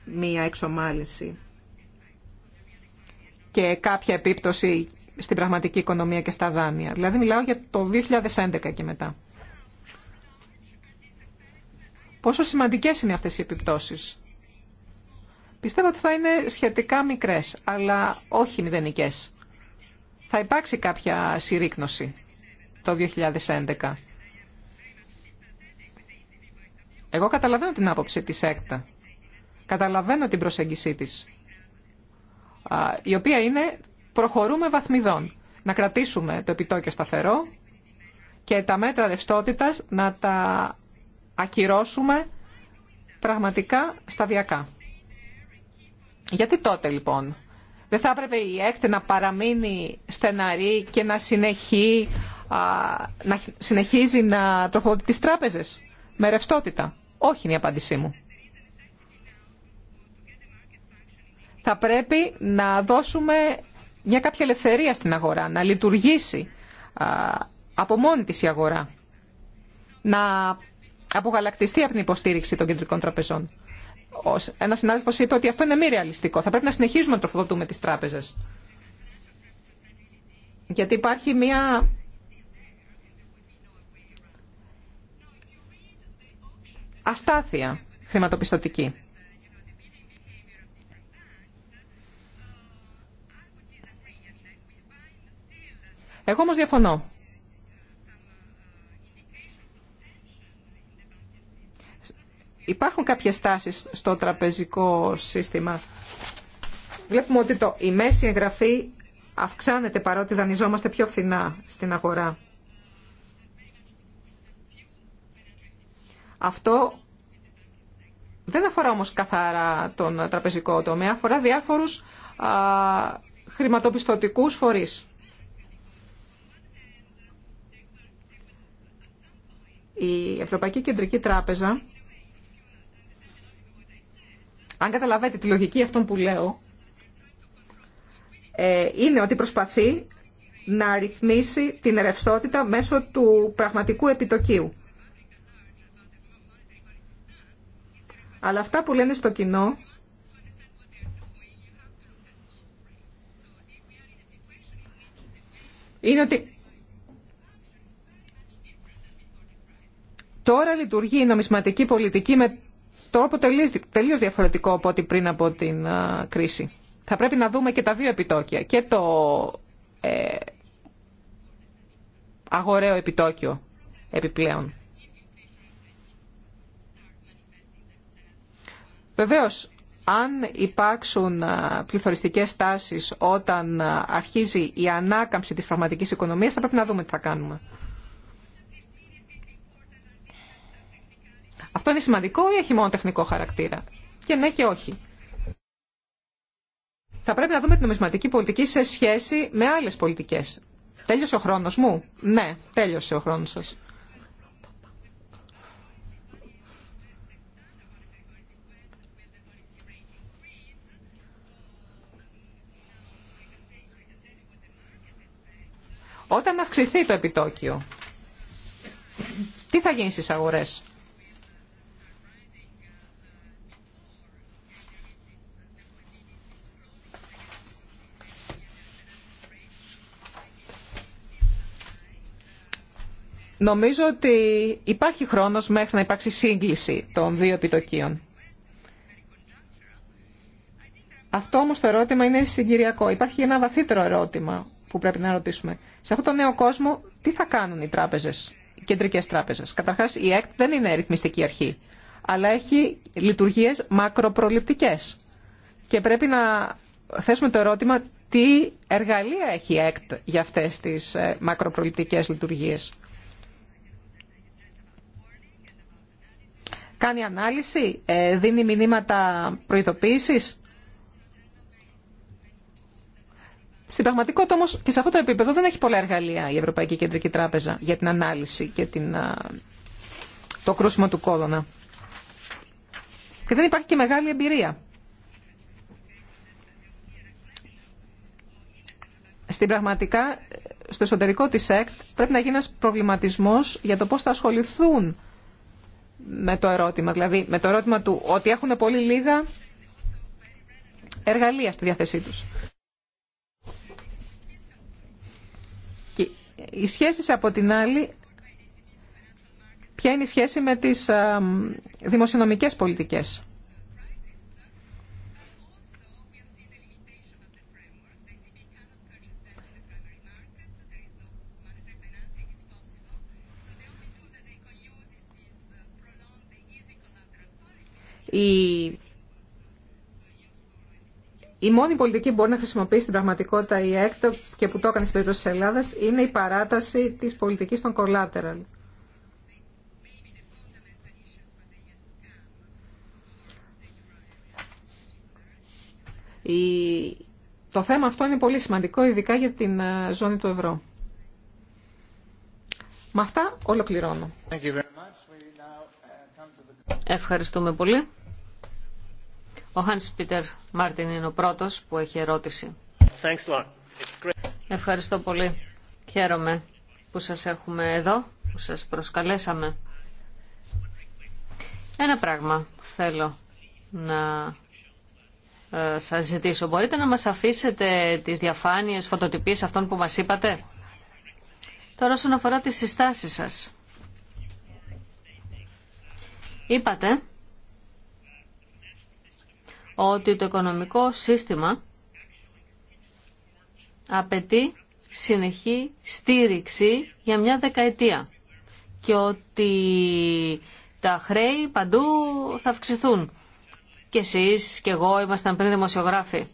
Speaker 2: μία εξομάλυση και κάποια επίπτωση στην πραγματική οικονομία και στα δάνεια. Δηλαδή μιλάω για το 2011 και μετά. Πόσο σημαντικές είναι αυτές οι επιπτώσεις. Πιστεύω ότι θα είναι σχετικά μικρές, αλλά όχι μηδενικές. Θα υπάρξει κάποια συρρήκνωση το 2011. Εγώ καταλαβαίνω την άποψη της ΕΚΤΑ. Καταλαβαίνω την προσέγγισή της, η οποία είναι προχωρούμε βαθμιδών. Να κρατήσουμε το επιτόκιο σταθερό και τα μέτρα ρευστότητα να τα ακυρώσουμε πραγματικά σταδιακά. Γιατί τότε λοιπόν δεν θα έπρεπε η Έκτε να παραμείνει στεναρή και να, να συνεχίζει να τροφοδοτεί τις τράπεζες με ρευστότητα. Όχι είναι η απάντησή μου. Θα πρέπει να δώσουμε μια κάποια ελευθερία στην αγορά, να λειτουργήσει από μόνη της η αγορά, να απογαλακτιστεί από την υποστήριξη των κεντρικών τραπεζών. Ένα συνάδελφος είπε ότι αυτό είναι μη ρεαλιστικό. Θα πρέπει να συνεχίζουμε να τροφοδοτούμε τις τράπεζες. Γιατί υπάρχει μια αστάθεια χρηματοπιστωτική. Εγώ όμως διαφωνώ. Υπάρχουν κάποιες τάσεις στο τραπεζικό σύστημα. Βλέπουμε ότι το, η μέση εγγραφή αυξάνεται παρότι δανειζόμαστε πιο φθηνά στην αγορά. Αυτό δεν αφορά όμως καθαρά τον τραπεζικό τομέα, αφορά διάφορους α, χρηματοπιστωτικούς φορείς. η Ευρωπαϊκή Κεντρική Τράπεζα, αν καταλαβαίνετε τη λογική αυτών που λέω, ε, είναι ότι προσπαθεί να ρυθμίσει την ρευστότητα μέσω του πραγματικού επιτοκίου. Αλλά αυτά που λένε στο κοινό είναι ότι Τώρα λειτουργεί η νομισματική πολιτική με τρόπο τελείω διαφορετικό από ό,τι πριν από την κρίση. Θα πρέπει να δούμε και τα δύο επιτόκια, και το ε, αγοραίο επιτόκιο επιπλέον. Βεβαίως, αν υπάρξουν πληθωριστικές τάσεις όταν αρχίζει η ανάκαμψη της πραγματικής οικονομίας, θα πρέπει να δούμε τι θα κάνουμε. Αυτό είναι σημαντικό ή έχει μόνο τεχνικό χαρακτήρα. Και ναι και όχι. Θα πρέπει να δούμε την νομισματική πολιτική σε σχέση με άλλες πολιτικές. Τέλειωσε ο χρόνος μου. Ναι, τέλειωσε ο χρόνος σας. Όταν αυξηθεί το επιτόκιο, τι θα γίνει στις αγορές. Νομίζω ότι υπάρχει χρόνος μέχρι να υπάρξει σύγκληση των δύο επιτοκίων. Αυτό όμως το ερώτημα είναι συγκυριακό. Υπάρχει ένα βαθύτερο ερώτημα που πρέπει να ρωτήσουμε. Σε αυτόν τον νέο κόσμο τι θα κάνουν οι τράπεζες, οι κεντρικές τράπεζες. Καταρχάς η ΕΚΤ δεν είναι ρυθμιστική αρχή, αλλά έχει λειτουργίες μακροπροληπτικές. Και πρέπει να θέσουμε το ερώτημα τι εργαλεία έχει η ΕΚΤ για αυτές τις ε, μακροπροληπτικές λειτουργίες. κάνει ανάλυση, ε, δίνει μηνύματα προειδοποίησης. Στην πραγματικότητα όμως και σε αυτό το επίπεδο δεν έχει πολλά εργαλεία η Ευρωπαϊκή Κεντρική Τράπεζα για την ανάλυση και την, το κρούσιμο του κόδωνα. Και δεν υπάρχει και μεγάλη εμπειρία. Στην πραγματικά, στο εσωτερικό της ΕΚΤ πρέπει να γίνει ένας προβληματισμός για το πώς θα ασχοληθούν με το ερώτημα. Δηλαδή με το ερώτημα του ότι έχουν πολύ λίγα εργαλεία στη διάθεσή τους. Και οι σχέσεις από την άλλη, ποια είναι η σχέση με τις ε, δημοσιονομικές πολιτικές. Η, η μόνη πολιτική που μπορεί να χρησιμοποιήσει στην πραγματικότητα η ΕΚΤ και που το έκανε στην περίπτωση της Ελλάδας είναι η παράταση της πολιτικής των collateral. Το θέμα αυτό είναι πολύ σημαντικό, ειδικά για την ε, ζώνη του ευρώ. Με αυτά ολοκληρώνω. Uh, Ευχαριστούμε
Speaker 1: πολύ. Ο Hans Peter Μάρτιν είναι ο πρώτος που έχει ερώτηση. Ευχαριστώ πολύ. Χαίρομαι που σας έχουμε εδώ, που σας προσκαλέσαμε. Ένα πράγμα θέλω να ε, σας ζητήσω. Μπορείτε να μας αφήσετε τις διαφάνειες, φωτοτυπίες αυτών που μας είπατε. Τώρα όσον αφορά τις συστάσεις σας. Είπατε ότι το οικονομικό σύστημα απαιτεί συνεχή στήριξη για μια δεκαετία και ότι τα χρέη παντού θα αυξηθούν. Και εσείς και εγώ ήμασταν πριν δημοσιογράφοι.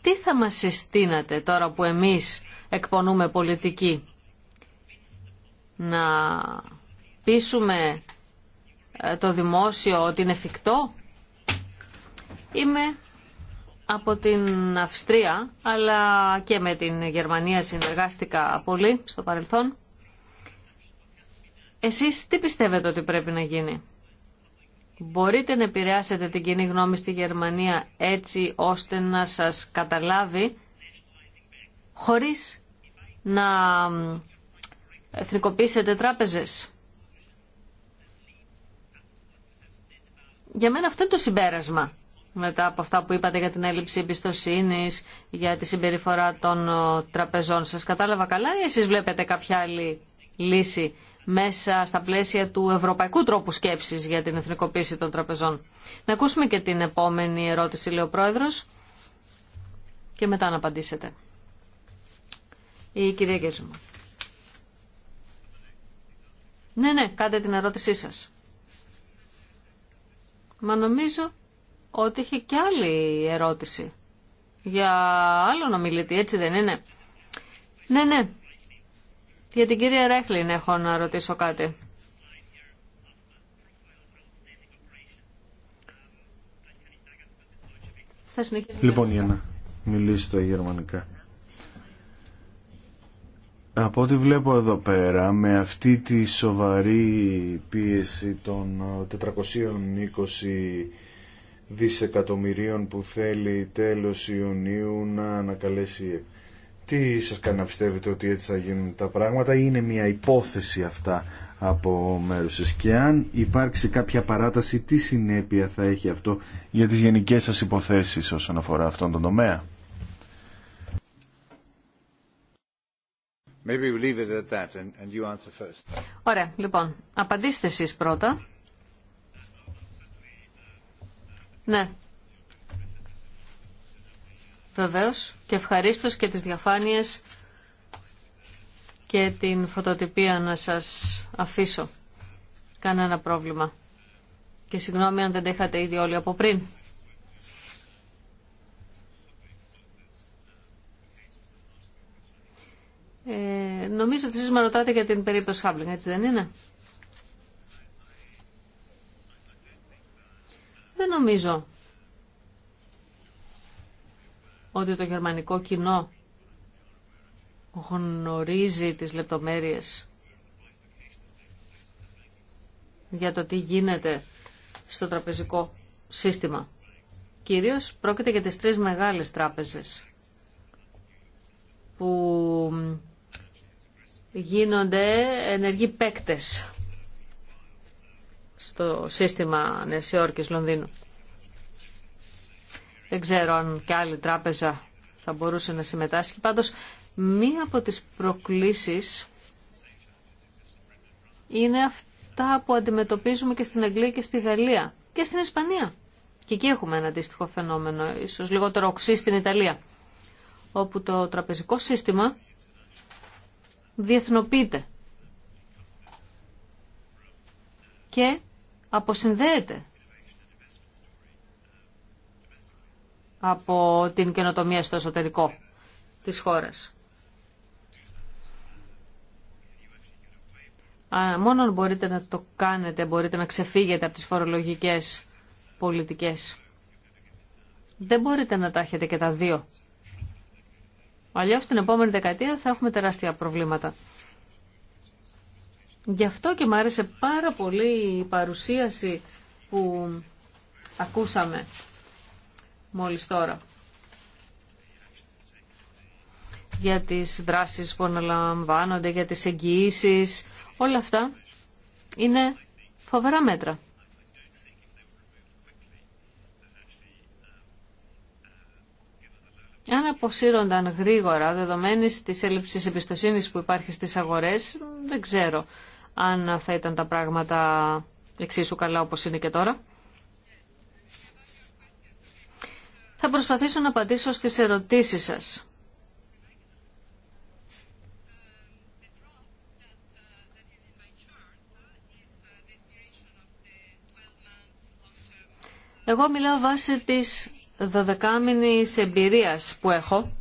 Speaker 1: Τι θα μας συστήνατε τώρα που εμείς εκπονούμε πολιτική. Να πείσουμε το δημόσιο ότι είναι εφικτό. Είμαι από την Αυστρία, αλλά και με την Γερμανία συνεργάστηκα πολύ στο παρελθόν. Εσείς τι πιστεύετε ότι πρέπει να γίνει. Μπορείτε να επηρεάσετε την κοινή γνώμη στη Γερμανία έτσι ώστε να σας καταλάβει χωρίς να εθνικοποιήσετε τράπεζες. Για μένα αυτό είναι το συμπέρασμα μετά από αυτά που είπατε για την έλλειψη εμπιστοσύνη, για τη συμπεριφορά των ε, τραπεζών. Σας κατάλαβα καλά ή εσείς βλέπετε κάποια άλλη λύση μέσα στα πλαίσια του ευρωπαϊκού τρόπου σκέψης για την εθνικοποίηση των τραπεζών. Να ακούσουμε και την επόμενη ερώτηση, λέει ο Πρόεδρος, και μετά να απαντήσετε. Η κυρία Κέρσμα. Ναι, ναι, κάντε την ερώτησή σας. Μα νομίζω ότι είχε και άλλη ερώτηση. Για άλλον ομιλητή, έτσι δεν είναι. Ναι, ναι. Για την κυρία Ρέχλιν έχω να ρωτήσω κάτι. Λοιπόν, για να
Speaker 3: μιλήσει γερμανικά. Από ό,τι βλέπω εδώ πέρα, με αυτή τη σοβαρή πίεση των 420 ε, δισεκατομμυρίων που θέλει τέλος Ιουνίου να ανακαλέσει. Τι σας κάνει να πιστεύετε ότι έτσι θα γίνουν τα πράγματα είναι μια υπόθεση αυτά από μέρους σας. Και αν υπάρξει κάποια παράταση, τι συνέπεια θα έχει αυτό για τις γενικές σας υποθέσεις όσον αφορά αυτόν τον τομέα.
Speaker 1: Ωραία, λοιπόν, απαντήστε εσεί πρώτα. Ναι. Βεβαίω, και ευχαρίστως και τι διαφάνειε και την φωτοτυπία να σα αφήσω. Κανένα πρόβλημα. Και συγγνώμη αν δεν τα είχατε ήδη όλοι από πριν. Ε, νομίζω ότι εσείς με ρωτάτε για την περίπτωση Χάμπλινγκ, έτσι δεν είναι. Δεν νομίζω ότι το γερμανικό κοινό γνωρίζει τις λεπτομέρειες για το τι γίνεται στο τραπεζικό σύστημα. Κυρίως πρόκειται για τις τρεις μεγάλες τράπεζες που γίνονται ενεργοί παίκτες στο σύστημα Νεσιόρκης Λονδίνου. Δεν ξέρω αν και άλλη τράπεζα θα μπορούσε να συμμετάσχει. Πάντως, μία από τις προκλήσεις είναι αυτά που αντιμετωπίζουμε και στην Αγγλία και στη Γαλλία και στην Ισπανία. Και εκεί έχουμε ένα αντίστοιχο φαινόμενο, ίσως λιγότερο οξύ στην Ιταλία, όπου το τραπεζικό σύστημα διεθνοποιείται και αποσυνδέεται από την καινοτομία στο εσωτερικό της χώρας. Μόνο μπορείτε να το κάνετε, μπορείτε να ξεφύγετε από τις φορολογικές πολιτικές. Δεν μπορείτε να τα έχετε και τα δύο. Αλλιώ την επόμενη δεκαετία θα έχουμε τεράστια προβλήματα. Γι' αυτό και μου άρεσε πάρα πολύ η παρουσίαση που ακούσαμε μόλις τώρα για τις δράσεις που αναλαμβάνονται, για τις εγγυήσεις. όλα αυτά είναι φοβερά μέτρα. αν αποσύρονταν γρήγορα δεδομένης της έλλειψης εμπιστοσύνη που υπάρχει στις αγορές, δεν ξέρω αν θα ήταν τα πράγματα εξίσου καλά όπω είναι και τώρα. Θα προσπαθήσω να απαντήσω στις ερωτήσεις σας. Εγώ μιλάω βάσει της δωδεκάμινης εμπειρίας που έχω,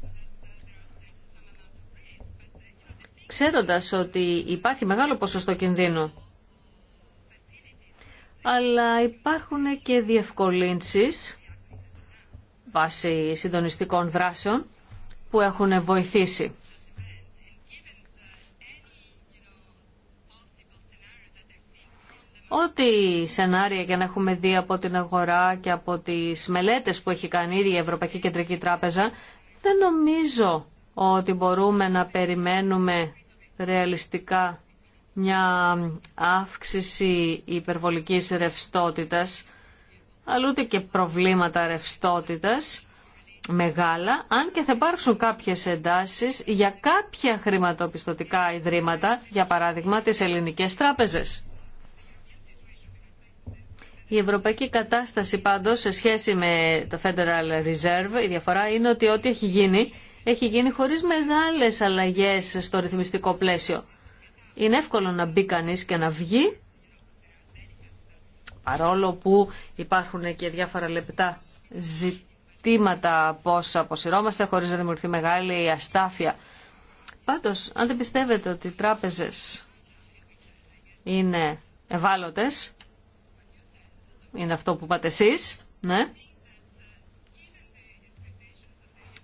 Speaker 1: ξέροντας ότι υπάρχει μεγάλο ποσοστό κινδύνου, αλλά υπάρχουν και διευκολύνσεις βάσει συντονιστικών δράσεων που έχουν βοηθήσει. Ό,τι σενάρια για να έχουμε δει από την αγορά και από τις μελέτες που έχει κάνει η Ευρωπαϊκή Κεντρική Τράπεζα, δεν νομίζω ότι μπορούμε να περιμένουμε ρεαλιστικά μια αύξηση υπερβολικής ρευστότητας, αλλά ούτε και προβλήματα ρευστότητας μεγάλα, αν και θα υπάρξουν κάποιες εντάσεις για κάποια χρηματοπιστωτικά ιδρύματα, για παράδειγμα τις ελληνικές τράπεζες. Η ευρωπαϊκή κατάσταση πάντως σε σχέση με το Federal Reserve, η διαφορά είναι ότι ό,τι έχει γίνει, έχει γίνει χωρίς μεγάλες αλλαγές στο ρυθμιστικό πλαίσιο. Είναι εύκολο να μπει κανεί και να βγει, παρόλο που υπάρχουν και διάφορα λεπτά ζητήματα πώς αποσυρώμαστε χωρίς να δημιουργηθεί μεγάλη αστάθεια. Πάντως, αν δεν πιστεύετε ότι οι τράπεζες είναι ευάλωτες, είναι αυτό που είπατε εσείς, ναι.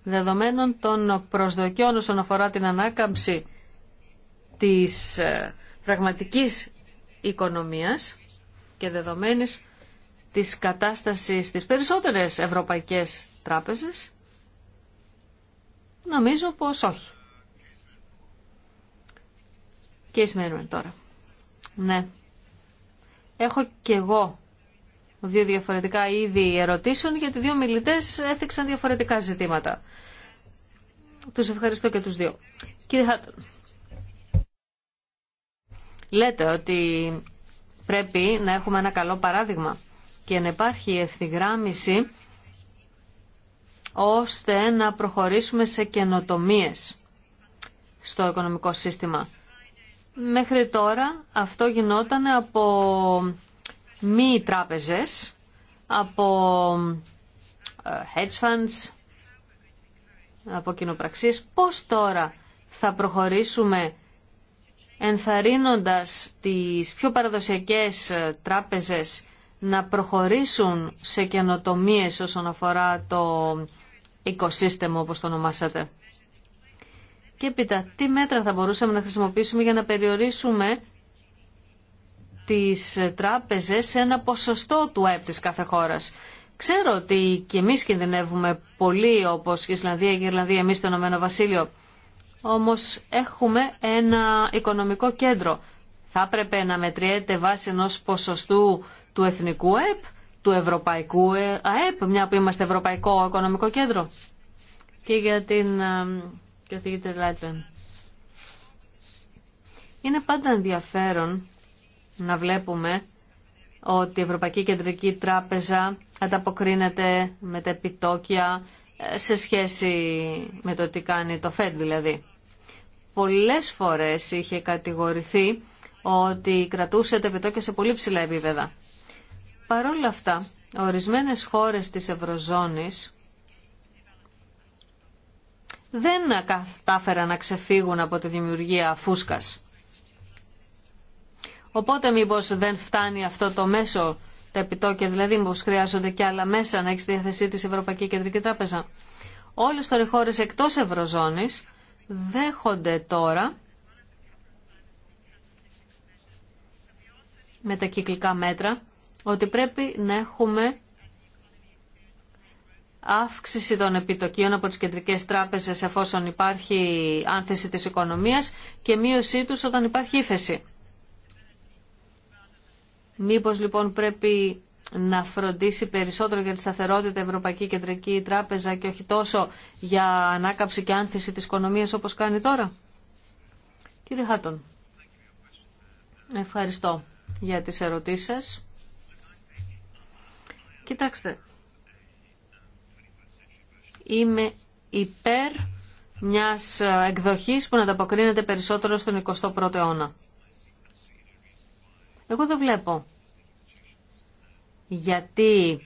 Speaker 1: Δεδομένων των προσδοκιών όσον αφορά την ανάκαμψη της ε, πραγματικής οικονομίας και δεδομένης της κατάστασης της περισσότερες ευρωπαϊκές τράπεζες, νομίζω πως όχι. Και μένουμε τώρα. Ναι. Έχω και εγώ δύο διαφορετικά είδη ερωτήσεων γιατί δύο μιλητές έθιξαν διαφορετικά ζητήματα. Τους ευχαριστώ και τους δύο. Κύριε Χάτον, λέτε ότι πρέπει να έχουμε ένα καλό παράδειγμα και να υπάρχει ευθυγράμμιση ώστε να προχωρήσουμε σε καινοτομίες στο οικονομικό σύστημα. Μέχρι τώρα αυτό γινόταν από μη τράπεζες, από ε, hedge funds, από κοινοπραξίες. Πώς τώρα θα προχωρήσουμε ενθαρρύνοντας τις πιο παραδοσιακές ε, τράπεζες να προχωρήσουν σε καινοτομίες όσον αφορά το οικοσύστημα όπως το ονομάσατε. Και έπειτα, τι μέτρα θα μπορούσαμε να χρησιμοποιήσουμε για να περιορίσουμε τις τράπεζες σε ένα ποσοστό του ΑΕΠ της κάθε χώρας. Ξέρω ότι και εμείς κινδυνεύουμε πολύ όπως η Ισλανδία και η Ιρλανδία εμείς στο Ηνωμένο Βασίλειο. Όμως έχουμε ένα οικονομικό κέντρο. Θα έπρεπε να μετριέται βάσει ενός ποσοστού του εθνικού ΑΕΠ, του ευρωπαϊκού ΑΕΠ, μια που είμαστε ευρωπαϊκό οικονομικό κέντρο. Και για την ε, καθηγήτρια Λάτλεν. Είναι πάντα ενδιαφέρον να βλέπουμε ότι η Ευρωπαϊκή Κεντρική Τράπεζα ανταποκρίνεται με τα επιτόκια ε, σε σχέση με το τι κάνει το ΦΕΔ δηλαδή. Πολλές φορές είχε κατηγορηθεί ότι κρατούσε τα επιτόκια σε πολύ ψηλά επίπεδα. Παρ' όλα αυτά, ορισμένες χώρες της Ευρωζώνης δεν κατάφεραν να ξεφύγουν από τη δημιουργία φούσκας. Οπότε μήπως δεν φτάνει αυτό το μέσο, τα επιτόκια δηλαδή, μήπως χρειάζονται και άλλα μέσα να έχει στη διαθεσή της Ευρωπαϊκή Κεντρική Τράπεζα. Όλες τώρα οι χώρες εκτός Ευρωζώνης δέχονται τώρα με τα κυκλικά μέτρα ότι πρέπει να έχουμε αύξηση των επιτοκίων από τις κεντρικές τράπεζες εφόσον υπάρχει άνθεση της οικονομίας και μείωσή τους όταν υπάρχει ύφεση. Μήπως λοιπόν πρέπει να φροντίσει περισσότερο για τη σταθερότητα Ευρωπαϊκή Κεντρική Τράπεζα και όχι τόσο για ανάκαψη και άνθηση της οικονομίας όπως κάνει τώρα. Κύριε Χάτον, ευχαριστώ για τις ερωτήσεις σας. Κοιτάξτε, είμαι υπέρ μιας εκδοχής που να ανταποκρίνεται περισσότερο στον 21ο αιώνα. Εγώ δεν βλέπω γιατί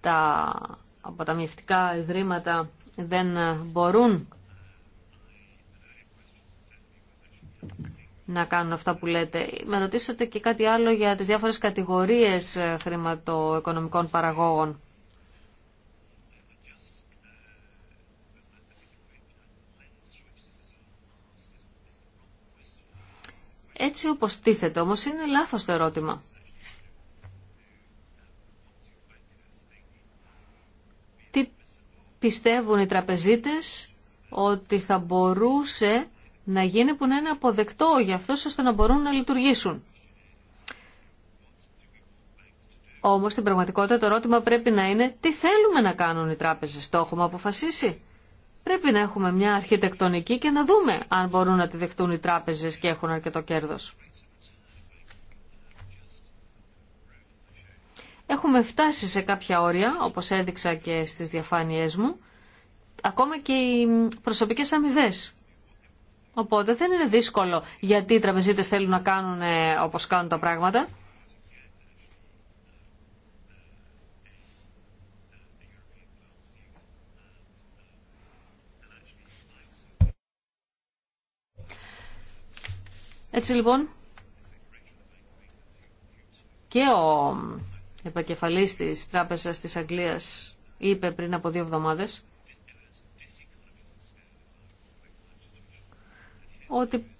Speaker 1: τα αποταμιευτικά ιδρύματα δεν μπορούν να κάνουν αυτά που λέτε. Με ρωτήσατε και κάτι άλλο για τις διάφορες κατηγορίες χρηματοοικονομικών παραγόγων. Έτσι όπως τίθεται όμως είναι λάθος το ερώτημα. Τι πιστεύουν οι τραπεζίτες ότι θα μπορούσε να γίνει που να είναι αποδεκτό για αυτό ώστε να μπορούν να λειτουργήσουν. Όμως στην πραγματικότητα το ερώτημα πρέπει να είναι τι θέλουμε να κάνουν οι τράπεζες. Το έχουμε αποφασίσει πρέπει να έχουμε μια αρχιτεκτονική και να δούμε αν μπορούν να τη δεχτούν οι τράπεζες και έχουν αρκετό κέρδος. Έχουμε φτάσει σε κάποια όρια, όπως έδειξα και στις διαφάνειές μου, ακόμα και οι προσωπικές αμοιβέ. Οπότε δεν είναι δύσκολο γιατί οι τραπεζίτες θέλουν να κάνουν ε, όπως κάνουν τα πράγματα. Έτσι λοιπόν και ο επακεφαλής της Τράπεζας της Αγγλίας είπε πριν από δύο εβδομάδες ότι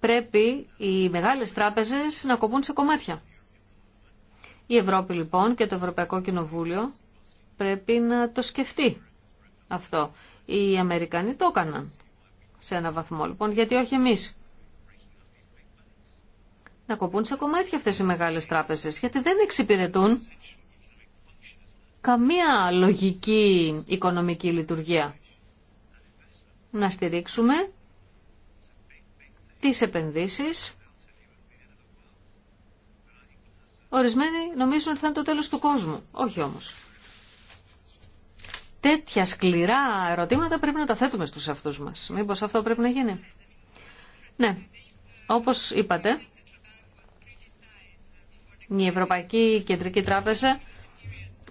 Speaker 1: πρέπει οι μεγάλες τράπεζες να κοπούν σε κομμάτια. Η Ευρώπη λοιπόν και το Ευρωπαϊκό Κοινοβούλιο πρέπει να το σκεφτεί αυτό. Οι Αμερικανοί το έκαναν σε ένα βαθμό λοιπόν, γιατί όχι εμείς. Να κοπούν σε κομμάτια αυτές οι μεγάλες τράπεζες, γιατί δεν εξυπηρετούν καμία λογική οικονομική λειτουργία. Να στηρίξουμε τις επενδύσεις. Ορισμένοι νομίζουν ότι θα είναι το τέλος του κόσμου. Όχι όμως τέτοια σκληρά ερωτήματα πρέπει να τα θέτουμε στους αυτούς μας. Μήπως αυτό πρέπει να γίνει. Ναι, όπως είπατε, η Ευρωπαϊκή Κεντρική Τράπεζα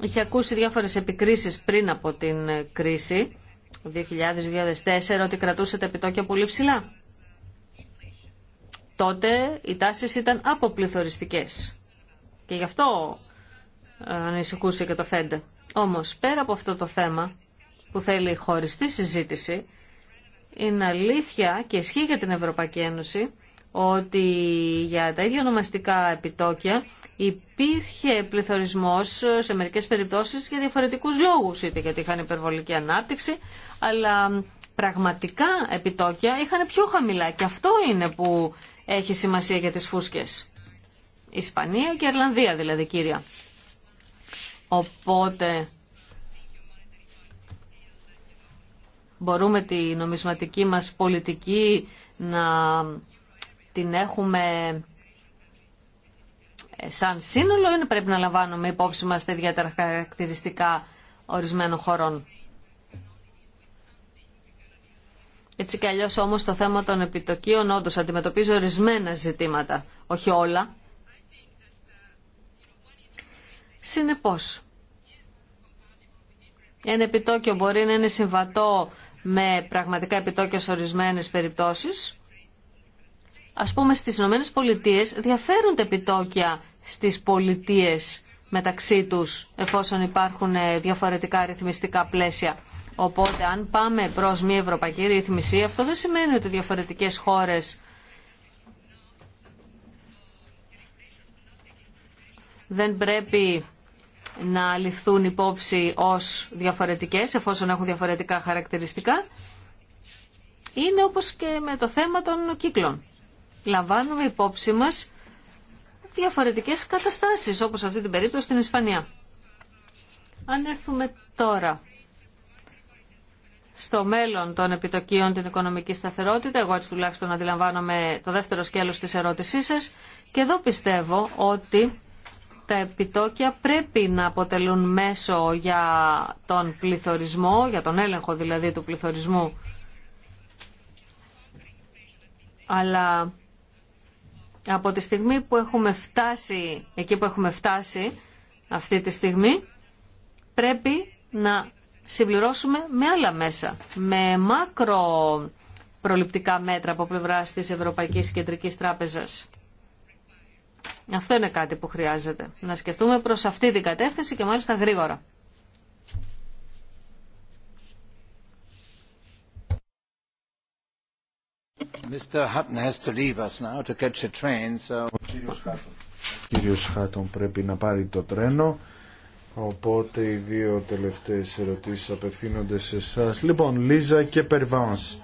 Speaker 1: είχε ακούσει διάφορες επικρίσεις πριν από την κριση το 2000-2004 ότι κρατούσε τα επιτόκια πολύ ψηλά. Τότε οι τάσεις ήταν αποπληθωριστικές και γι' αυτό ανησυχούσε και το ΦΕΝΤΕ. Όμως πέρα από αυτό το θέμα που θέλει χωριστή συζήτηση, είναι αλήθεια και ισχύει για την Ευρωπαϊκή Ένωση ότι για τα ίδια ονομαστικά επιτόκια υπήρχε πληθωρισμός σε μερικές περιπτώσεις για διαφορετικούς λόγους, είτε γιατί είχαν υπερβολική ανάπτυξη, αλλά πραγματικά επιτόκια είχαν πιο χαμηλά και αυτό είναι που έχει σημασία για τις φούσκες. Ισπανία και Ιρλανδία δηλαδή κύρια. Οπότε μπορούμε τη νομισματική μας πολιτική να την έχουμε σαν σύνολο ή πρέπει να λαμβάνουμε υπόψη μας τα ιδιαίτερα χαρακτηριστικά ορισμένων χωρών. Έτσι κι αλλιώς όμως το θέμα των επιτοκίων όντως αντιμετωπίζει ορισμένα ζητήματα, όχι όλα. Συνεπώς, ένα επιτόκιο μπορεί να είναι συμβατό με πραγματικά επιτόκια σε ορισμένες περιπτώσεις. Ας πούμε στις Ηνωμένες Πολιτείες διαφέρουν τα επιτόκια στις πολιτείες μεταξύ τους εφόσον υπάρχουν ε, διαφορετικά ρυθμιστικά πλαίσια. Οπότε αν πάμε προς μια ευρωπαϊκή ρύθμιση αυτό δεν σημαίνει ότι διαφορετικές χώρες δεν πρέπει να ληφθούν υπόψη ως διαφορετικές, εφόσον έχουν διαφορετικά χαρακτηριστικά, είναι όπως και με το θέμα των κύκλων. Λαμβάνουμε υπόψη μας διαφορετικές καταστάσεις, όπως αυτή την περίπτωση στην Ισπανία. Αν έρθουμε τώρα στο μέλλον των επιτοκίων την οικονομική σταθερότητα, εγώ έτσι τουλάχιστον αντιλαμβάνομαι το δεύτερο σκέλος της ερώτησής σας, και εδώ πιστεύω ότι τα επιτόκια πρέπει να αποτελούν μέσο για τον πληθωρισμό, για τον έλεγχο δηλαδή του πληθωρισμού. Αλλά από τη στιγμή που έχουμε φτάσει, εκεί που έχουμε φτάσει αυτή τη στιγμή, πρέπει να συμπληρώσουμε με άλλα μέσα, με μάκρο προληπτικά μέτρα από πλευρά της Ευρωπαϊκής Κεντρικής Τράπεζας. Αυτό είναι κάτι που χρειάζεται. Να σκεφτούμε προς αυτή την κατεύθυνση και μάλιστα γρήγορα.
Speaker 3: Ο κύριος Χάτον. πρέπει να πάρει το τρένο, οπότε οι δύο τελευταίες ερωτήσεις απευθύνονται σε εσά. Λοιπόν, Λίζα και Περβάνς,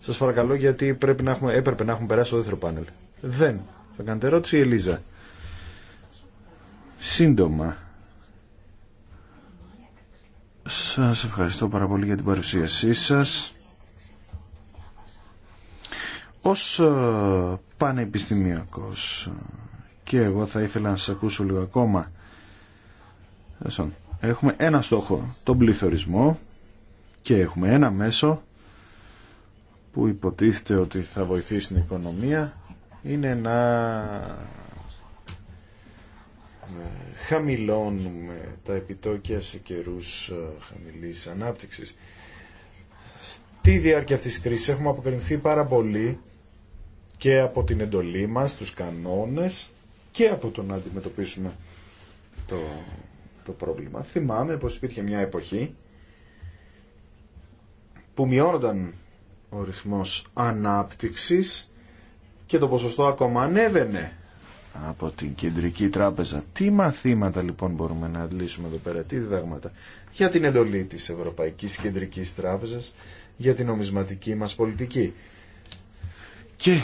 Speaker 3: σας παρακαλώ γιατί πρέπει να έχουμε, έπρεπε να έχουμε περάσει το δεύτερο πάνελ. Δεν θα κάνετε ερώτηση, Ελίζα. Σύντομα. Σας ευχαριστώ πάρα πολύ για την παρουσίασή σας. Ως ε, πανεπιστημιακός και εγώ θα ήθελα να σας ακούσω λίγο ακόμα. Έχουμε ένα στόχο, τον πληθωρισμό και έχουμε ένα μέσο που υποτίθεται ότι θα βοηθήσει την οικονομία είναι να ε, χαμηλώνουμε τα επιτόκια σε καιρούς ε, χαμηλής ανάπτυξης. Στη διάρκεια αυτής της κρίσης έχουμε αποκρινθεί πάρα πολύ και από την εντολή μας, τους κανόνες και από το να αντιμετωπίσουμε το, το πρόβλημα. Θυμάμαι πως υπήρχε μια εποχή που μειώνονταν ο ρυθμός ανάπτυξης και το ποσοστό ακόμα ανέβαινε από την Κεντρική Τράπεζα. Τι μαθήματα λοιπόν μπορούμε να αντλήσουμε εδώ πέρα, τι διδάγματα για την εντολή της Ευρωπαϊκής Κεντρικής Τράπεζας, για την νομισματική μας πολιτική. Και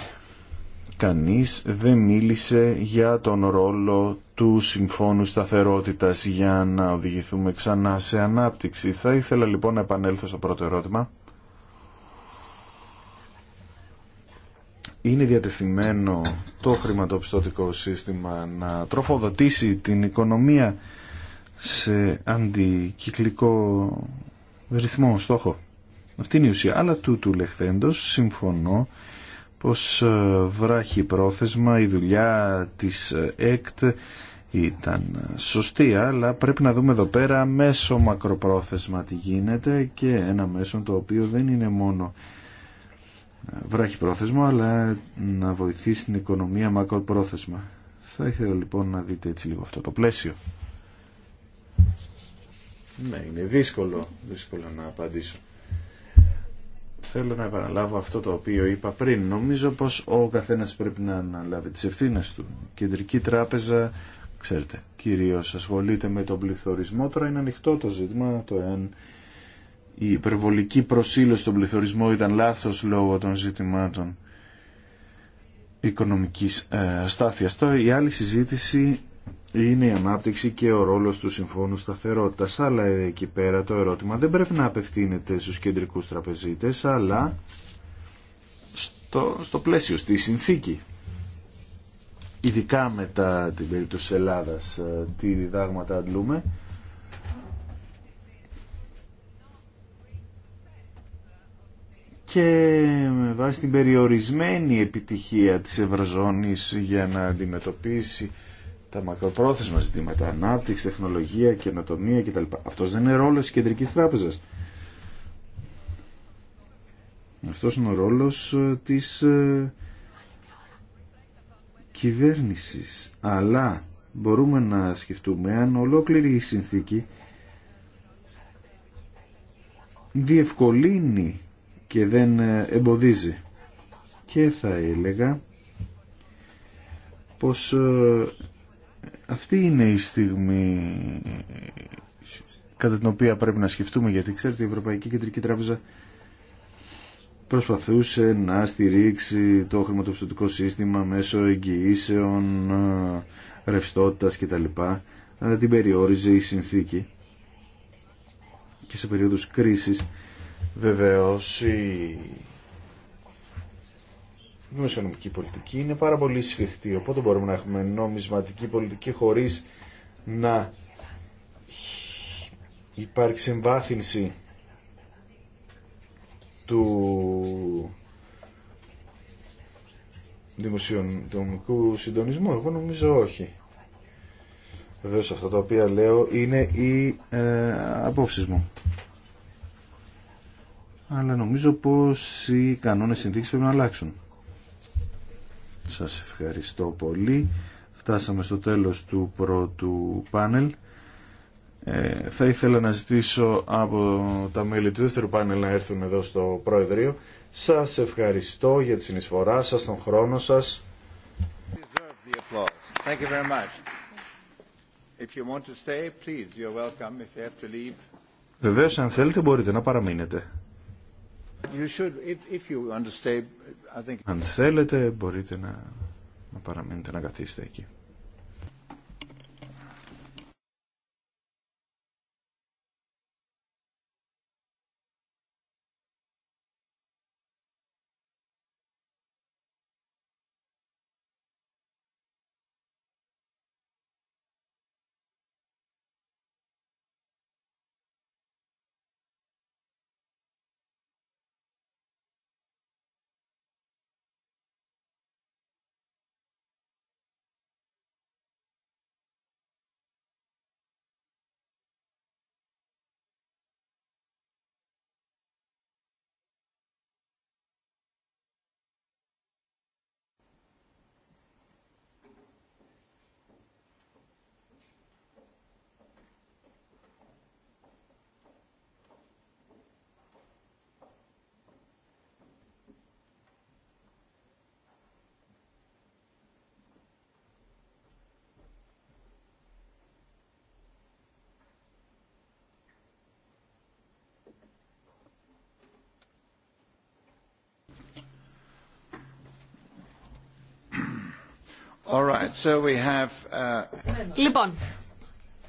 Speaker 3: κανείς δεν μίλησε για τον ρόλο του Συμφώνου Σταθερότητας για να οδηγηθούμε ξανά σε ανάπτυξη. Θα ήθελα λοιπόν να επανέλθω στο πρώτο ερώτημα είναι διατεθειμένο το χρηματοπιστωτικό σύστημα να τροφοδοτήσει την οικονομία σε αντικυκλικό ρυθμό, στόχο. Αυτή είναι η ουσία. Αλλά τούτου λεχθέντος συμφωνώ πως ε, βράχει πρόθεσμα η δουλειά της ε, ΕΚΤ ήταν ε, σωστή, αλλά πρέπει να δούμε εδώ πέρα μέσω μακροπρόθεσμα τι γίνεται και ένα μέσο το οποίο δεν είναι μόνο βράχει πρόθεσμο, αλλά να βοηθήσει την οικονομία μακροπρόθεσμα. Θα ήθελα λοιπόν να δείτε έτσι λίγο αυτό το πλαίσιο. Ναι, είναι δύσκολο, δύσκολο να απαντήσω. Θέλω να επαναλάβω αυτό το οποίο είπα πριν. Νομίζω πως ο καθένας πρέπει να αναλάβει τις ευθύνες του. Η Κεντρική Τράπεζα, ξέρετε, κυρίως ασχολείται με τον πληθωρισμό. Τώρα είναι ανοιχτό το ζήτημα, το εάν η υπερβολική προσήλωση στον πληθωρισμό ήταν λάθος λόγω των ζητημάτων οικονομικής ε, αστάθειας. Τώρα η άλλη συζήτηση είναι η ανάπτυξη και ο ρόλος του Συμφώνου Σταθερότητας, αλλά εκεί πέρα το ερώτημα δεν πρέπει να απευθύνεται στους κεντρικούς τραπεζίτες, αλλά στο, στο πλαίσιο, στη συνθήκη. Ειδικά μετά την περίπτωση Ελλάδας, ε, τι διδάγματα αντλούμε και με βάση την περιορισμένη επιτυχία της Ευρωζώνης για να αντιμετωπίσει τα μακροπρόθεσμα ζητήματα, ανάπτυξη, τεχνολογία, καινοτομία κτλ. Αυτός δεν είναι ρόλος της Κεντρικής Τράπεζας. Αυτός είναι ο ρόλος ε, της ε, κυβέρνησης. Αλλά μπορούμε να σκεφτούμε αν ολόκληρη η συνθήκη διευκολύνει και δεν ε, εμποδίζει. Και θα έλεγα πως ε, αυτή είναι η στιγμή κατά την οποία πρέπει να σκεφτούμε γιατί ξέρετε η Ευρωπαϊκή Κεντρική Τράπεζα προσπαθούσε να στηρίξει το χρηματοπιστωτικό σύστημα μέσω εγγυήσεων, ε, ρευστότητας κτλ. Αλλά την περιόριζε η συνθήκη και σε περίοδους κρίσης Βεβαίως η δημοσιονομική πολιτική είναι πάρα πολύ σφιχτή, οπότε μπορούμε να έχουμε νομισματική πολιτική χωρίς να υπάρξει εμβάθυνση του δημοσιονομικού συντονισμού. Εγώ νομίζω όχι. Βεβαίω αυτά τα οποία λέω είναι οι ε, απόψεις μου αλλά νομίζω πως οι κανόνες συνθήκες πρέπει να αλλάξουν. Σας ευχαριστώ πολύ. Φτάσαμε στο τέλος του πρώτου πάνελ. Ε, θα ήθελα να ζητήσω από τα μέλη του δεύτερου πάνελ να έρθουν εδώ στο Προεδρείο. Σας ευχαριστώ για τη συνεισφορά σας, τον χρόνο σας. Βεβαίως, αν θέλετε, μπορείτε να παραμείνετε. Αν θέλετε μπορείτε να, να παραμείνετε να καθίσετε εκεί.
Speaker 4: Uh,
Speaker 1: λοιπόν,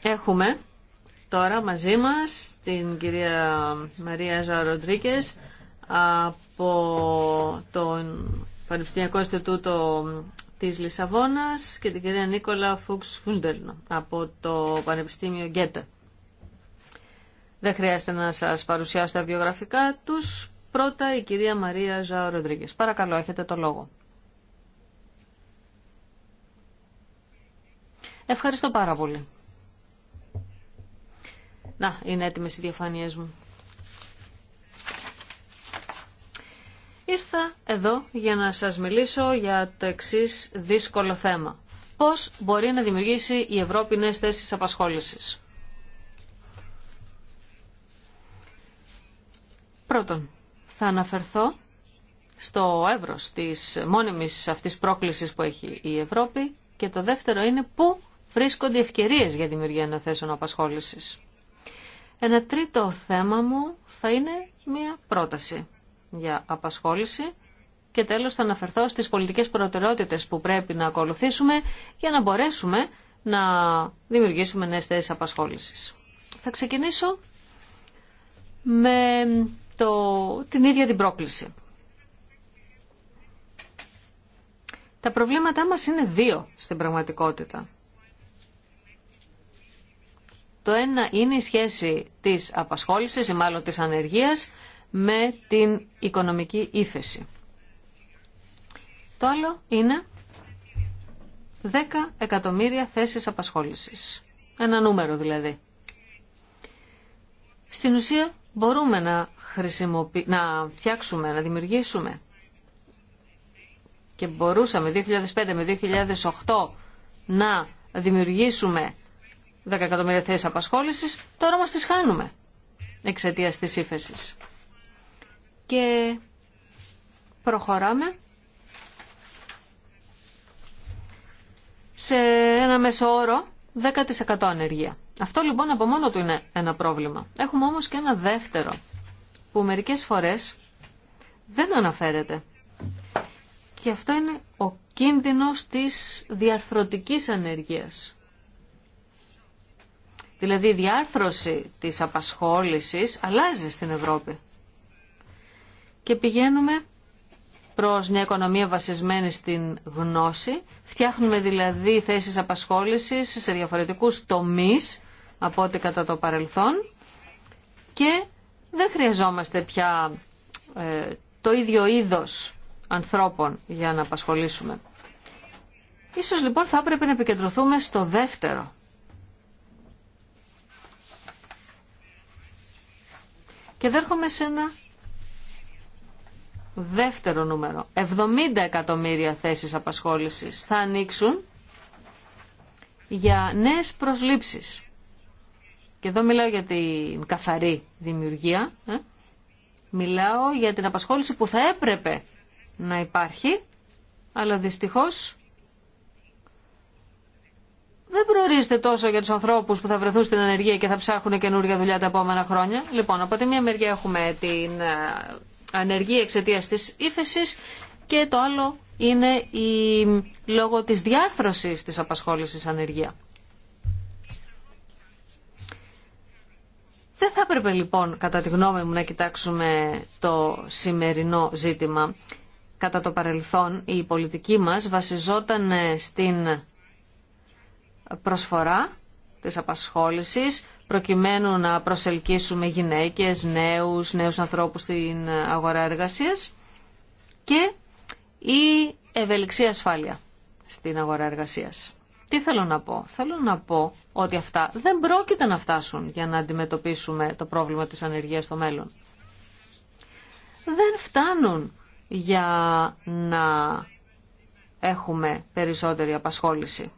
Speaker 1: έχουμε τώρα μαζί μας την κυρία Μαρία Ζαο από το Πανεπιστημιακό Ινστιτούτο της Λισαβόνας και την κυρία Νίκολα Φούξ Χούντελν από το Πανεπιστήμιο Γκέτε. Δεν χρειάζεται να σας παρουσιάσω τα βιογραφικά τους. Πρώτα η κυρία Μαρία Ζαοροντρίγκες. Παρακαλώ, έχετε το λόγο. Ευχαριστώ πάρα πολύ. Να, είναι έτοιμες οι διαφάνειές μου. Ήρθα εδώ για να σας μιλήσω για το εξής δύσκολο θέμα. Πώς μπορεί να δημιουργήσει η Ευρώπη νέες θέσεις απασχόλησης. Πρώτον, θα αναφερθώ στο εύρος της μόνιμης αυτής πρόκλησης που έχει η Ευρώπη και το δεύτερο είναι πού βρίσκονται ευκαιρίες για δημιουργία νέων θέσεων απασχόλησης. Ένα τρίτο θέμα μου θα είναι μια πρόταση για απασχόληση και τέλος θα αναφερθώ στις πολιτικές προτεραιότητες που πρέπει να ακολουθήσουμε για να μπορέσουμε να δημιουργήσουμε νέες θέσεις απασχόλησης. Θα ξεκινήσω με το, την ίδια την πρόκληση. Τα προβλήματά μας είναι δύο στην πραγματικότητα. Το ένα είναι η σχέση της απασχόλησης ή μάλλον της ανεργίας με την οικονομική ύφεση. Το άλλο είναι 10 εκατομμύρια θέσεις απασχόλησης. Ένα νούμερο δηλαδή. Στην ουσία μπορούμε να, να φτιάξουμε, να δημιουργήσουμε και μπορούσαμε 2005 με 2008 να δημιουργήσουμε 10 εκατομμύρια θέσει απασχόληση, τώρα μα τι χάνουμε εξαιτία τη ύφεση. Και προχωράμε σε ένα μέσο όρο 10% ανεργία. Αυτό λοιπόν από μόνο του είναι ένα πρόβλημα. Έχουμε όμως και ένα δεύτερο που μερικές φορές δεν αναφέρεται. Και αυτό είναι ο κίνδυνος της διαρθρωτικής ανεργίας. Δηλαδή η διάρθρωση της απασχόλησης αλλάζει στην Ευρώπη. Και πηγαίνουμε προς μια οικονομία βασισμένη στην γνώση. Φτιάχνουμε δηλαδή θέσεις απασχόλησης σε διαφορετικούς τομείς από ό,τι κατά το παρελθόν και δεν χρειαζόμαστε πια ε, το ίδιο είδος ανθρώπων για να απασχολήσουμε. Ίσως λοιπόν θα έπρεπε να επικεντρωθούμε στο δεύτερο. Και δέρχομαι σε ένα δεύτερο νούμερο. 70 εκατομμύρια θέσεις απασχόλησης θα ανοίξουν για νέες προσλήψεις. Και εδώ μιλάω για την καθαρή δημιουργία. Ε? Μιλάω για την απασχόληση που θα έπρεπε να υπάρχει, αλλά δυστυχώς δεν προορίζεται τόσο για του ανθρώπου που θα βρεθούν στην ανεργία και θα ψάχνουν καινούργια δουλειά τα επόμενα χρόνια. Λοιπόν, από τη μία μεριά έχουμε την ε, ανεργία εξαιτία τη ύφεση και το άλλο είναι η, λόγω της διάρθρωσης της απασχόλησης ανεργία. Δεν θα έπρεπε λοιπόν, κατά τη γνώμη μου, να κοιτάξουμε το σημερινό ζήτημα. Κατά το παρελθόν, η πολιτική μας βασιζόταν στην προσφορά της απασχόλησης προκειμένου να προσελκύσουμε γυναίκες, νέους, νέους ανθρώπους στην αγορά εργασίας και η ευελιξία ασφάλεια στην αγορά εργασίας. Τι θέλω να πω. Θέλω να πω ότι αυτά δεν πρόκειται να φτάσουν για να αντιμετωπίσουμε το πρόβλημα της ανεργίας στο μέλλον. Δεν φτάνουν για να έχουμε περισσότερη απασχόληση.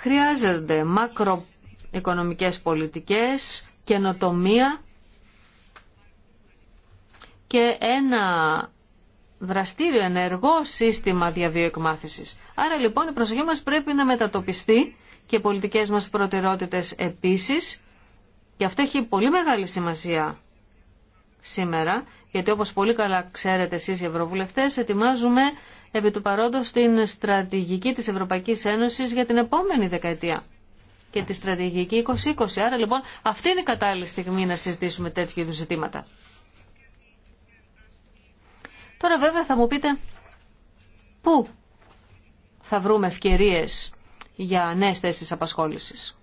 Speaker 1: Χρειάζονται μακροοικονομικές πολιτικές, καινοτομία και ένα δραστήριο ενεργό σύστημα διαβίου Άρα λοιπόν η προσοχή μας πρέπει να μετατοπιστεί και οι πολιτικές μας προτεραιότητες επίσης και αυτό έχει πολύ μεγάλη σημασία σήμερα γιατί όπως πολύ καλά ξέρετε εσείς οι ευρωβουλευτές ετοιμάζουμε επί του παρόντος την στρατηγική της Ευρωπαϊκής Ένωσης για την επόμενη δεκαετία και τη στρατηγική 2020. Άρα λοιπόν αυτή είναι η κατάλληλη στιγμή να συζητήσουμε τέτοιου είδους ζητήματα. Τώρα βέβαια θα μου πείτε πού θα βρούμε ευκαιρίες για νέες θέσεις απασχόλησης.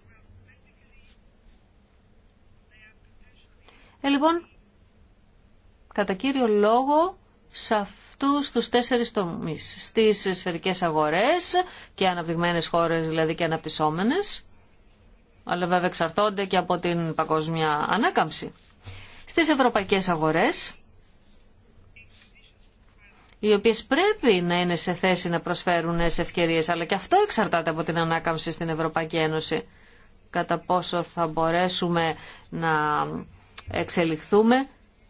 Speaker 1: Ε, λοιπόν, κατά κύριο λόγο, σε αυτού στους τέσσερις τομείς. Στις σφαιρικές αγορές και αναπτυγμένε χώρες, δηλαδή και αναπτυσσόμενες, αλλά βέβαια εξαρτώνται και από την παγκόσμια ανάκαμψη. Στις ευρωπαϊκές αγορές, οι οποίε πρέπει να είναι σε θέση να προσφέρουν νέε ευκαιρίες, αλλά και αυτό εξαρτάται από την ανάκαμψη στην Ευρωπαϊκή Ένωση, κατά πόσο θα μπορέσουμε να εξελιχθούμε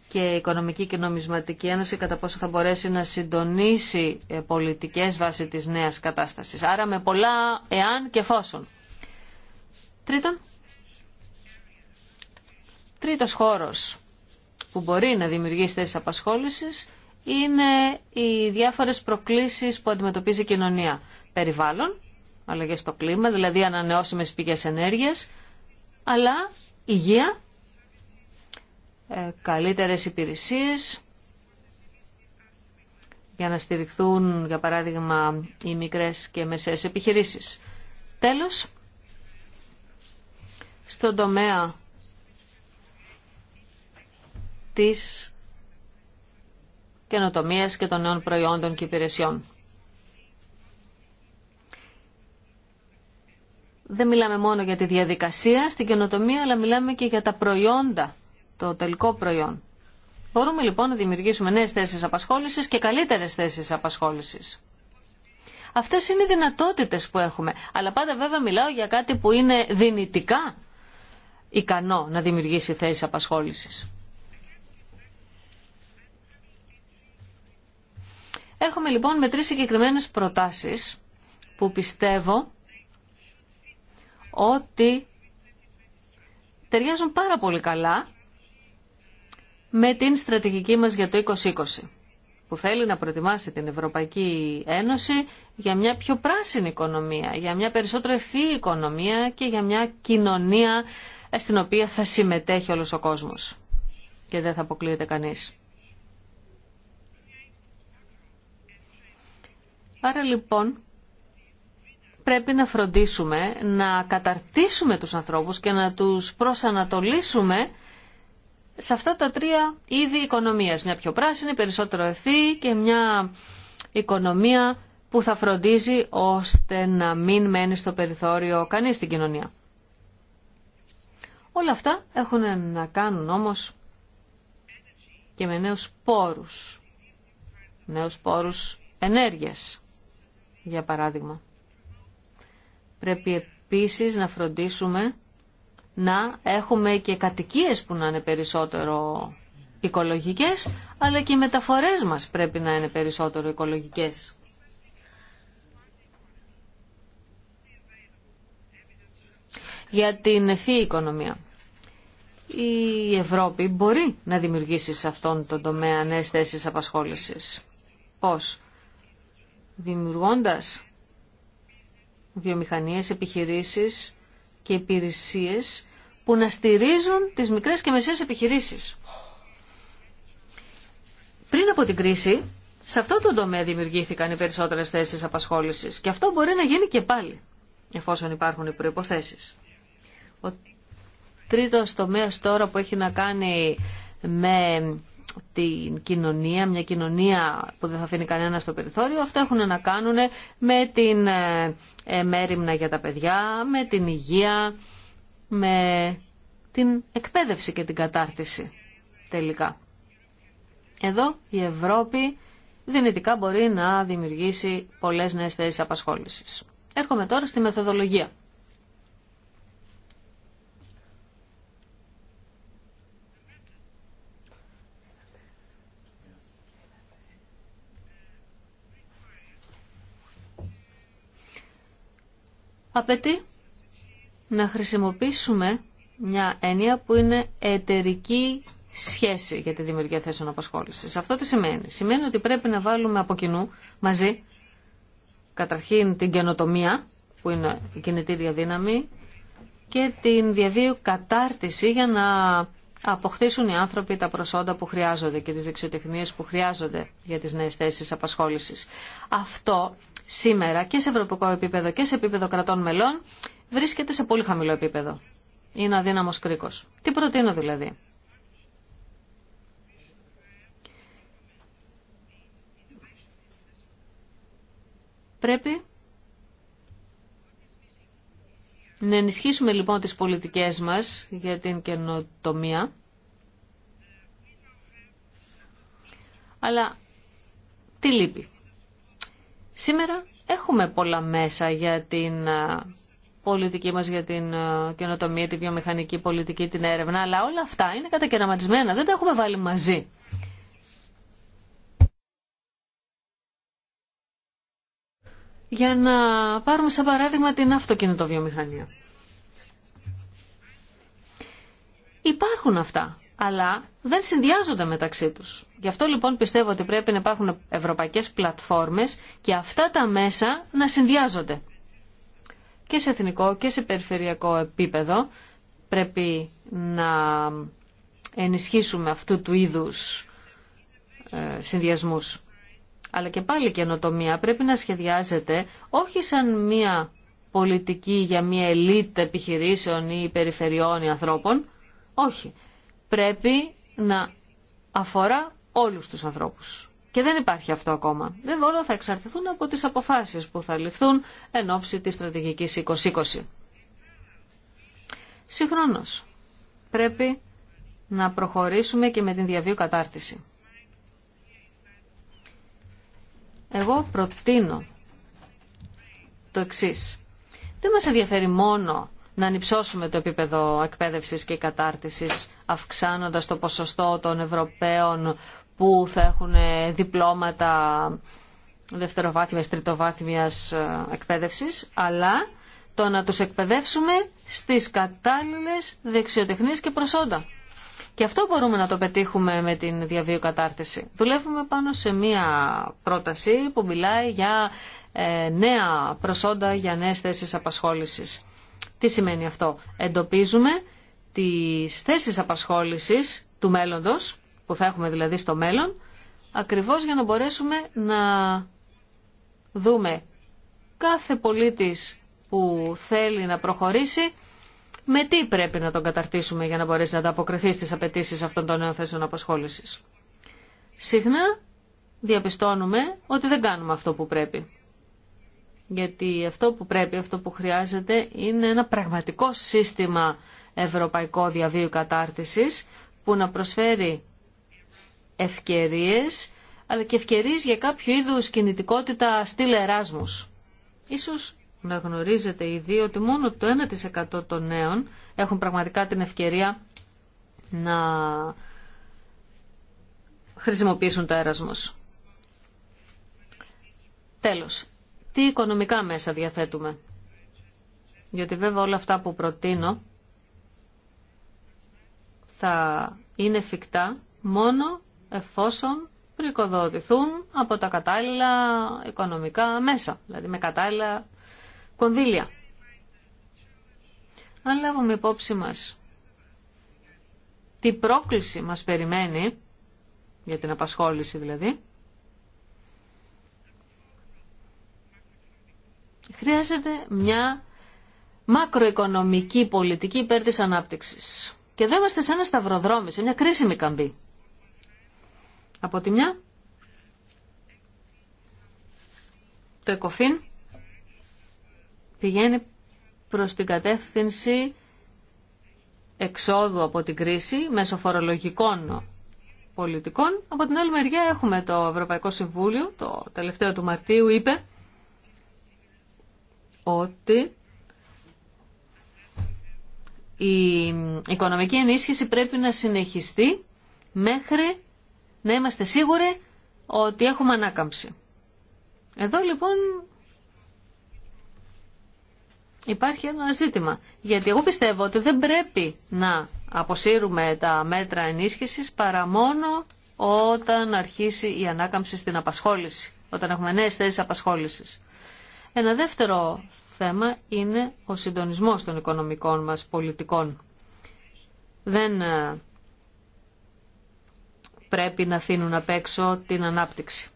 Speaker 1: και Οικονομική και Νομισματική Ένωση κατά πόσο θα μπορέσει να συντονίσει ε, πολιτικές βάσει της νέας κατάστασης. Άρα με πολλά εάν και φόσον. Τρίτον, τρίτος χώρος που μπορεί να δημιουργήσει θέσει απασχόλησης είναι οι διάφορες προκλήσεις που αντιμετωπίζει η κοινωνία. Περιβάλλον, αλλαγές στο κλίμα, δηλαδή ανανεώσιμες πηγές ενέργειας, αλλά υγεία ε, καλύτερες υπηρεσίες για να στηριχθούν, για παράδειγμα, οι μικρές και μεσαίες επιχειρήσεις. Τέλος, στον τομέα της καινοτομίας και των νέων προϊόντων και υπηρεσιών. Δεν μιλάμε μόνο για τη διαδικασία στην καινοτομία, αλλά μιλάμε και για τα προϊόντα το τελικό προϊόν. Μπορούμε λοιπόν να δημιουργήσουμε νέες θέσεις απασχόλησης και καλύτερες θέσεις απασχόλησης. Αυτές είναι οι δυνατότητες που έχουμε. Αλλά πάντα βέβαια μιλάω για κάτι που είναι δυνητικά ικανό να δημιουργήσει θέσεις απασχόλησης. Έρχομαι λοιπόν με τρεις συγκεκριμένες προτάσεις που πιστεύω ότι ταιριάζουν πάρα πολύ καλά με την στρατηγική μας για το 2020 που θέλει να προετοιμάσει την Ευρωπαϊκή Ένωση για μια πιο πράσινη οικονομία, για μια περισσότερο ευφύ οικονομία και για μια κοινωνία ε, στην οποία θα συμμετέχει όλος ο κόσμος και δεν θα αποκλείεται κανείς. Άρα λοιπόν πρέπει να φροντίσουμε να καταρτήσουμε τους ανθρώπους και να τους προσανατολίσουμε σε αυτά τα τρία είδη οικονομίας. Μια πιο πράσινη, περισσότερο ευθύ και μια οικονομία που θα φροντίζει ώστε να μην μένει στο περιθώριο κανείς στην κοινωνία. Όλα αυτά έχουν να κάνουν όμως και με νέους πόρους, νέους πόρους ενέργειας, για παράδειγμα. Πρέπει επίσης να φροντίσουμε να έχουμε και κατοικίες που να είναι περισσότερο οικολογικές, αλλά και οι μεταφορές μας πρέπει να είναι περισσότερο οικολογικές. Για την ευφύ οικονομία. Η Ευρώπη μπορεί να δημιουργήσει σε αυτόν τον τομέα νέες θέσεις απασχόλησης. Πώς? Δημιουργώντας βιομηχανίες, επιχειρήσεις, και υπηρεσίες που να στηρίζουν τις μικρές και μεσαίες επιχειρήσεις. Πριν από την κρίση, σε αυτό το τομέα δημιουργήθηκαν οι περισσότερες θέσεις απασχόλησης και αυτό μπορεί να γίνει και πάλι, εφόσον υπάρχουν οι προϋποθέσεις. Ο τρίτος τομέας τώρα που έχει να κάνει με την κοινωνία, μια κοινωνία που δεν θα αφήνει κανένα στο περιθώριο, αυτά έχουν να κάνουν με την ε, ε, μέρημνα για τα παιδιά, με την υγεία, με την εκπαίδευση και την κατάρτιση τελικά. Εδώ η Ευρώπη δυνητικά μπορεί να δημιουργήσει πολλές νέες θέσεις απασχόλησης. Έρχομαι τώρα στη μεθοδολογία. απαιτεί να χρησιμοποιήσουμε μια έννοια που είναι εταιρική σχέση για τη δημιουργία θέσεων απασχόλησης. Αυτό τι σημαίνει. Σημαίνει ότι πρέπει να βάλουμε από κοινού μαζί καταρχήν την καινοτομία που είναι η κινητήρια δύναμη και την διαβίου κατάρτιση για να αποκτήσουν οι άνθρωποι τα προσόντα που χρειάζονται και τις δεξιοτεχνίες που χρειάζονται για τις νέες θέσεις απασχόλησης. Αυτό σήμερα και σε ευρωπαϊκό επίπεδο και σε επίπεδο κρατών μελών βρίσκεται σε πολύ χαμηλό επίπεδο. Είναι αδύναμος κρίκος. Τι προτείνω δηλαδή. Πρέπει να ενισχύσουμε λοιπόν τις πολιτικές μας για την καινοτομία. Αλλά τι λείπει. Σήμερα έχουμε πολλά μέσα για την πολιτική μας, για την καινοτομία, τη βιομηχανική πολιτική, την έρευνα, αλλά όλα αυτά είναι κατακαιραματισμένα, δεν τα έχουμε βάλει μαζί. Για να πάρουμε σαν παράδειγμα την αυτοκινητοβιομηχανία. Υπάρχουν αυτά αλλά δεν συνδυάζονται μεταξύ τους. Γι' αυτό λοιπόν πιστεύω ότι πρέπει να υπάρχουν ευρωπαϊκές πλατφόρμες και αυτά τα μέσα να συνδυάζονται. Και σε εθνικό και σε περιφερειακό επίπεδο πρέπει να ενισχύσουμε αυτού του είδους ε, συνδυασμούς. Αλλά και πάλι η καινοτομία πρέπει να σχεδιάζεται όχι σαν μία πολιτική για μία ελίτ επιχειρήσεων ή περιφερειών ή ανθρώπων, όχι πρέπει να αφορά όλους τους ανθρώπους. Και δεν υπάρχει αυτό ακόμα. Βέβαια όλα θα εξαρτηθούν από τις αποφάσεις που θα ληφθούν εν ώψη της στρατηγικής 2020. Συγχρόνως, πρέπει να προχωρήσουμε και με την διαβίου κατάρτιση. Εγώ προτείνω το εξής. Δεν μας ενδιαφέρει μόνο να ανυψώσουμε το επίπεδο εκπαίδευσης και κατάρτισης αυξάνοντας το ποσοστό των Ευρωπαίων που θα έχουν διπλώματα δευτεροβάθμιας, τριτοβάθμιας ε, εκπαίδευσης, αλλά το να τους εκπαιδεύσουμε στις κατάλληλες δεξιοτεχνίες και προσόντα. Και αυτό μπορούμε να το πετύχουμε με την διαβίω κατάρτιση. Δουλεύουμε πάνω σε μία πρόταση που μιλάει για ε, νέα προσόντα, για νέες θέσεις απασχόλησης. Τι σημαίνει αυτό. Εντοπίζουμε τις θέσεις απασχόλησης του μέλλοντος, που θα έχουμε δηλαδή στο μέλλον, ακριβώς για να μπορέσουμε να δούμε κάθε πολίτης που θέλει να προχωρήσει, με τι πρέπει να τον καταρτήσουμε για να μπορέσει να ανταποκριθεί στις απαιτήσεις αυτών των νέων θέσεων απασχόλησης. Συχνά διαπιστώνουμε ότι δεν κάνουμε αυτό που πρέπει γιατί αυτό που πρέπει, αυτό που χρειάζεται είναι ένα πραγματικό σύστημα ευρωπαϊκό διαβίου κατάρτισης που να προσφέρει ευκαιρίες αλλά και ευκαιρίες για κάποιο είδους κινητικότητα στήλε Εράσμους. Ίσως να γνωρίζετε ήδη ότι μόνο το 1% των νέων έχουν πραγματικά την ευκαιρία να χρησιμοποιήσουν το Εράσμος. Τέλος, τι οικονομικά μέσα διαθέτουμε. Γιατί βέβαια όλα αυτά που προτείνω θα είναι εφικτά μόνο εφόσον πρικοδοτηθούν από τα κατάλληλα οικονομικά μέσα, δηλαδή με κατάλληλα κονδύλια. Αν λάβουμε υπόψη μας τι πρόκληση μας περιμένει, για την απασχόληση δηλαδή, Χρειάζεται μια μακροοικονομική πολιτική υπέρ της ανάπτυξης. Και εδώ είμαστε σε ένα σταυροδρόμι, σε μια κρίσιμη καμπή. Από τη μια, το ΕΚΟΦΗΝ πηγαίνει προς την κατεύθυνση εξόδου από την κρίση μέσω φορολογικών πολιτικών. Από την άλλη μεριά έχουμε το Ευρωπαϊκό Συμβούλιο, το τελευταίο του Μαρτίου είπε ότι η οικονομική ενίσχυση πρέπει να συνεχιστεί μέχρι να είμαστε σίγουροι ότι έχουμε ανάκαμψη. Εδώ λοιπόν υπάρχει ένα ζήτημα. Γιατί εγώ πιστεύω ότι δεν πρέπει να αποσύρουμε τα μέτρα ενίσχυσης παρά μόνο όταν αρχίσει η ανάκαμψη στην απασχόληση, όταν έχουμε νέες θέσεις απασχόλησης. Ένα δεύτερο θέμα είναι ο συντονισμός των οικονομικών μας πολιτικών. Δεν ε, πρέπει να αφήνουν απ' έξω την ανάπτυξη.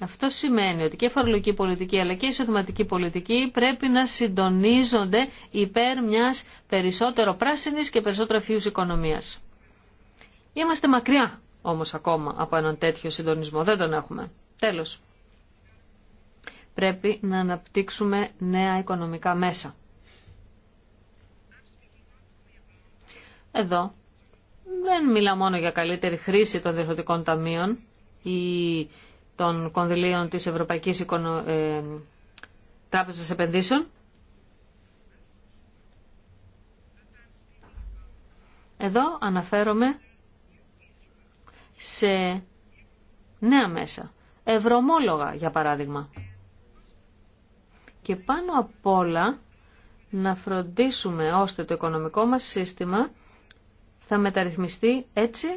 Speaker 1: Αυτό σημαίνει ότι και η φορολογική πολιτική αλλά και η εισοδηματική πολιτική πρέπει να συντονίζονται υπέρ μιας περισσότερο πράσινης και περισσότερο αφίους οικονομίας. Είμαστε μακριά όμως ακόμα από έναν τέτοιο συντονισμό. Δεν τον έχουμε. Τέλος πρέπει να αναπτύξουμε νέα οικονομικά μέσα. Εδώ δεν μιλά μόνο για καλύτερη χρήση των διευθυντικών ταμείων ή των κονδυλίων της Ευρωπαϊκής Οικονο... Ε, Τράπεζας Επενδύσεων. Εδώ αναφέρομαι σε νέα μέσα. Ευρωμόλογα, για παράδειγμα και πάνω απ' όλα να φροντίσουμε ώστε το οικονομικό μας σύστημα θα μεταρρυθμιστεί έτσι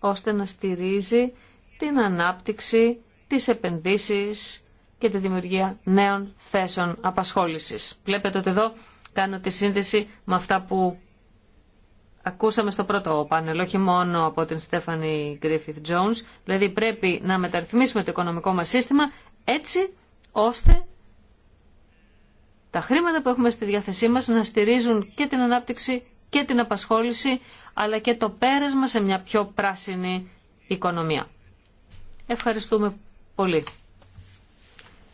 Speaker 1: ώστε να στηρίζει την ανάπτυξη, τις επενδύσεις και τη δημιουργία νέων θέσεων απασχόλησης. Βλέπετε ότι εδώ κάνω τη σύνδεση με αυτά που ακούσαμε στο πρώτο πάνελ, όχι μόνο από την Στέφανη Γκρίφιθ Jones, δηλαδή πρέπει να μεταρρυθμίσουμε το οικονομικό μας σύστημα έτσι ώστε τα χρήματα που έχουμε στη διάθεσή μας να στηρίζουν και την ανάπτυξη και την απασχόληση, αλλά και το πέρασμα σε μια πιο πράσινη οικονομία. Ευχαριστούμε πολύ.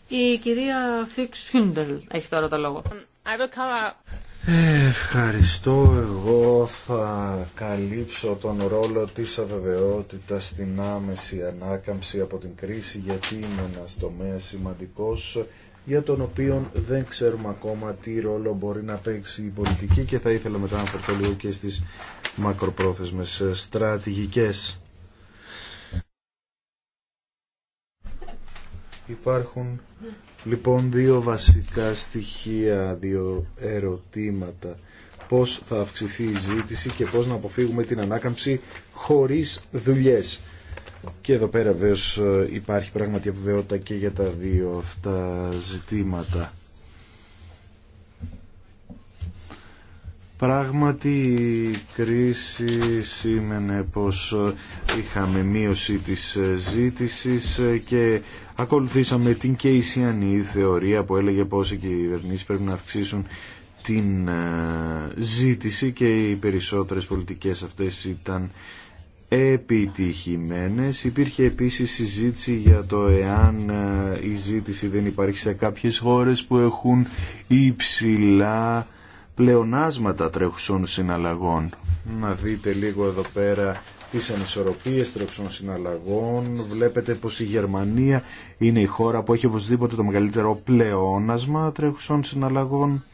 Speaker 1: Η κυρία Φίξ Χιούντελ έχει τώρα το λόγο.
Speaker 3: Ευχαριστώ. Εγώ θα καλύψω τον ρόλο της αβεβαιότητας στην άμεση ανάκαμψη από την κρίση γιατί είναι ένας τομέας σημαντικός για τον οποίο δεν ξέρουμε ακόμα τι ρόλο μπορεί να παίξει η πολιτική και θα ήθελα μετά να αναφερθώ λίγο και στις μακροπρόθεσμες ε, στρατηγικές. Υπάρχουν λοιπόν δύο βασικά στοιχεία, δύο ερωτήματα. Πώς θα αυξηθεί η ζήτηση και πώς να αποφύγουμε την ανάκαμψη χωρίς δουλειές. Και εδώ πέρα βέβαια ε, υπάρχει πράγματι αβεβαιότητα και για τα δύο αυτά ζητήματα. Πράγματι η κρίση σήμαινε πως ε, είχαμε μείωση της ε, ζήτησης και ακολουθήσαμε την κεϊσιανή θεωρία που έλεγε πως οι κυβερνήσεις πρέπει να αυξήσουν την ζήτηση και οι περισσότερες πολιτικές αυτές ήταν επιτυχημένες. Υπήρχε επίσης συζήτηση για το εάν ε, η ζήτηση δεν υπάρχει σε κάποιες χώρες που έχουν υψηλά πλεονάσματα τρέχουσων συναλλαγών. Να δείτε λίγο εδώ πέρα τις ανισορροπίες τρέχουσων συναλλαγών. Βλέπετε πως η Γερμανία είναι η χώρα που έχει οπωσδήποτε το μεγαλύτερο πλεόνασμα τρέχουσων συναλλαγών.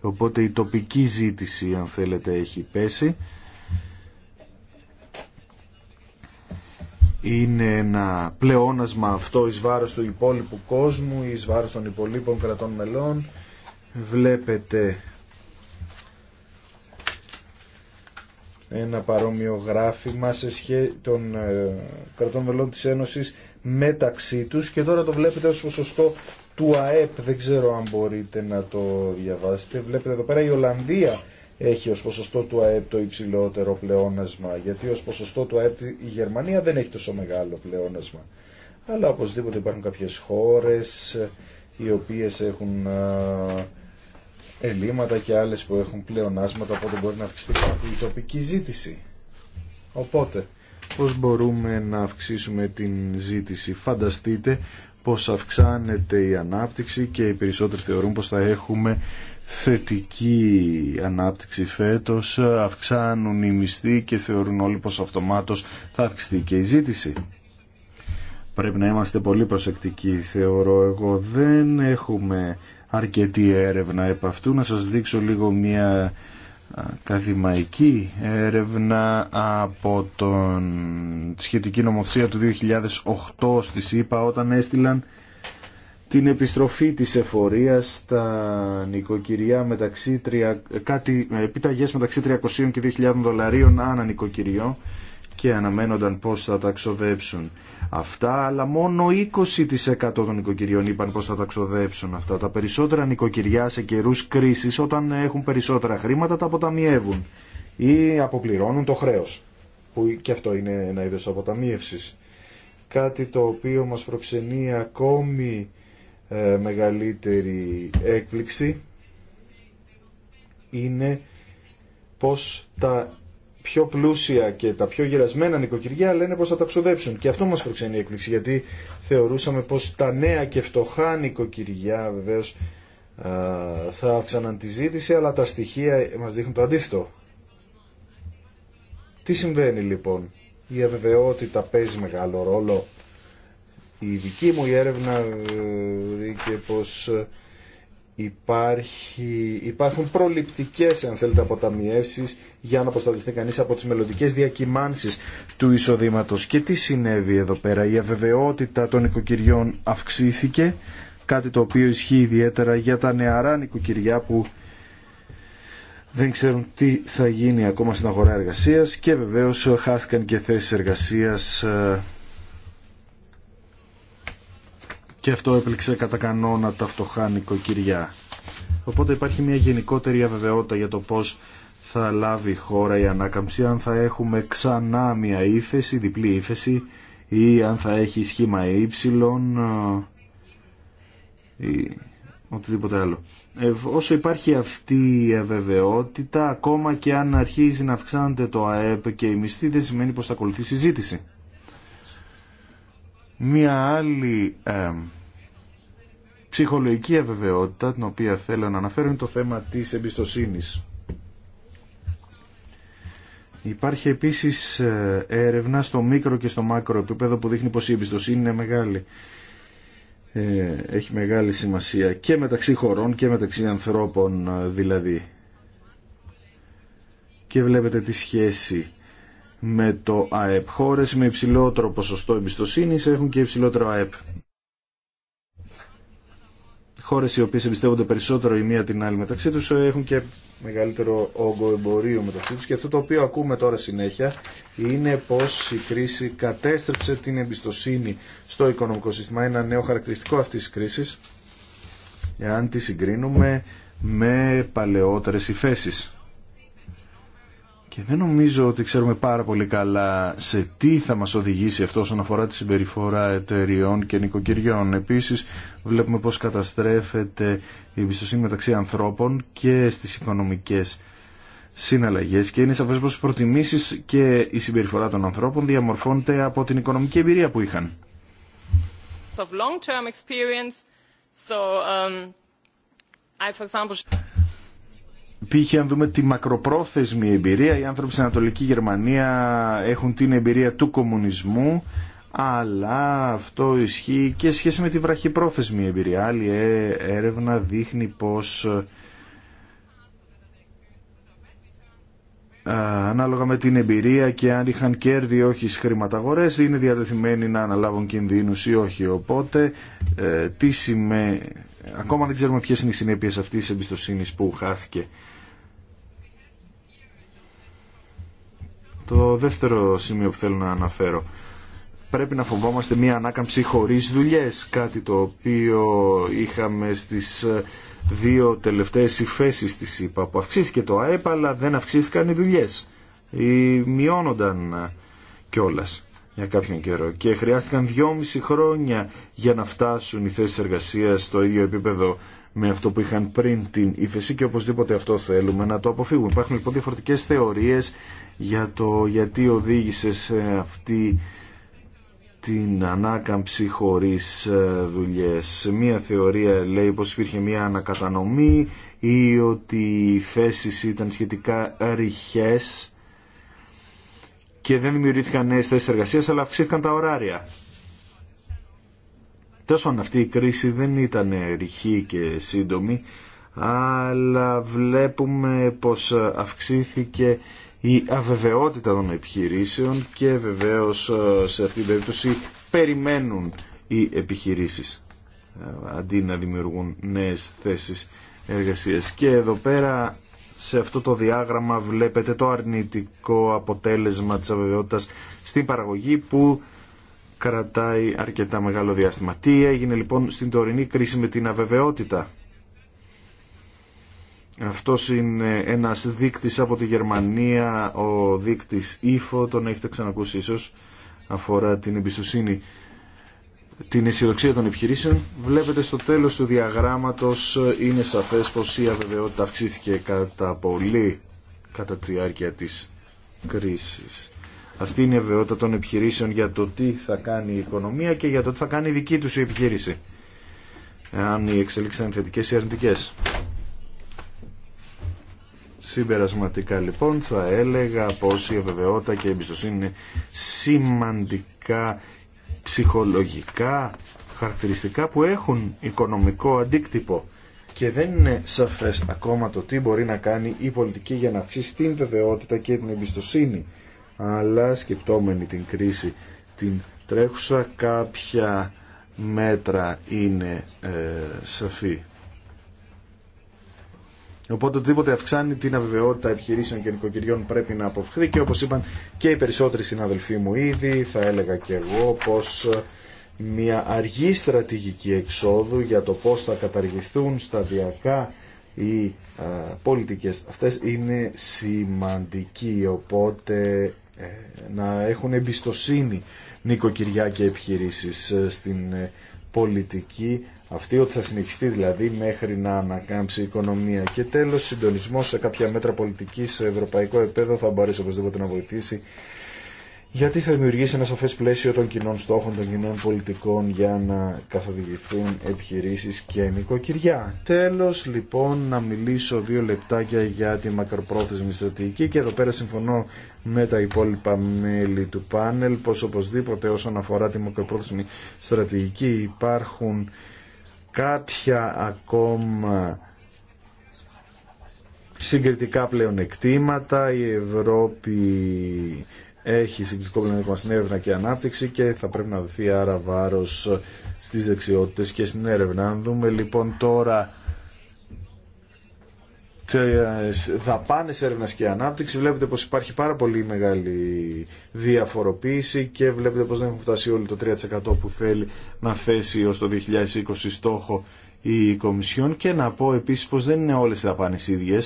Speaker 3: Οπότε η τοπική ζήτηση, αν θέλετε, έχει πέσει. είναι ένα πλεόνασμα αυτό εις βάρος του υπόλοιπου κόσμου, εις βάρος των υπολείπων κρατών μελών. Βλέπετε ένα παρόμοιο γράφημα σε σχέ... των ε, κρατών μελών της Ένωσης μεταξύ τους και τώρα το βλέπετε ως ποσοστό του ΑΕΠ. Δεν ξέρω αν μπορείτε να το διαβάσετε. Βλέπετε εδώ πέρα η Ολλανδία έχει ως ποσοστό του ΑΕΠ το υψηλότερο πλεόνασμα, γιατί ως ποσοστό του ΑΕΠ η Γερμανία δεν έχει τόσο μεγάλο πλεόνασμα. Αλλά οπωσδήποτε υπάρχουν κάποιες χώρες οι οποίες έχουν ελλείμματα και άλλες που έχουν πλεονάσματα, οπότε μπορεί να αυξηθεί κάποια η τοπική ζήτηση. Οπότε, πώς μπορούμε να αυξήσουμε την ζήτηση. Φανταστείτε πως αυξάνεται η ανάπτυξη και οι περισσότεροι θεωρούν πως θα έχουμε θετική ανάπτυξη φέτος, αυξάνουν οι μισθοί και θεωρούν όλοι πως αυτομάτως θα αυξηθεί και η ζήτηση. Πρέπει να είμαστε πολύ προσεκτικοί, θεωρώ εγώ. Δεν έχουμε αρκετή έρευνα επ' αυτού. Να σας δείξω λίγο μια καθημαϊκή έρευνα από τον σχετική νομοθεσία του 2008 στη ΣΥΠΑ όταν έστειλαν την επιστροφή της εφορίας στα νοικοκυριά μεταξύ κάτι, ε, επιταγές μεταξύ 300 και 2.000 δολαρίων ανά νοικοκυριό και αναμένονταν πώς θα τα ξοδέψουν αυτά, αλλά μόνο 20% των νοικοκυριών είπαν πώς θα τα ξοδέψουν αυτά. Τα περισσότερα νοικοκυριά σε καιρούς κρίσης όταν έχουν περισσότερα χρήματα τα αποταμιεύουν ή αποπληρώνουν το χρέος, που και αυτό είναι ένα είδος αποταμίευσης. Κάτι το οποίο μας προξενεί ακόμη ε, μεγαλύτερη έκπληξη είναι πως τα πιο πλούσια και τα πιο γερασμένα νοικοκυριά λένε πως θα τα ξοδέψουν. Και αυτό μας προξενεί η έκπληξη, γιατί θεωρούσαμε πως τα νέα και φτωχά νοικοκυριά βεβαίως θα αυξαναν τη ζήτηση, αλλά τα στοιχεία μας δείχνουν το αντίθετο. Τι συμβαίνει λοιπόν. Η αβεβαιότητα παίζει μεγάλο ρόλο η δική μου έρευνα βρήκε πως ε, υπάρχουν προληπτικές αν θέλετε αποταμιεύσεις για να προστατευτεί κανείς από τις μελλοντικέ διακυμάνσεις του εισοδήματος. Και τι συνέβη εδώ πέρα. Η αβεβαιότητα των οικοκυριών αυξήθηκε, κάτι το οποίο ισχύει ιδιαίτερα για τα νεαρά νοικοκυριά που δεν ξέρουν τι θα γίνει ακόμα στην αγορά εργασίας και βεβαίως χάθηκαν και θέσεις εργασίας ε, και αυτό έπληξε κατά κανόνα τα φτωχά νοικοκυριά. Οπότε υπάρχει μια γενικότερη αβεβαιότητα για το πώς θα λάβει η χώρα η ανάκαμψη, αν θα έχουμε ξανά μια ύφεση, διπλή ύφεση ή αν θα έχει σχήμα Y ε ε, ή οτιδήποτε άλλο. όσο υπάρχει αυτή η αβεβαιότητα, ακόμα και αν αρχίζει να αυξάνεται το ΑΕΠ και η μισθή, δεν σημαίνει πως θα ακολουθεί συζήτηση. Μία άλλη ψυχολογική αβεβαιότητα, την οποία θέλω να αναφέρω, είναι το θέμα της εμπιστοσύνης. Υπάρχει επίσης ε, έρευνα στο μικρο και στο μάκρο επίπεδο που δείχνει πως η εμπιστοσύνη είναι μεγάλη. Ε, έχει μεγάλη σημασία και μεταξύ χωρών και μεταξύ ανθρώπων ε, δηλαδή. Και βλέπετε τη σχέση με το ΑΕΠ. Χώρε με υψηλότερο ποσοστό εμπιστοσύνη έχουν και υψηλότερο ΑΕΠ. Χώρες οι οποίες εμπιστεύονται περισσότερο η μία την άλλη μεταξύ του ε, έχουν και μεγαλύτερο όγκο εμπορίου μεταξύ του. και αυτό το οποίο ακούμε τώρα συνέχεια είναι πως η κρίση κατέστρεψε την εμπιστοσύνη στο οικονομικό σύστημα. Ένα νέο χαρακτηριστικό αυτή τη κρίση εάν τη συγκρίνουμε με παλαιότερες υφέσεις. Και δεν νομίζω ότι ξέρουμε πάρα πολύ καλά σε τι θα μας οδηγήσει αυτό όσον αφορά τη συμπεριφορά εταιριών και νοικοκυριών. Επίσης βλέπουμε πώς καταστρέφεται η εμπιστοσύνη μεταξύ ανθρώπων και στις οικονομικές συναλλαγές και είναι σαφές πως οι προτιμήσεις και η συμπεριφορά των ανθρώπων διαμορφώνεται από την οικονομική εμπειρία που είχαν. Π.χ. αν δούμε τη μακροπρόθεσμη εμπειρία, οι άνθρωποι στην Ανατολική Γερμανία έχουν την εμπειρία του κομμουνισμού, αλλά αυτό ισχύει και σχέση με τη βραχυπρόθεσμη εμπειρία. Άλλη ε, έρευνα δείχνει πως ανάλογα με την εμπειρία και αν είχαν κέρδη ή όχι στις χρηματαγορές είναι διατεθειμένοι να αναλάβουν κινδύνους ή όχι. Οπότε, ε, τι ακόμα δεν ξέρουμε ποιες είναι οι συνέπειες αυτής της εμπιστοσύνης που χάθηκε. το δεύτερο σημείο που θέλω να αναφέρω. Πρέπει να φοβόμαστε μία ανάκαμψη χωρίς δουλειές, κάτι το οποίο είχαμε στις ε, δύο τελευταίες υφέσεις της ΕΠΑ, που αυξήθηκε το ΑΕΠ, αλλά δεν αυξήθηκαν οι δουλειές. Οι μειώνονταν ε, κιόλα για κάποιον καιρό και χρειάστηκαν δυόμιση χρόνια για να φτάσουν οι θέσεις εργασίας στο ίδιο επίπεδο με αυτό που είχαν πριν την ύφεση και οπωσδήποτε αυτό θέλουμε να το αποφύγουμε. Υπάρχουν λοιπόν διαφορετικέ θεωρίε για το γιατί οδήγησε σε αυτή την ανάκαμψη χωρίς ε, δουλειές. Μία θεωρία λέει πως υπήρχε μία ανακατανομή ή ότι οι θέσεις ήταν σχετικά ρηχές και δεν δημιουργήθηκαν νέες θέσεις εργασίας αλλά αυξήθηκαν τα ωράρια. Τόσο αυτή η κρίση δεν ήταν ρηχή και σύντομη αλλά βλέπουμε πως αυξήθηκε η αβεβαιότητα των επιχειρήσεων και βεβαίως ε, σε αυτή την περίπτωση περιμένουν οι επιχειρήσεις ε, αντί να δημιουργούν νέες θέσεις εργασίας. Και εδώ πέρα σε αυτό το διάγραμμα βλέπετε το αρνητικό αποτέλεσμα της αβεβαιότητας στην παραγωγή που κρατάει αρκετά μεγάλο διάστημα. Τι έγινε λοιπόν στην τωρινή κρίση με την αβεβαιότητα. Αυτό είναι ένα δείκτης από τη Γερμανία, ο δείκτης Ήφο, τον έχετε ξανακούσει ίσω αφορά την εμπιστοσύνη, την αισιοδοξία των επιχειρήσεων. Βλέπετε στο τέλος του διαγράμματο είναι σαφές πω η αβεβαιότητα αυξήθηκε κατά πολύ κατά τη διάρκεια της κρίσης. Αυτή είναι η αβεβαιότητα των επιχειρήσεων για το τι θα κάνει η οικονομία και για το τι θα κάνει η δική του η επιχείρηση. Αν οι θα είναι θετικέ ή αρνητικές. Συμπερασματικά λοιπόν θα έλεγα πως η αβεβαιότητα και η εμπιστοσύνη είναι σημαντικά ψυχολογικά χαρακτηριστικά που έχουν οικονομικό αντίκτυπο και δεν είναι σαφές ακόμα το τι μπορεί να κάνει η πολιτική για να αυξήσει την βεβαιότητα και την εμπιστοσύνη αλλά σκεπτόμενη την κρίση την τρέχουσα κάποια μέτρα είναι ε, σαφή Οπότε οτιδήποτε αυξάνει την αβεβαιότητα επιχειρήσεων και νοικοκυριών πρέπει να αποφθεί και όπως είπαν και οι περισσότεροι συναδελφοί μου ήδη, θα έλεγα και εγώ πως μια αργή στρατηγική εξόδου για το πώς θα καταργηθούν σταδιακά οι α, πολιτικές αυτές είναι σημαντική οπότε ε, να έχουν εμπιστοσύνη νοικοκυριά και επιχειρήσεις ε, στην ε, πολιτική αυτή, ότι θα συνεχιστεί δηλαδή μέχρι να ανακάμψει η οικονομία. Και τέλος, συντονισμός σε κάποια μέτρα πολιτικής σε ευρωπαϊκό επέδο θα μπορέσει οπωσδήποτε να βοηθήσει γιατί θα δημιουργήσει ένα σαφές πλαίσιο των κοινών στόχων, των κοινών πολιτικών για να καθοδηγηθούν επιχειρήσεις και νοικοκυριά. Τέλος λοιπόν να μιλήσω δύο λεπτάκια για τη μακροπρόθεσμη στρατηγική και εδώ πέρα συμφωνώ με τα υπόλοιπα μέλη του πάνελ πως οπωσδήποτε όσον αφορά τη μακροπρόθεσμη στρατηγική υπάρχουν κάποια ακόμα συγκριτικά πλεονεκτήματα. Η Ευρώπη έχει συγκριτικό πλεονέκτημα στην έρευνα και ανάπτυξη και θα πρέπει να δοθεί άρα βάρος στις δεξιότητες και στην έρευνα. Αν δούμε λοιπόν τώρα Δαπάνε έρευνα και ανάπτυξη βλέπετε πω υπάρχει πάρα πολύ μεγάλη διαφοροποίηση και βλέπετε πώ δεν έχουν φτάσει όλοι το 3% που θέλει να θέσει ω το 2020 στόχο η Κομισιόν και να πω επίση πω δεν είναι όλε οι δαπάνε ίδιε,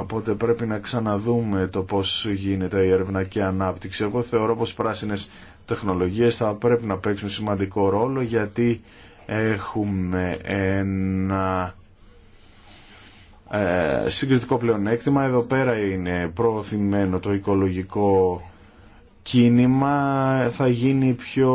Speaker 3: οπότε πρέπει να ξαναδούμε το πω γίνεται η έρευνα και ανάπτυξη εγώ θεωρώ πως πρασινε τεχνολογιε θα πρέπει να παίξουν σημαντικό ρόλο γιατί έχουμε ένα ε, συγκριτικό πλεονέκτημα. Εδώ πέρα είναι προωθημένο το οικολογικό κίνημα. Θα γίνει πιο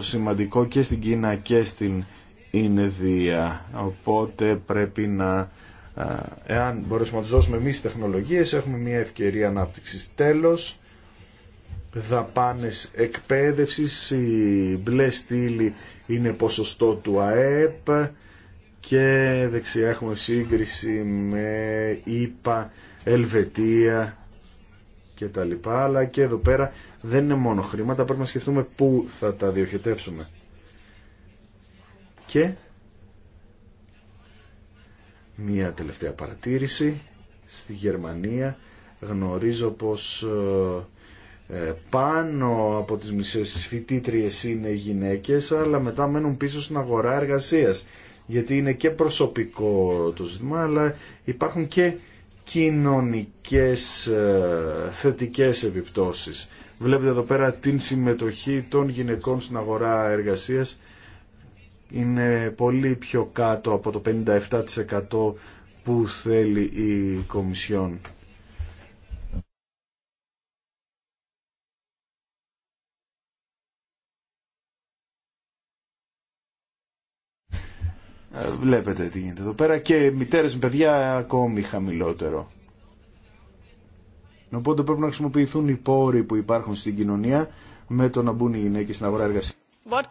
Speaker 3: σημαντικό και στην Κίνα και στην Ινδία. Οπότε πρέπει να, ε, εάν μπορέσουμε να τους δώσουμε εμείς τεχνολογίες, έχουμε μια ευκαιρία ανάπτυξης. Τέλος, δαπάνες εκπαίδευσης, η μπλε στήλη είναι ποσοστό του ΑΕΠ, και δεξιά έχουμε σύγκριση με ΙΠΑ, Ελβετία και τα λοιπά, αλλά και εδώ πέρα δεν είναι μόνο χρήματα, πρέπει να σκεφτούμε πού θα τα διοχετεύσουμε. Και μία τελευταία παρατήρηση στη Γερμανία γνωρίζω πως ε, ε, πάνω από τις μισές φοιτήτριες είναι γυναίκες αλλά μετά μένουν πίσω στην αγορά εργασίας γιατί είναι και προσωπικό το ζήτημα, αλλά υπάρχουν και κοινωνικές ε, θετικές επιπτώσεις. Βλέπετε εδώ πέρα την συμμετοχή των γυναικών στην αγορά εργασίας είναι πολύ πιο κάτω από το 57% που θέλει η Κομισιόν. Ε, βλέπετε τι γίνεται εδώ πέρα και μητέρες με παιδιά ακόμη χαμηλότερο. Οπότε πρέπει να χρησιμοποιηθούν οι πόροι που υπάρχουν στην κοινωνία με το να μπουν οι γυναίκες στην αγορά εργασία. Uh,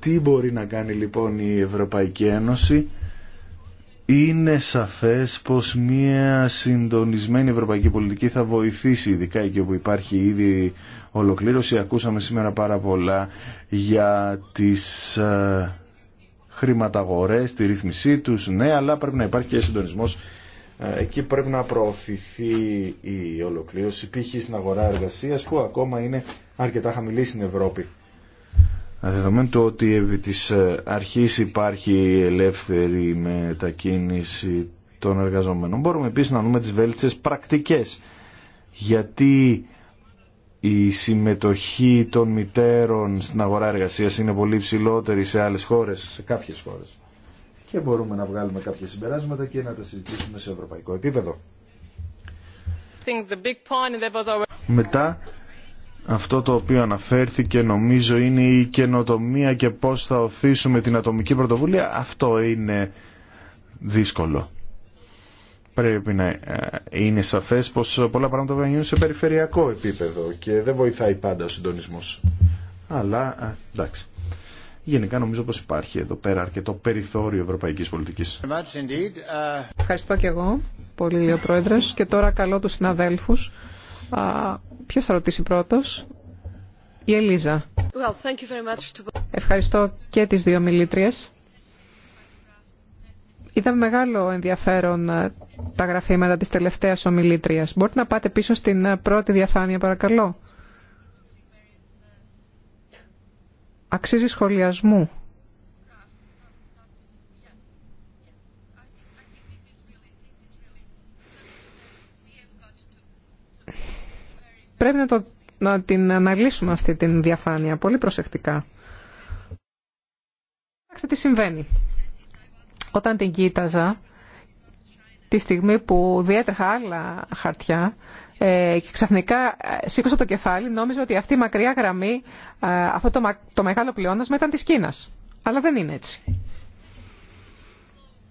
Speaker 3: τι μπορεί να κάνει λοιπόν η Ευρωπαϊκή Ένωση είναι σαφές πως μια συντονισμένη ευρωπαϊκή πολιτική θα βοηθήσει ειδικά εκεί όπου υπάρχει ήδη ολοκλήρωση. Ακούσαμε σήμερα πάρα πολλά για τις ε, χρηματαγορές, τη ρύθμισή τους. Ναι, αλλά πρέπει να υπάρχει και συντονισμός. Ε, εκεί πρέπει να προωθηθεί η ολοκλήρωση, π.χ. στην αγορά εργασίας που ακόμα είναι αρκετά χαμηλή στην Ευρώπη. Δεδομένου το ότι επί της ε, αρχής υπάρχει ελεύθερη μετακίνηση των εργαζομένων. Μπορούμε επίσης να δούμε τις βέλτιστες πρακτικές. Γιατί η συμμετοχή των μητέρων στην αγορά εργασίας είναι πολύ ψηλότερη σε άλλες χώρες, σε κάποιες χώρες. Και μπορούμε να βγάλουμε κάποια συμπεράσματα και να τα συζητήσουμε σε ευρωπαϊκό επίπεδο. Μετά αυτό το οποίο αναφέρθηκε νομίζω είναι η καινοτομία και πώς θα οθήσουμε την ατομική πρωτοβουλία. Αυτό είναι δύσκολο. Πρέπει να ε, είναι σαφές πως πολλά πράγματα θα οθησουμε την ατομικη πρωτοβουλια αυτο ειναι δυσκολο πρεπει να ειναι σαφες πως πολλα πραγματα θα σε περιφερειακό επίπεδο και δεν βοηθάει πάντα ο συντονισμός. Αλλά ε, εντάξει. Γενικά νομίζω πως υπάρχει εδώ πέρα αρκετό περιθώριο ευρωπαϊκής πολιτικής.
Speaker 4: Ε,
Speaker 3: Ευχαριστώ και εγώ πολύ, ο Και τώρα καλώ τους
Speaker 2: συναδέλφους Α, ποιος θα ρωτήσει πρώτος. Η Ελίζα. Ευχαριστώ και τις δύο μιλήτριες. Ήταν μεγάλο ενδιαφέρον ε, τα γραφήματα της τελευταίας ομιλήτριας. Μπορείτε να πάτε πίσω στην ε, πρώτη διαφάνεια παρακαλώ. Αξίζει σχολιασμού. πρέπει να, το, να την αναλύσουμε αυτή την διαφάνεια πολύ προσεκτικά. Κοιτάξτε τι συμβαίνει. Όταν την κοίταζα, τη στιγμή που διέτρεχα άλλα χαρτιά ε, και ξαφνικά ε, σήκωσα το κεφάλι, νόμιζα ότι αυτή η μακριά γραμμή, ε, αυτό το, το μεγάλο πλεόνασμα ήταν της Κίνας. Αλλά δεν είναι έτσι.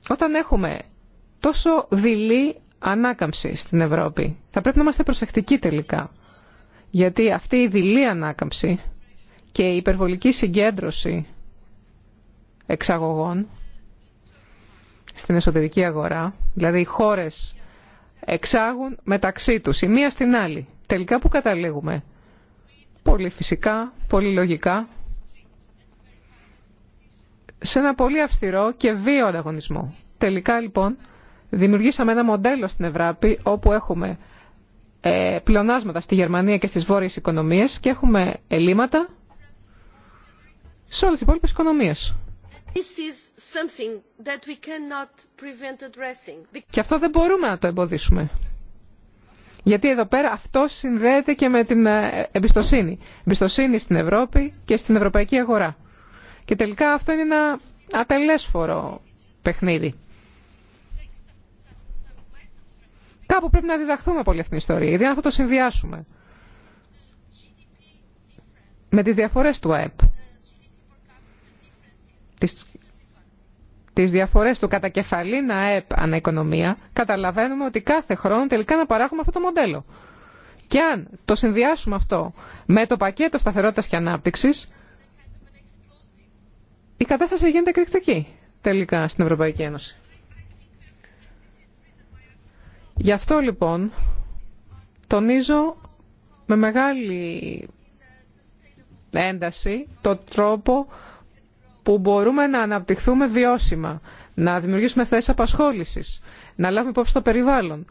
Speaker 2: Όταν έχουμε τόσο δειλή ανάκαμψη στην Ευρώπη, θα πρέπει να είμαστε προσεκτικοί τελικά. Γιατί αυτή η δειλή ανάκαμψη και η υπερβολική συγκέντρωση εξαγωγών στην εσωτερική αγορά, δηλαδή οι χώρες εξάγουν μεταξύ τους, η μία στην άλλη. Τελικά που καταλήγουμε. Πολύ φυσικά, πολύ λογικά, σε ένα πολύ αυστηρό και βίο ανταγωνισμό. Τελικά λοιπόν δημιουργήσαμε ένα μοντέλο στην Ευρώπη όπου έχουμε ε, πλεονάσματα στη Γερμανία και στις βόρειες οικονομίες και έχουμε ελλείμματα σε όλες τις υπόλοιπες οικονομίες. Και αυτό δεν μπορούμε να το εμποδίσουμε. Γιατί εδώ πέρα αυτό συνδέεται και με την ε, εμπιστοσύνη. Εμπιστοσύνη στην Ευρώπη και στην ευρωπαϊκή αγορά. Και τελικά αυτό είναι ένα ατελέσφορο παιχνίδι. Κάπου πρέπει να διδαχθούμε από όλη αυτή την ιστορία, γιατί να το συνδυάσουμε με τις διαφορές του ΑΕΠ, τις, τις διαφορές του κατακεφαλήν ΑΕΠ αναοικονομία, καταλαβαίνουμε ότι κάθε χρόνο τελικά να παράγουμε αυτό το μοντέλο. Και αν το συνδυάσουμε αυτό με το πακέτο σταθερότητας και ανάπτυξης, η κατάσταση γίνεται εκρηκτική τελικά στην Ευρωπαϊκή Ένωση. Γι' αυτό λοιπόν τονίζω με μεγάλη ένταση το τρόπο που μπορούμε να αναπτυχθούμε βιώσιμα, να δημιουργήσουμε θέσεις απασχόλησης, να λάβουμε υπόψη το περιβάλλον.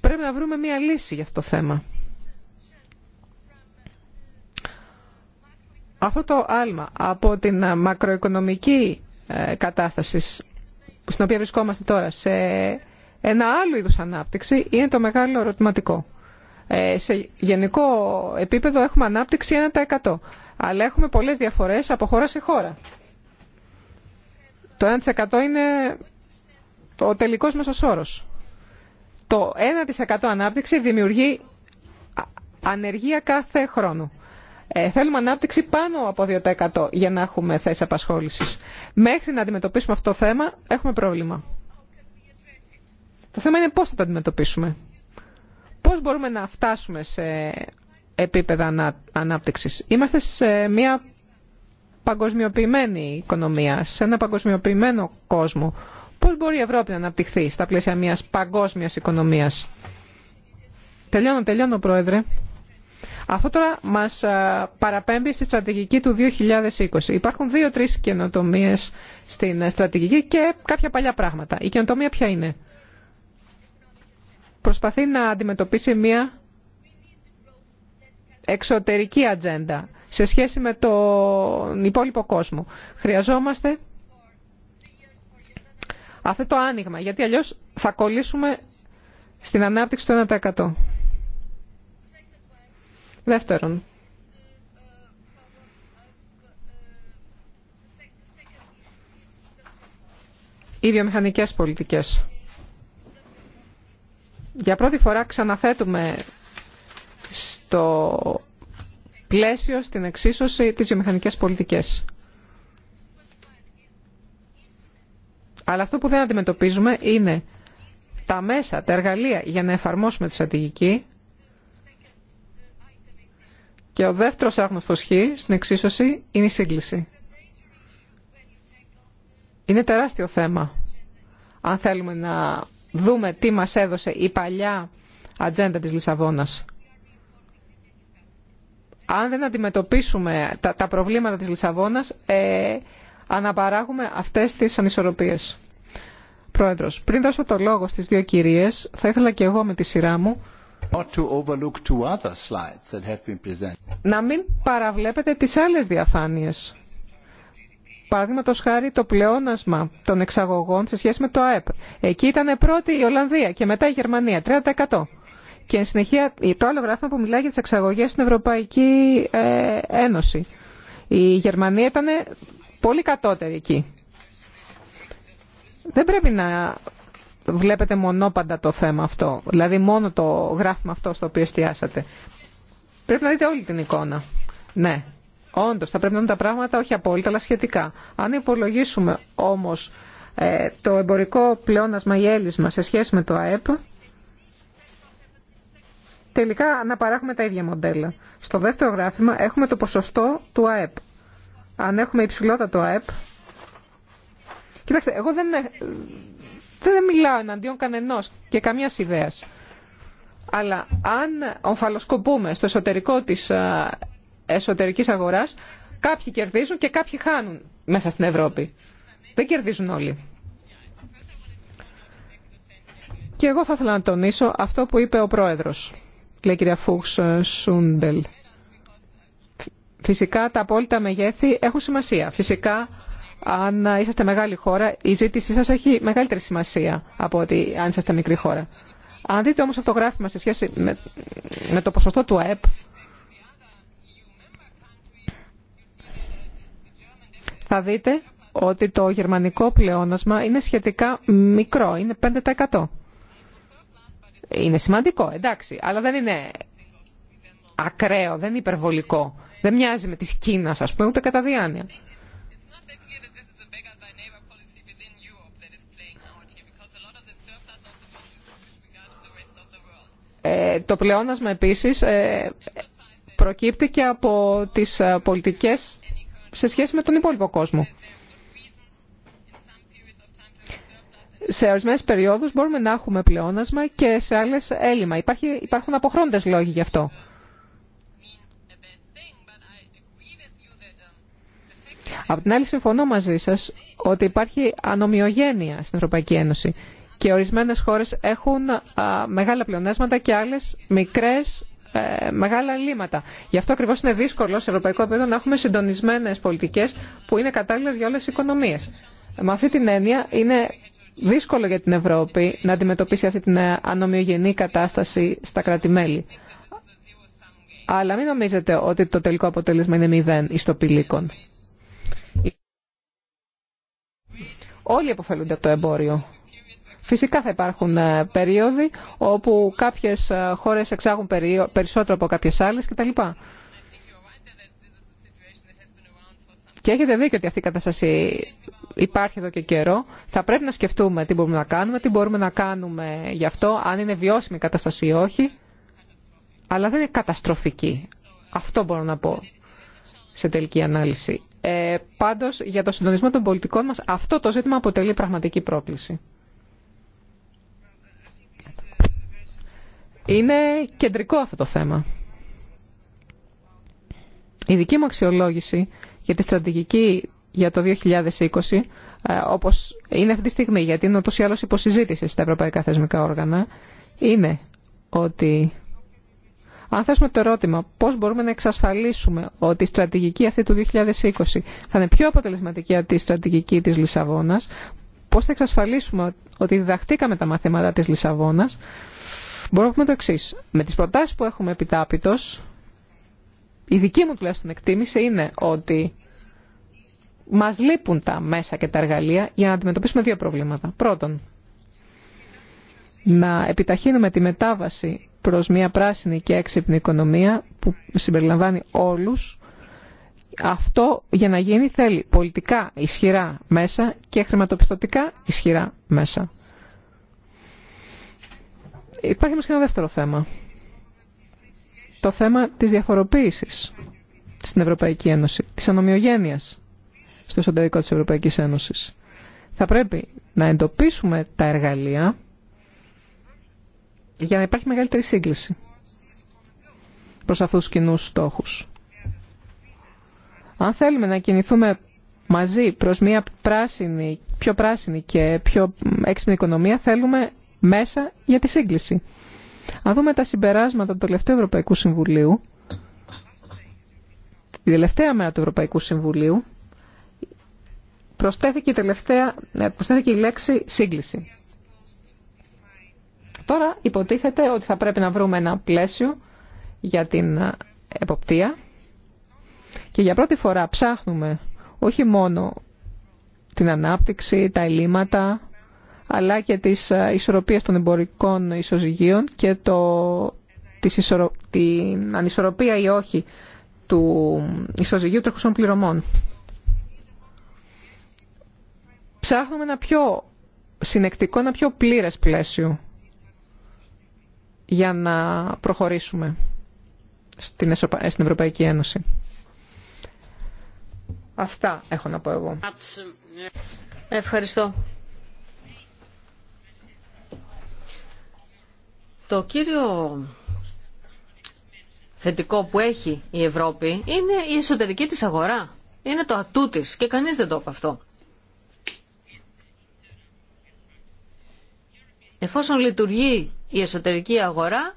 Speaker 2: Πρέπει να βρούμε μία λύση για αυτό το θέμα. Αυτό το άλμα από την μακροοικονομική ε, κατάσταση στην οποία βρισκόμαστε τώρα σε ένα άλλο είδους ανάπτυξη είναι το μεγάλο ερωτηματικό. Ε, σε γενικό επίπεδο έχουμε ανάπτυξη 1%. Αλλά έχουμε πολλές διαφορές από χώρα σε χώρα. Το 1% είναι ο τελικός μας όρος. Το 1% ανάπτυξη δημιουργεί ανεργία κάθε χρόνο. Ε, θέλουμε ανάπτυξη πάνω από 2% για να έχουμε θέση απασχόλησης. Μέχρι να αντιμετωπίσουμε αυτό το θέμα έχουμε πρόβλημα. Το θέμα είναι πώς θα τα αντιμετωπίσουμε. Πώς μπορούμε να φτάσουμε σε επίπεδα ανά, ανάπτυξης. Είμαστε σε μια παγκοσμιοποιημένη οικονομία, σε ένα παγκοσμιοποιημένο κόσμο. Πώς μπορεί η Ευρώπη να αναπτυχθεί στα πλαίσια μιας παγκόσμιας οικονομίας. Τελειώνω, τελειώνω, Πρόεδρε. Αυτό τώρα μας παραπέμπει στη στρατηγική του 2020. Υπάρχουν δύο-τρεις καινοτομίες στην ε, στρατηγική και κάποια παλιά πράγματα. Η καινοτομία ποια είναι προσπαθεί να αντιμετωπίσει μια εξωτερική ατζέντα σε σχέση με τον υπόλοιπο κόσμο. Χρειαζόμαστε αυτό το άνοιγμα, γιατί αλλιώς θα κολλήσουμε στην ανάπτυξη του 1%. Δεύτερον, οι βιομηχανικές πολιτικές για πρώτη φορά ξαναθέτουμε στο πλαίσιο στην εξίσωση τις βιομηχανικές πολιτικές. Αλλά αυτό που δεν αντιμετωπίζουμε είναι τα μέσα, τα εργαλεία για να εφαρμόσουμε τη στρατηγική και ο δεύτερος άγνωστος χ στην εξίσωση είναι η σύγκληση. Είναι τεράστιο θέμα αν θέλουμε να δούμε τι μας έδωσε η παλιά ατζέντα της Λισαβόνας. Αν δεν αντιμετωπίσουμε τα, τα προβλήματα της Λισαβόνας, ε, αναπαράγουμε αυτές τις ανισορροπίες. Πρόεδρος, πριν δώσω το λόγο στις δύο κυρίες, θα ήθελα και εγώ με τη σειρά μου να μην παραβλέπετε τις άλλες διαφάνειες Παραδείγματο χάρη το πλεόνασμα των εξαγωγών σε σχέση με το ΑΕΠ. Εκεί ήταν πρώτη η Ολλανδία και μετά η Γερμανία, 30%. Και εν συνεχεία το άλλο γράφημα που μιλάει για τις εξαγωγές στην Ευρωπαϊκή ε, Ένωση. Η Γερμανία ήταν πολύ κατώτερη εκεί. Δεν πρέπει να βλέπετε μονόπαντα το θέμα αυτό, δηλαδή μόνο το γράφημα αυτό στο οποίο εστιάσατε. Πρέπει να δείτε όλη την εικόνα. Ναι, Όντω, θα πρέπει να είναι τα πράγματα όχι απόλυτα, αλλά σχετικά. Αν υπολογίσουμε όμω ε, το εμπορικό πλεόνασμα ή έλλεισμα σε σχέση με το ΑΕΠ, τελικά να παράγουμε τα ίδια μοντέλα. Στο δεύτερο γράφημα έχουμε το ποσοστό του ΑΕΠ. Αν έχουμε υψηλότατο ΑΕΠ. Κοιτάξτε, εγώ δεν, ε, δεν μιλάω εναντίον κανενός και καμία ιδέα. Αλλά αν ομφαλοσκοπούμε στο εσωτερικό της ε, εσωτερικής αγοράς κάποιοι κερδίζουν και κάποιοι χάνουν μέσα στην Ευρώπη. Δεν κερδίζουν όλοι. Και εγώ θα ήθελα να τονίσω αυτό που είπε ο Πρόεδρος, λέει η κυρία Φούξ ε, Σούντελ. Φυσικά τα απόλυτα μεγέθη έχουν σημασία. Φυσικά αν είσαστε μεγάλη χώρα η ζήτησή σας έχει μεγαλύτερη σημασία από ότι αν είσαστε μικρή χώρα. Αν δείτε όμως αυτό το γράφημα σε σχέση με, με το ποσοστό του ΑΕΠ θα δείτε ότι το γερμανικό πλεόνασμα είναι σχετικά μικρό, είναι 5%. Είναι σημαντικό, εντάξει, αλλά δεν είναι ακραίο, δεν είναι υπερβολικό. Δεν μοιάζει με τη Κίνας, ας πούμε, ούτε κατά διάνοια. Ε, το πλεόνασμα επίσης ε, προκύπτει και από τις ε, πολιτικές σε σχέση με τον υπόλοιπο κόσμο. Σε ορισμένε περιόδους μπορούμε να έχουμε πλεόνασμα και σε άλλες έλλειμμα. Υπάρχει, υπάρχουν αποχρόντες λόγοι γι' αυτό. Από την άλλη συμφωνώ μαζί σας ότι υπάρχει ανομοιογένεια στην Ευρωπαϊκή Ένωση και ορισμένες χώρες έχουν μεγάλα πλεονέσματα και άλλες μικρές ε, μεγάλα ελλείμματα. Γι' αυτό ακριβώ είναι δύσκολο σε ευρωπαϊκό επίπεδο να έχουμε συντονισμένε πολιτικέ που είναι κατάλληλε για όλε τι οικονομίε. Με αυτή την έννοια είναι δύσκολο για την Ευρώπη να αντιμετωπίσει αυτή την ε, ανομοιογενή κατάσταση στα κράτη-μέλη. Αλλά μην νομίζετε ότι το τελικό αποτέλεσμα είναι μηδέν πηλίκον. Όλοι αποφελούνται από το εμπόριο. Φυσικά θα υπάρχουν ε, περίοδοι όπου κάποιες ε, χώρες εξάγουν περισσότερο από κάποιες άλλες κτλ. Και έχετε δίκιο ότι αυτή η κατάσταση υπάρχει εδώ και καιρό. Θα πρέπει να σκεφτούμε τι μπορούμε να κάνουμε, τι μπορούμε να κάνουμε γι' αυτό, αν είναι βιώσιμη η κατάσταση ή όχι. Αλλά δεν είναι καταστροφική. Αυτό μπορώ να πω σε τελική ανάλυση. Ε, πάντως, για το συντονισμό των πολιτικών μας, αυτό το ζήτημα αποτελεί πραγματική πρόκληση. Είναι κεντρικό αυτό το θέμα. Η δική μου αξιολόγηση για τη στρατηγική για το 2020, ε, όπως είναι αυτή τη στιγμή, γιατί είναι ούτως ή άλλως υποσυζήτηση στα ευρωπαϊκά θεσμικά όργανα, είναι ότι αν θέσουμε το ερώτημα πώς μπορούμε να εξασφαλίσουμε ότι η στρατηγική αυτή του 2020 θα είναι πιο αποτελεσματική από τη στρατηγική της Λισαβόνας, πώς θα εξασφαλίσουμε ότι διδαχτήκαμε τα μαθήματα της Λισαβόνας, Μπορούμε να πούμε το εξή. Με τι προτάσει που έχουμε επιτάπητο, η δική μου τουλάχιστον εκτίμηση είναι ότι μα λείπουν τα μέσα και τα εργαλεία για να αντιμετωπίσουμε δύο προβλήματα. Πρώτον, να επιταχύνουμε τη μετάβαση προς μια πράσινη και έξυπνη οικονομία που συμπεριλαμβάνει όλους. Αυτό για να γίνει θέλει πολιτικά ισχυρά μέσα και χρηματοπιστωτικά ισχυρά μέσα. Υπάρχει όμως και ένα δεύτερο θέμα. Το θέμα της διαφοροποίησης στην Ευρωπαϊκή Ένωση, της ανομοιογένειας στο εσωτερικό της Ευρωπαϊκής Ένωσης. Θα πρέπει να εντοπίσουμε τα εργαλεία για να υπάρχει μεγαλύτερη σύγκληση προς αυτούς τους κοινούς στόχους. Αν θέλουμε να κινηθούμε μαζί προς μια πράσινη, πιο πράσινη και πιο έξυπνη οικονομία, θέλουμε μέσα για τη σύγκληση. Αν δούμε τα συμπεράσματα του τελευταίου Ευρωπαϊκού Συμβουλίου, η τελευταία μέρα του Ευρωπαϊκού Συμβουλίου, προσθέθηκε τελευταία, ε, προσθέθηκε η λέξη σύγκληση. Τώρα υποτίθεται ότι θα πρέπει να βρούμε ένα πλαίσιο για την ε, εποπτεία και για πρώτη φορά ψάχνουμε όχι μόνο την ανάπτυξη, τα ελλείμματα, αλλά και της ε, ισορροπίας των εμπορικών ισοζυγίων και το, της την ανισορροπία ή όχι του ισοζυγίου τρέχουσων πληρωμών. Ψάχνουμε ένα πιο συνεκτικό, ένα πιο πλήρες πλαίσιο για να προχωρήσουμε στην Ευρωπαϊκή Ένωση.
Speaker 1: Αυτά έχω να πω εγώ. Ευχαριστώ. Το κύριο θετικό που έχει η Ευρώπη είναι η εσωτερική της αγορά. Είναι το ατού και κανείς δεν το είπε αυτό. Εφόσον λειτουργεί η εσωτερική αγορά,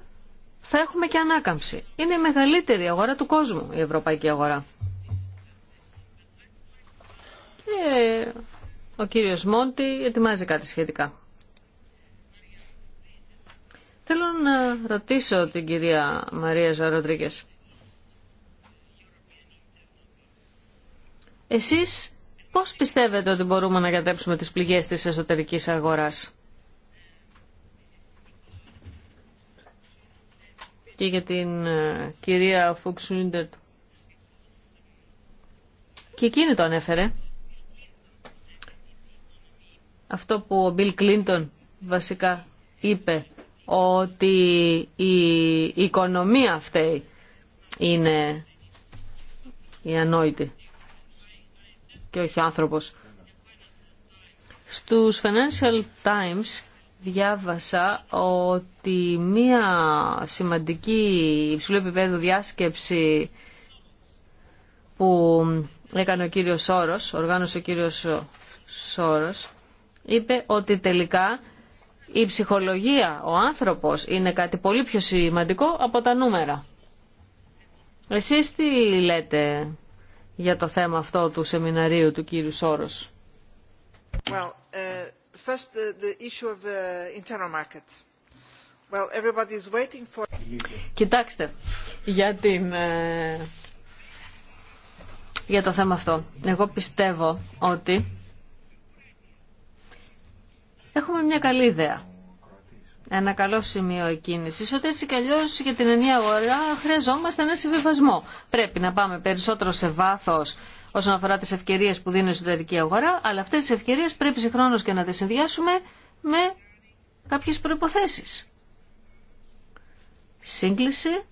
Speaker 1: θα έχουμε και ανάκαμψη. Είναι η μεγαλύτερη αγορά του κόσμου η ευρωπαϊκή αγορά. Και ο κύριος Μόντι ετοιμάζει κάτι σχετικά. Θέλω να ρωτήσω την κυρία Μαρία Ζαροντρίγκες. Εσείς πώς πιστεύετε ότι μπορούμε να κατέψουμε τις πληγές της εσωτερικής αγοράς. Και για την ε, κυρία Φουξούντερτ. Και εκείνη το ανέφερε. Αυτό που ο Μπιλ Κλίντον βασικά είπε ότι η οικονομία αυτή είναι η ανόητη και όχι άνθρωπος. Στους Financial Times διάβασα ότι μία σημαντική υψηλού επίπεδου διάσκεψη που έκανε ο κύριος Σόρος, οργάνωσε ο κύριος Σόρος, είπε ότι τελικά η ψυχολογία, ο άνθρωπος είναι κάτι πολύ πιο σημαντικό από τα νούμερα. Εσείς τι λέτε για το θέμα αυτό του σεμιναρίου του κύριου Σόρος. Κοιτάξτε, για, την, ε, για το θέμα αυτό. Εγώ πιστεύω ότι έχουμε μια καλή ιδέα. Ένα καλό σημείο εκκίνηση. Ότι έτσι κι αλλιώ για την ενιαία αγορά χρειαζόμαστε ένα συμβιβασμό. Πρέπει να πάμε περισσότερο σε βάθο όσον αφορά τι ευκαιρίε που δίνει η εσωτερική αγορά, αλλά αυτέ τι ευκαιρίε πρέπει συγχρόνω και να τι συνδυάσουμε με κάποιε προποθέσει. Σύγκληση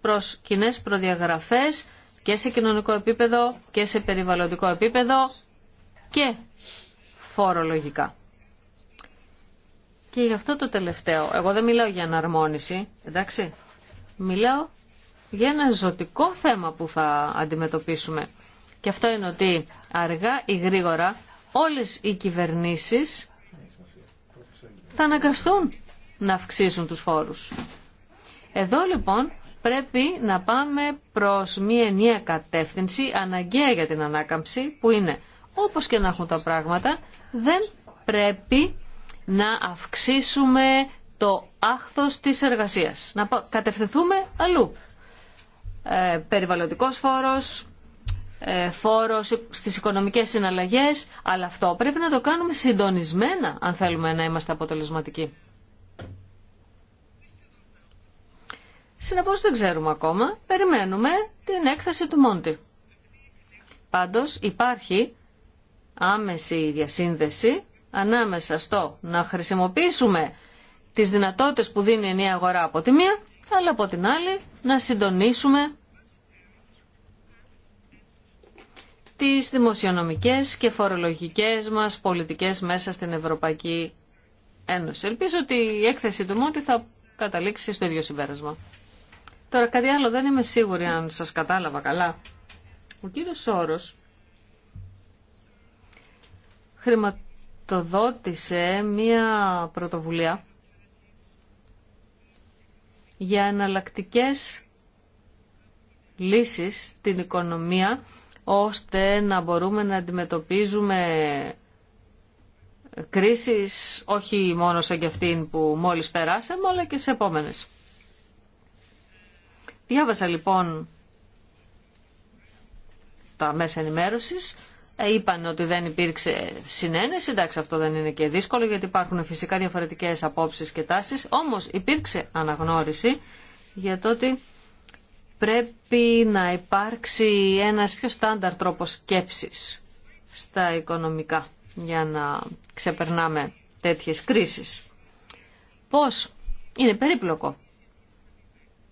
Speaker 1: προ κοινέ προδιαγραφέ και σε κοινωνικό επίπεδο και σε περιβαλλοντικό επίπεδο και φορολογικά. Και γι' αυτό το τελευταίο, εγώ δεν μιλάω για αναρμόνιση, εντάξει, μιλάω για ένα ζωτικό θέμα που θα αντιμετωπίσουμε. Και αυτό είναι ότι αργά ή γρήγορα όλες οι κυβερνήσεις θα αναγκαστούν να αυξήσουν τους φόρους. Εδώ λοιπόν πρέπει να πάμε προς μία ενιαία κατεύθυνση αναγκαία για την ανάκαμψη που είναι όπως και να έχουν τα πράγματα δεν πρέπει να αυξήσουμε το άχθος της εργασίας. Να κατευθυνθούμε αλλού. Ε, περιβαλλοντικός φόρος, ε, φόρος στις οικονομικές συναλλαγές, αλλά αυτό πρέπει να το κάνουμε συντονισμένα αν θέλουμε να είμαστε αποτελεσματικοί. Συνεπώς δεν ξέρουμε ακόμα, περιμένουμε την έκθεση του Μόντι. Πάντως υπάρχει άμεση διασύνδεση ανάμεσα στο να χρησιμοποιήσουμε τις δυνατότητες που δίνει η νέα αγορά από τη μία, αλλά από την άλλη να συντονίσουμε τις δημοσιονομικές και φορολογικές μας πολιτικές μέσα στην Ευρωπαϊκή Ένωση. Ελπίζω ότι η έκθεση του Μότι θα καταλήξει στο ίδιο συμπέρασμα. Τώρα κάτι άλλο δεν είμαι σίγουρη αν σας κατάλαβα καλά. Ο κύριος Σόρος το δότησε μία πρωτοβουλία για εναλλακτικέ λύσεις στην οικονομία ώστε να μπορούμε να αντιμετωπίζουμε κρίσεις όχι μόνο σε και που μόλις περάσαμε αλλά και σε επόμενες. Διάβασα λοιπόν τα μέσα ενημέρωσης είπαν ότι δεν υπήρξε συνένεση, εντάξει αυτό δεν είναι και δύσκολο γιατί υπάρχουν φυσικά διαφορετικές απόψεις και τάσεις, όμως υπήρξε αναγνώριση για το ότι πρέπει να υπάρξει ένας πιο στάνταρ τρόπος σκέψης στα οικονομικά για να ξεπερνάμε τέτοιες κρίσεις. Πώς είναι περίπλοκο.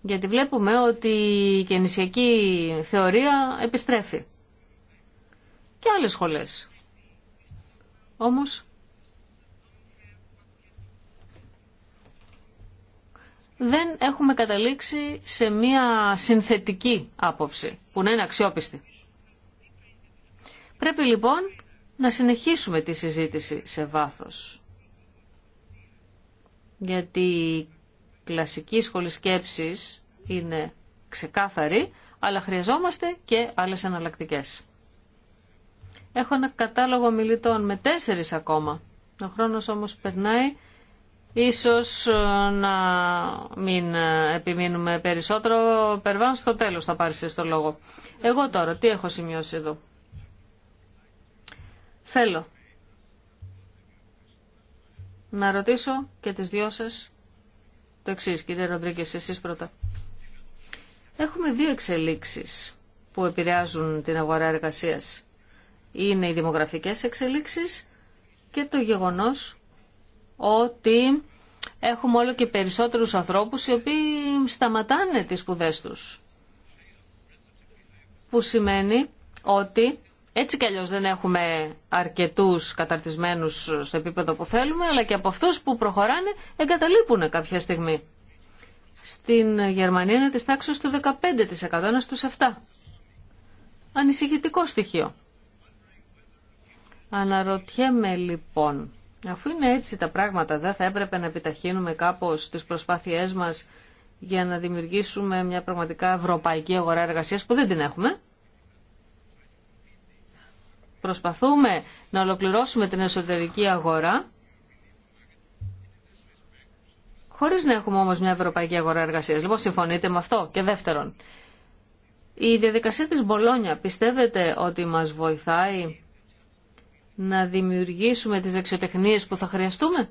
Speaker 1: Γιατί βλέπουμε ότι η κενησιακή θεωρία επιστρέφει και άλλες σχολές. Όμως δεν έχουμε καταλήξει σε μία συνθετική άποψη που να είναι αξιόπιστη. Πρέπει λοιπόν να συνεχίσουμε τη συζήτηση σε βάθος. Γιατί η κλασική σχολή σκέψης είναι ξεκάθαρη, αλλά χρειαζόμαστε και άλλες εναλλακτικές. Έχω ένα κατάλογο μιλητών με τέσσερις ακόμα. Ο χρόνος όμως περνάει. Ίσως ε, να μην ε, επιμείνουμε περισσότερο. Περβάν στο τέλος θα πάρεις εσύ το λόγο. Εγώ τώρα τι έχω σημειώσει εδώ. Θέλω να ρωτήσω και τις δυο σας το εξής, κύριε Ροντρίκη, εσείς πρώτα. Έχουμε δύο εξελίξεις που επηρεάζουν την αγορά εργασίας είναι οι δημογραφικές εξελίξεις και το γεγονός ότι έχουμε όλο και περισσότερους ανθρώπους οι οποίοι σταματάνε τις σπουδέ τους. Που σημαίνει ότι έτσι κι αλλιώς δεν έχουμε αρκετούς καταρτισμένους στο επίπεδο που θέλουμε, αλλά και από αυτούς που προχωράνε εγκαταλείπουν κάποια στιγμή. Στην Γερμανία είναι της τάξης του 15%, στους 7. Ανησυχητικό στοιχείο. Αναρωτιέμαι λοιπόν, αφού είναι έτσι τα πράγματα, δεν θα έπρεπε να επιταχύνουμε κάπως τις προσπάθειές μας για να δημιουργήσουμε μια πραγματικά ευρωπαϊκή αγορά εργασίας που δεν την έχουμε. Προσπαθούμε να ολοκληρώσουμε την εσωτερική αγορά, χωρίς να έχουμε όμως μια ευρωπαϊκή αγορά εργασίας. Λοιπόν, συμφωνείτε με αυτό. Και δεύτερον, η διαδικασία της Μπολόνια πιστεύετε ότι μας βοηθάει να δημιουργήσουμε τις δεξιοτεχνίες που θα χρειαστούμε.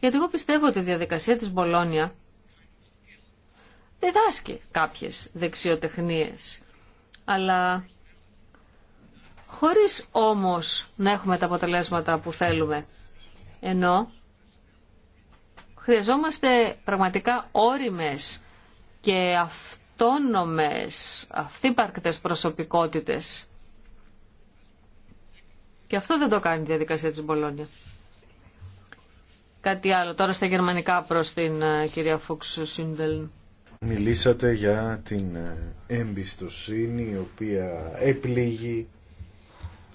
Speaker 1: Γιατί εγώ πιστεύω ότι η διαδικασία της Μπολόνια διδάσκει κάποιες δεξιοτεχνίες, αλλά χωρίς όμως να έχουμε τα αποτελέσματα που θέλουμε. Ενώ χρειαζόμαστε πραγματικά όριμες και αυτόνομες, αυθύπαρκτες προσωπικότητες και αυτό δεν το κάνει η διαδικασία της Μπολόνια. Κάτι άλλο τώρα στα γερμανικά προς την ε, κυρία Φούξ Σιντελν.
Speaker 3: Μιλήσατε για την ε, εμπιστοσύνη η οποία επλήγει.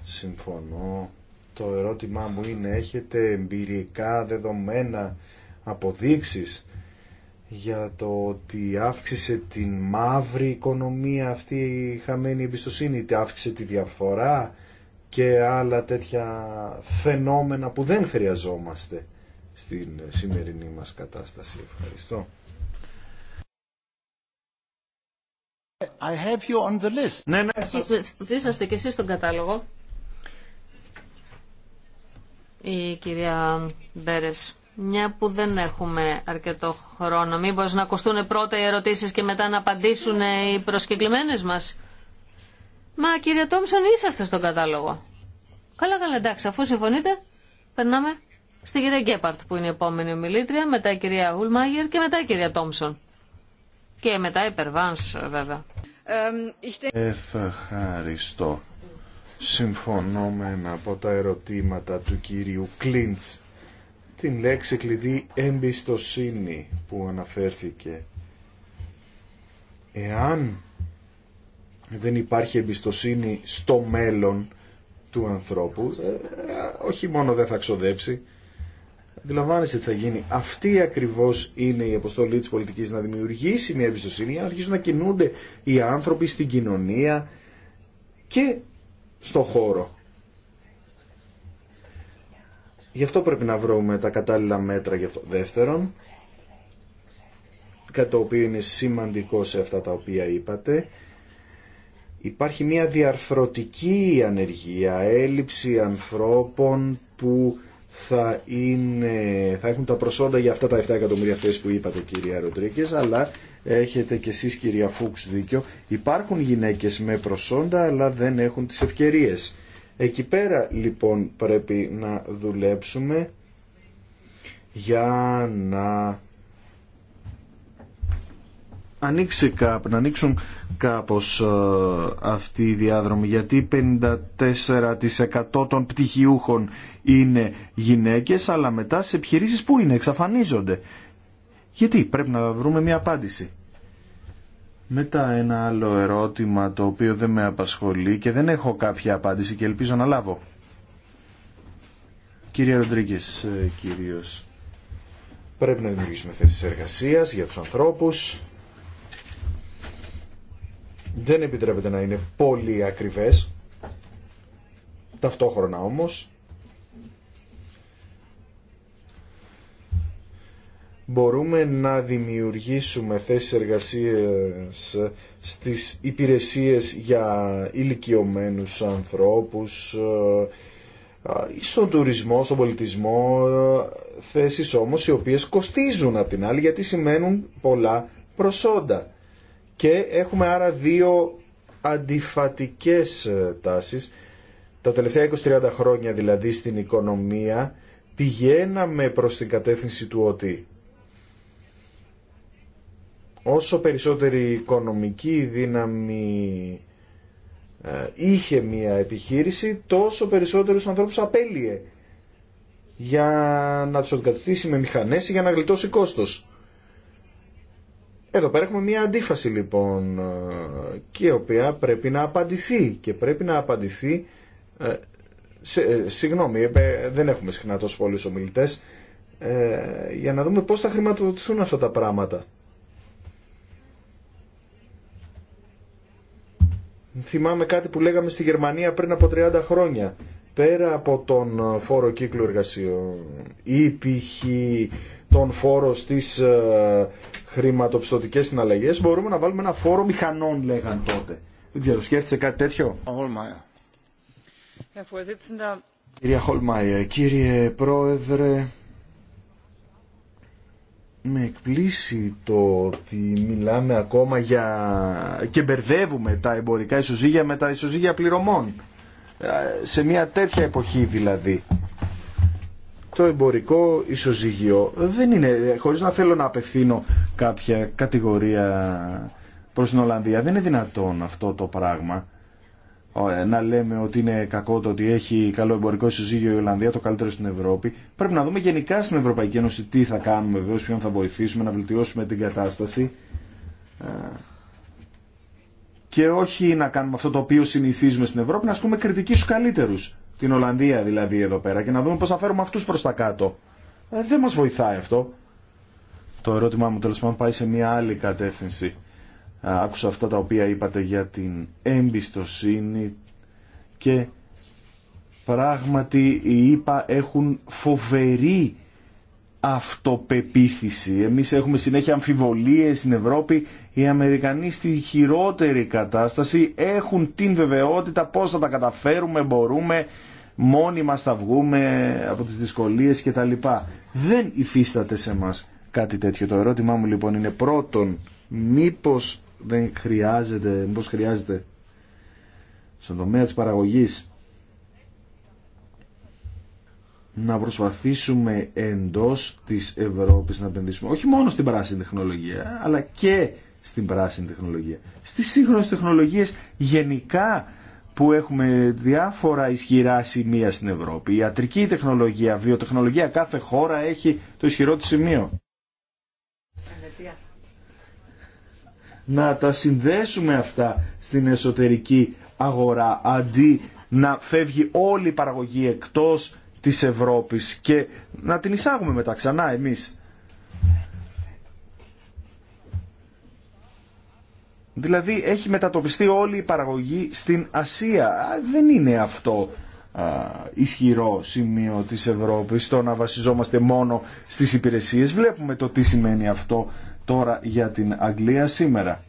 Speaker 3: Συμφωνώ. Το ερώτημά μου είναι έχετε εμπειρικά δεδομένα αποδείξεις για το ότι αύξησε την μαύρη οικονομία αυτή η χαμένη εμπιστοσύνη, είτε αύξησε τη διαφορά, και άλλα τέτοια φαινόμενα που δεν χρειαζόμαστε στην σημερινή μας κατάσταση. Ευχαριστώ. I have you on the list. Ναι, ναι.
Speaker 1: και εσείς στον κατάλογο. Η κυρία Μπέρες. Μια που δεν έχουμε αρκετό χρόνο. Μήπως να ακουστούν πρώτα οι ερωτήσεις και μετά να απαντήσουν οι προσκεκλημένες μας. Μα κύριε Τόμσον, είσαστε στον κατάλογο. Καλά καλά εντάξει αφού συμφωνείτε περνάμε στη κυρία Γκέπαρτ που είναι η επόμενη ομιλήτρια, μετά η κυρία Ουλμάγερ και μετά η κυρία Τόμσον. Και μετά η Περβάνς βέβαια.
Speaker 3: Ευχαριστώ. Συμφωνώ με ένα από τα ερωτήματα του κύριου Κλίντς. Την λέξη κλειδί εμπιστοσύνη που αναφέρθηκε. Εάν δεν υπάρχει εμπιστοσύνη στο μέλλον του ανθρώπου, ε, όχι μόνο δεν θα ξοδέψει, αντιλαμβάνεσαι τι θα γίνει. Αυτή ακριβώς είναι η αποστολή της πολιτικής να δημιουργήσει μια εμπιστοσύνη για να αρχίσουν να κινούνται οι άνθρωποι στην κοινωνία και στο χώρο. Γι' αυτό πρέπει να βρούμε τα κατάλληλα μέτρα για αυτό. Δεύτερον, κάτι το οποίο είναι σημαντικό σε αυτά τα οποία είπατε, υπάρχει μια διαρθρωτική ανεργία, έλλειψη ανθρώπων που θα, είναι, θα έχουν τα προσόντα για αυτά τα 7 εκατομμύρια θέσεις που είπατε κυρία Ροντρίκε. αλλά έχετε και εσείς κυρία Φούξ δίκιο, υπάρχουν γυναίκες με προσόντα αλλά δεν έχουν τις ευκαιρίες. Εκεί πέρα λοιπόν πρέπει να δουλέψουμε για να ανοίξει να ανοίξουν κάπως ε, αυτοί οι διάδρομοι γιατί 54% των πτυχιούχων είναι γυναίκες αλλά μετά σε επιχειρήσεις που είναι, εξαφανίζονται. Γιατί πρέπει να βρούμε μια απάντηση. Μετά ένα άλλο ερώτημα το οποίο δεν με απασχολεί και δεν έχω κάποια απάντηση και ελπίζω να λάβω. Κύριε Ροντρίγκης, ε, κύριος, Πρέπει να δημιουργήσουμε θέσεις εργασίας για τους ανθρώπους, δεν επιτρέπεται να είναι πολύ ακριβές ταυτόχρονα όμως μπορούμε να δημιουργήσουμε θέσεις εργασίας στις υπηρεσίες για ηλικιωμένους ανθρώπους ε, στον τουρισμό, στον πολιτισμό ε, θέσεις όμως οι οποίες κοστίζουν απ' την άλλη γιατί σημαίνουν πολλά προσόντα και έχουμε άρα δύο αντιφατικές ε, τάσεις. Τα τελευταία 20-30 χρόνια δηλαδή στην οικονομία πηγαίναμε προς την κατεύθυνση του ότι όσο περισσότερη οικονομική δύναμη ε, είχε μία επιχείρηση, τόσο περισσότερους ανθρώπους απέλυε για να τους αντικαταστήσει με μηχανές ή για να γλιτώσει κόστος. Εδώ πέρα έχουμε μία αντίφαση λοιπόν ε, και η οποία πρέπει να απαντηθεί και πρέπει να απαντηθεί ε, ε, συγγνώμη, δεν έχουμε συχνά τόσο πολλούς ομιλητές για να δούμε πώς θα χρηματοδοτηθούν αυτά τα πράγματα. Θυμάμαι κάτι που λέγαμε στη Γερμανία πριν από 30 χρόνια. Πέρα από τον φόρο κύκλου εργασίων ή π.χ τον φόρο στις ε, χρηματοπιστωτικές συναλλαγές, μπορούμε να βάλουμε ένα φόρο μηχανών, λέγαν τότε. Δεν ξέρω, σκέφτεσαι κάτι τέτοιο. Κυρία Χολμάια, κύριε Πρόεδρε, με εκπλήσει το ότι μιλάμε ακόμα για... και μπερδεύουμε τα εμπορικά ισοζύγια με τα ισοζύγια πληρωμών. Ε, σε μια τέτοια εποχή δηλαδή το εμπορικό ισοζύγιο δεν είναι, χωρίς να θέλω να απευθύνω κάποια κατηγορία προς την Ολλανδία, δεν είναι δυνατόν αυτό το πράγμα ε, να λέμε ότι είναι κακό το ότι έχει καλό εμπορικό ισοζύγιο η Ολλανδία, το καλύτερο στην Ευρώπη. Πρέπει να δούμε γενικά στην Ευρωπαϊκή Ένωση τι θα κάνουμε, βέβαια, ποιον θα βοηθήσουμε, να βελτιώσουμε την κατάσταση. Ε, και όχι να κάνουμε αυτό το οποίο συνηθίζουμε στην Ευρώπη, να ασκούμε κριτική στου καλύτερου την Ολλανδία δηλαδή εδώ πέρα και να δούμε πώς θα φέρουμε αυτούς προς τα κάτω. Ε, δεν μας βοηθάει αυτό. Το ερώτημά μου τέλος πάντων πάει σε μια άλλη κατεύθυνση. Άκουσα αυτά τα οποία είπατε για την εμπιστοσύνη και πράγματι οι ΙΠΑ έχουν φοβερή αυτοπεποίθηση. Εμείς έχουμε συνέχεια αμφιβολίες στην Ευρώπη. Οι Αμερικανοί στη χειρότερη κατάσταση έχουν την βεβαιότητα πώς θα τα καταφέρουμε, μπορούμε, μόνοι μας θα βγούμε από τις δυσκολίες και τα λοιπά. Δεν υφίσταται σε μας κάτι τέτοιο. Το ερώτημά μου λοιπόν είναι πρώτον, μήπως δεν χρειάζεται, μήπως χρειάζεται στον τομέα της παραγωγής να προσπαθήσουμε εντός της Ευρώπης να επενδύσουμε όχι μόνο στην πράσινη τεχνολογία αλλά και στην πράσινη τεχνολογία. Στις σύγχρονες τεχνολογίες γενικά που έχουμε διάφορα ισχυρά σημεία στην Ευρώπη. Η ιατρική τεχνολογία, η βιοτεχνολογία, κάθε χώρα έχει το ισχυρό της σημείο. Να τα συνδέσουμε αυτά στην εσωτερική αγορά αντί να φεύγει όλη η παραγωγή εκτός της Ευρώπης και να την εισάγουμε μετά ξανά εμείς. Δηλαδή έχει μετατοπιστεί όλη η παραγωγή στην Ασία. Δεν είναι αυτό α, ισχυρό σημείο της Ευρώπης το να βασιζόμαστε μόνο στις υπηρεσίες. Βλέπουμε το τι σημαίνει αυτό τώρα για την Αγγλία σήμερα.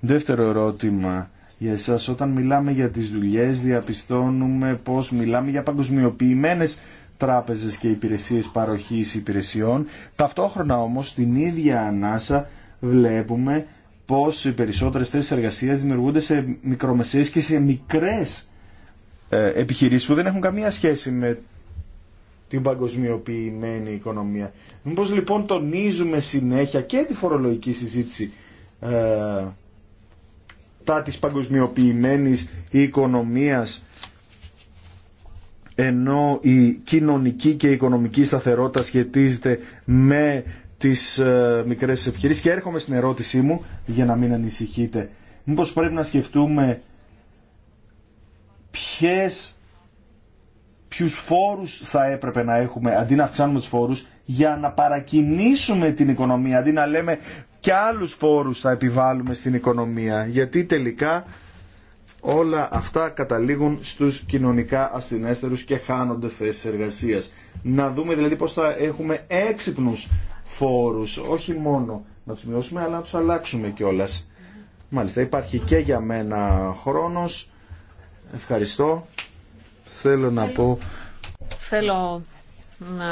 Speaker 3: Δεύτερο ερώτημα για εσάς. Όταν μιλάμε για τις δουλειές διαπιστώνουμε πως μιλάμε για παγκοσμιοποιημένες τράπεζες και υπηρεσίες παροχής υπηρεσιών. Ταυτόχρονα όμως την ίδια ανάσα βλέπουμε πως οι περισσότερες θέσεις εργασίας δημιουργούνται σε μικρομεσαίες και σε μικρές ε, επιχειρήσεις που δεν έχουν καμία σχέση με την παγκοσμιοποιημένη οικονομία. Μήπως λοιπόν τονίζουμε συνέχεια και τη φορολογική συζήτηση ε, τα της παγκοσμιοποιημένης οικονομίας ενώ η κοινωνική και η οικονομική σταθερότητα σχετίζεται με τις ε, μικρές επιχειρήσει και έρχομαι στην ερώτησή μου για να μην ανησυχείτε. Μήπω πρέπει να σκεφτούμε ποιες, ποιους φόρους θα έπρεπε να έχουμε αντί να αυξάνουμε τους φόρους για να παρακινήσουμε την οικονομία αντί να λέμε και άλλους φόρους θα επιβάλλουμε στην οικονομία γιατί τελικά όλα αυτά καταλήγουν στους κοινωνικά ασθενέστερους και χάνονται θέσεις εργασίας. Να δούμε δηλαδή πώς θα έχουμε έξυπνους φόρους, όχι μόνο να τους μειώσουμε, αλλά να τους αλλάξουμε κιόλα. Μάλιστα, υπάρχει και για μένα χρόνος. Ευχαριστώ. Θέλω να πω...
Speaker 1: Θέλω να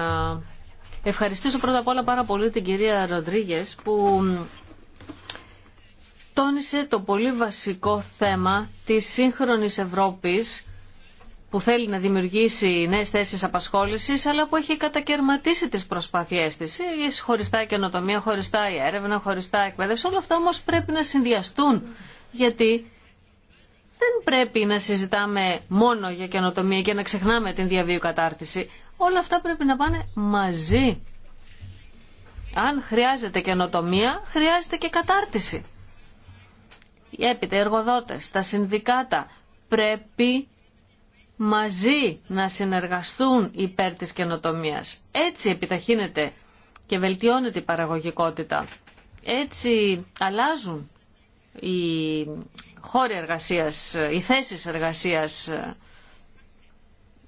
Speaker 1: ευχαριστήσω πρώτα απ' όλα πάρα πολύ την κυρία Ροντρίγε που τόνισε το πολύ βασικό θέμα της σύγχρονης Ευρώπης που θέλει να δημιουργήσει νέες θέσεις απασχόλησης, αλλά που έχει κατακαιρματίσει τις προσπάθειές της. Ε, ε, χωριστά η καινοτομία, χωριστά η έρευνα, χωριστά η εκπαίδευση. Όλα αυτά όμως πρέπει να συνδυαστούν, γιατί δεν πρέπει να συζητάμε μόνο για καινοτομία και να ξεχνάμε την διαβίου κατάρτιση. Όλα αυτά πρέπει να πάνε μαζί. Αν χρειάζεται καινοτομία, χρειάζεται και κατάρτιση. Έπειτα, εργοδότες, τα συνδικάτα πρέπει μαζί να συνεργαστούν υπέρ της καινοτομίας. Έτσι επιταχύνεται και βελτιώνεται η παραγωγικότητα. Έτσι αλλάζουν οι χώροι εργασίας, οι θέσεις εργασίας,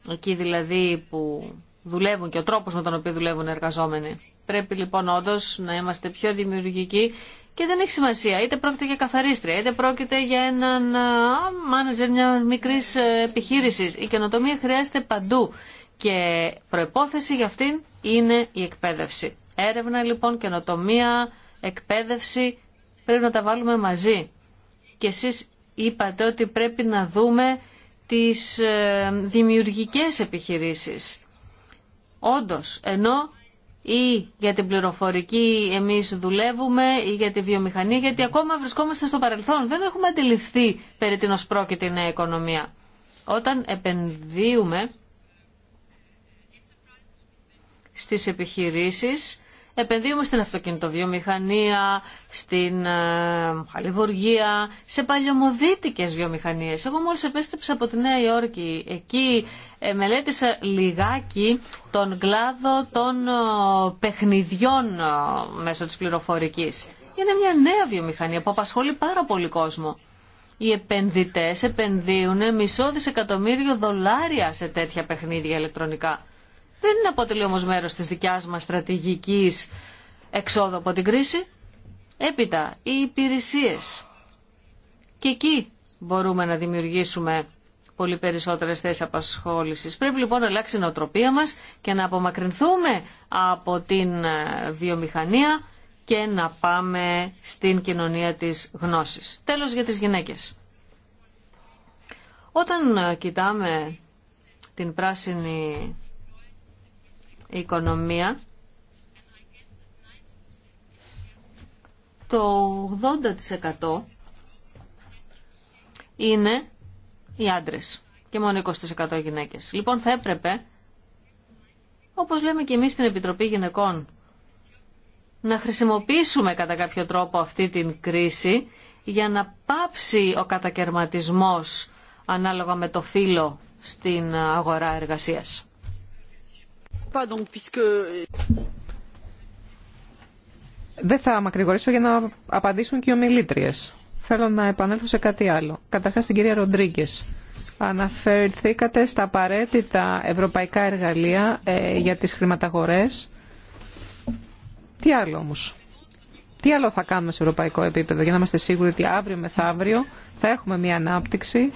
Speaker 1: εκεί δηλαδή που δουλεύουν και ο τρόπος με τον οποίο δουλεύουν οι εργαζόμενοι. Πρέπει λοιπόν όντω να είμαστε πιο δημιουργικοί και δεν έχει σημασία, είτε πρόκειται για καθαρίστρια, είτε πρόκειται για έναν μάνατζερ μια μικρή ε, επιχείρηση. Η καινοτομία χρειάζεται παντού και προπόθεση για αυτήν είναι η εκπαίδευση. Έρευνα λοιπόν, καινοτομία, εκπαίδευση πρέπει να τα βάλουμε μαζί. Και εσείς είπατε ότι πρέπει να δούμε τις ε, δημιουργικές επιχειρήσεις. Όντως, ενώ ή για την πληροφορική εμείς δουλεύουμε ή για τη βιομηχανία, γιατί ακόμα βρισκόμαστε στο παρελθόν. Δεν έχουμε αντιληφθεί περί την πρόκειται η νέα οικονομία. Όταν επενδύουμε στις επιχειρήσεις, Επενδύουμε στην αυτοκινητοβιομηχανία, στην ε, χαλιβουργία, σε παλιωμοδίτικες βιομηχανίες. Εγώ μόλις επέστρεψα από τη Νέα Υόρκη. Εκεί ε, μελέτησα λιγάκι τον κλάδο των ε, παιχνιδιών μέσω της πληροφορικής. Είναι μια νέα βιομηχανία που απασχολεί πάρα πολύ κόσμο. Οι επενδυτές επενδύουν μισό δισεκατομμύριο δολάρια σε τέτοια παιχνίδια ηλεκτρονικά. Δεν είναι αποτελεί όμως μέρος της δικιάς μας στρατηγικής εξόδου από την κρίση. Έπειτα, οι υπηρεσίες. Και εκεί μπορούμε να δημιουργήσουμε πολύ περισσότερες θέσεις απασχόλησης. Πρέπει λοιπόν να αλλάξει η νοοτροπία μας και να απομακρυνθούμε από την ε, βιομηχανία και να πάμε στην κοινωνία της γνώσης. Τέλος για τις γυναίκες. Όταν ε, κοιτάμε την πράσινη οικονομία το 80% είναι οι άντρες και μόνο 20% οι γυναίκες. Λοιπόν θα έπρεπε, όπως λέμε και εμείς στην Επιτροπή Γυναικών, να χρησιμοποιήσουμε κατά κάποιο τρόπο αυτή την κρίση για να πάψει ο κατακερματισμός ανάλογα με το φύλλο στην αγορά εργασίας.
Speaker 2: Δεν θα μακρηγορήσω για να απαντήσουν και οι ομιλήτριες. Θέλω να επανέλθω σε κάτι άλλο. Καταρχάς την κυρία Ροντρίγκε. Αναφερθήκατε στα απαραίτητα ευρωπαϊκά εργαλεία ε, για τις χρηματαγορές. Τι άλλο όμως. Τι άλλο θα κάνουμε σε ευρωπαϊκό επίπεδο για να είμαστε σίγουροι ότι αύριο μεθαύριο θα έχουμε μια ανάπτυξη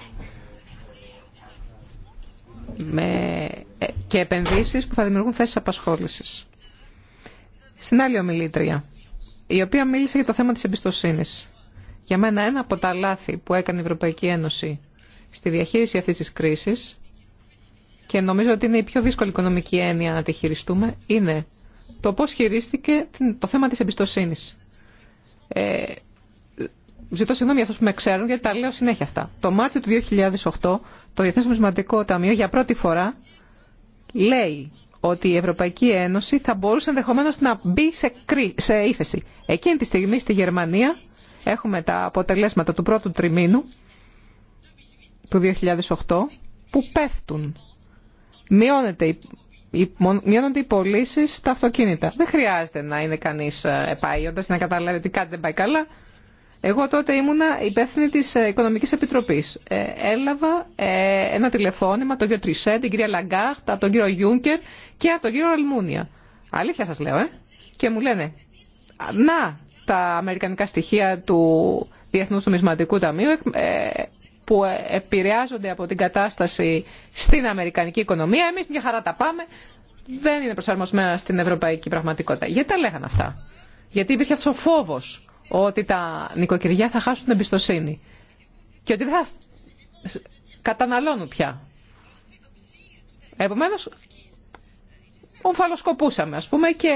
Speaker 2: ε, και επενδύσεις που θα δημιουργούν θέσεις απασχόλησης. Στην άλλη ομιλήτρια, η οποία μίλησε για το θέμα της εμπιστοσύνης. Για μένα ένα από τα λάθη που έκανε η Ευρωπαϊκή Ένωση στη διαχείριση αυτής της κρίσης και νομίζω ότι είναι η πιο δύσκολη οικονομική έννοια να τη χειριστούμε, είναι το πώς χειρίστηκε το θέμα της εμπιστοσύνης. Ε, ζητώ συγγνώμη για αυτούς που με ξέρουν, γιατί τα λέω συνέχεια αυτά. Το Μάρτιο του 2008 το Διεθνές Νομισματικό Ταμείο για πρώτη φορά λέει ότι η Ευρωπαϊκή Ένωση θα μπορούσε ενδεχομένως να μπει σε, σε ύφεση. Εκείνη τη στιγμή στη Γερμανία έχουμε τα αποτελέσματα του πρώτου τριμήνου του 2008 που πέφτουν. Μειώνεται Μειώνονται οι πωλήσει στα αυτοκίνητα. Δεν χρειάζεται να είναι κανεί ε, επάγοντα, να καταλάβει ότι κάτι δεν πάει καλά. Εγώ τότε ήμουνα υπεύθυνη τη ε, Οικονομική Επιτροπή. Ε, έλαβα ε, ένα τηλεφώνημα τον κύριο Τρισέ, την κυρία Λαγκάρτ, από τον κύριο Γιούνκερ και από τον κύριο Αλμούνια. Αλήθεια σα λέω, ε. Και μου λένε, να τα αμερικανικά στοιχεία του Διεθνού Νομισματικού Ταμείου που επηρεάζονται από την κατάσταση στην αμερικανική οικονομία. Εμεί μια χαρά τα πάμε. Δεν είναι προσαρμοσμένα στην ευρωπαϊκή πραγματικότητα. Γιατί τα λέγανε αυτά. Γιατί υπήρχε αυτό ο φόβος ότι τα νοικοκυριά θα χάσουν την εμπιστοσύνη και ότι δεν θα καταναλώνουν πια. Επομένως, ομφαλοσκοπούσαμε, ας πούμε, και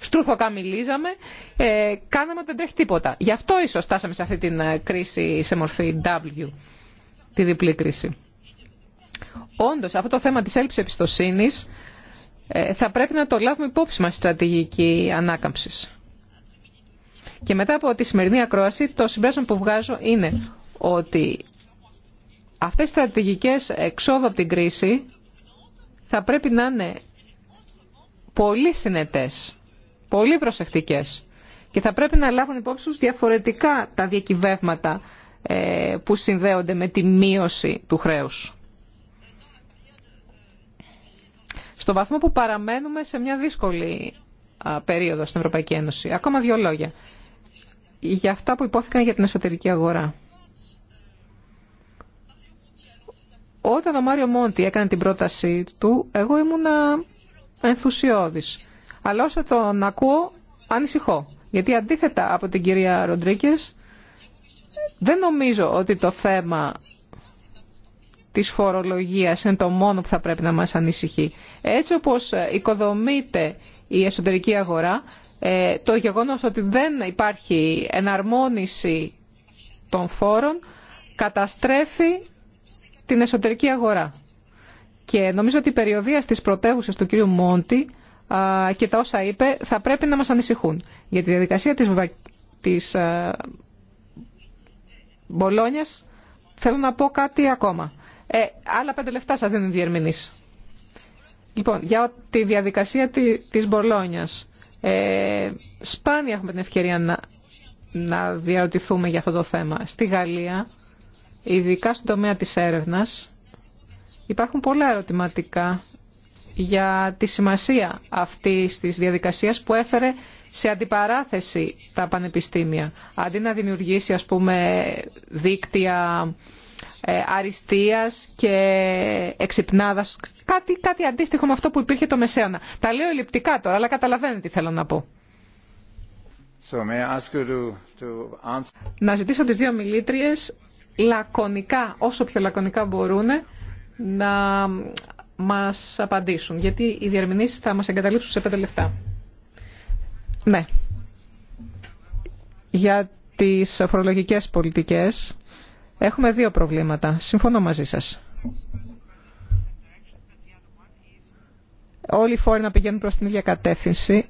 Speaker 2: στρουθοκαμιλίζαμε, ε, κάναμε ότι δεν τρέχει τίποτα. Γι' αυτό ίσως στάσαμε σε αυτή την ε, κρίση σε μορφή W, τη διπλή κρίση. Όντως, αυτό το θέμα της έλλειψης εμπιστοσύνης ε, θα πρέπει να το λάβουμε υπόψη μας στρατηγική ανάκαμψης. Και μετά από τη σημερινή ακρόαση, το συμπέρασμα που βγάζω είναι ότι αυτές οι στρατηγικές εξόδου από την κρίση θα πρέπει να είναι πολύ συνετές, πολύ προσεκτικές και θα πρέπει να λάβουν υπόψη τους διαφορετικά τα διακυβεύματα ε, που συνδέονται με τη μείωση του χρέους. Στο βαθμό που παραμένουμε σε μια δύσκολη περίοδο στην Ευρωπαϊκή Ένωση. Ακόμα δύο λόγια για αυτά που υπόθηκαν για την εσωτερική αγορά. Όταν ο Μάριο Μόντι έκανε την πρόταση του, εγώ ήμουνα ενθουσιώδης. Αλλά όσο τον ακούω, ανησυχώ. Γιατί αντίθετα από την κυρία Ροντρίκε, δεν νομίζω ότι το θέμα της φορολογίας είναι το μόνο που θα πρέπει να μας ανησυχεί. Έτσι όπως οικοδομείται η εσωτερική αγορά, ε, το γεγονός ότι δεν υπάρχει εναρμόνιση των φόρων καταστρέφει την εσωτερική αγορά. Και νομίζω ότι η περιοδία στις πρωτεύουσες του κ. Μόντι και τα όσα είπε θα πρέπει να μας ανησυχούν. Για τη διαδικασία της, της Μπολόνιας θέλω να πω κάτι ακόμα. Ε, άλλα πέντε λεφτά σας δίνουν διερμηνείς. Λοιπόν, για τη διαδικασία της Μπολόνιας ε, σπάνια έχουμε την ευκαιρία να, να διαρωτηθούμε για αυτό το θέμα. Στη Γαλλία, ειδικά στον τομέα της έρευνας, υπάρχουν πολλά ερωτηματικά για τη σημασία αυτή της διαδικασίας που έφερε σε αντιπαράθεση τα πανεπιστήμια. Αντί να δημιουργήσει, ας πούμε, δίκτυα ε, αριστείας και εξυπνάδας. Κάτι, κάτι αντίστοιχο με αυτό που υπήρχε το Μεσαίωνα. Τα λέω ελλειπτικά τώρα, αλλά καταλαβαίνετε τι θέλω να πω. Να ζητήσω τις δύο μιλήτριες λακωνικά, όσο πιο λακωνικά μπορούν, να μας απαντήσουν. Γιατί οι διερμηνήσεις θα μας εγκαταλείψουν σε πέντε λεφτά. Ναι. Για τις φορολογικές πολιτικές Έχουμε δύο προβλήματα. Συμφωνώ μαζί σας. Όλοι οι φόροι να πηγαίνουν προς την ίδια κατεύθυνση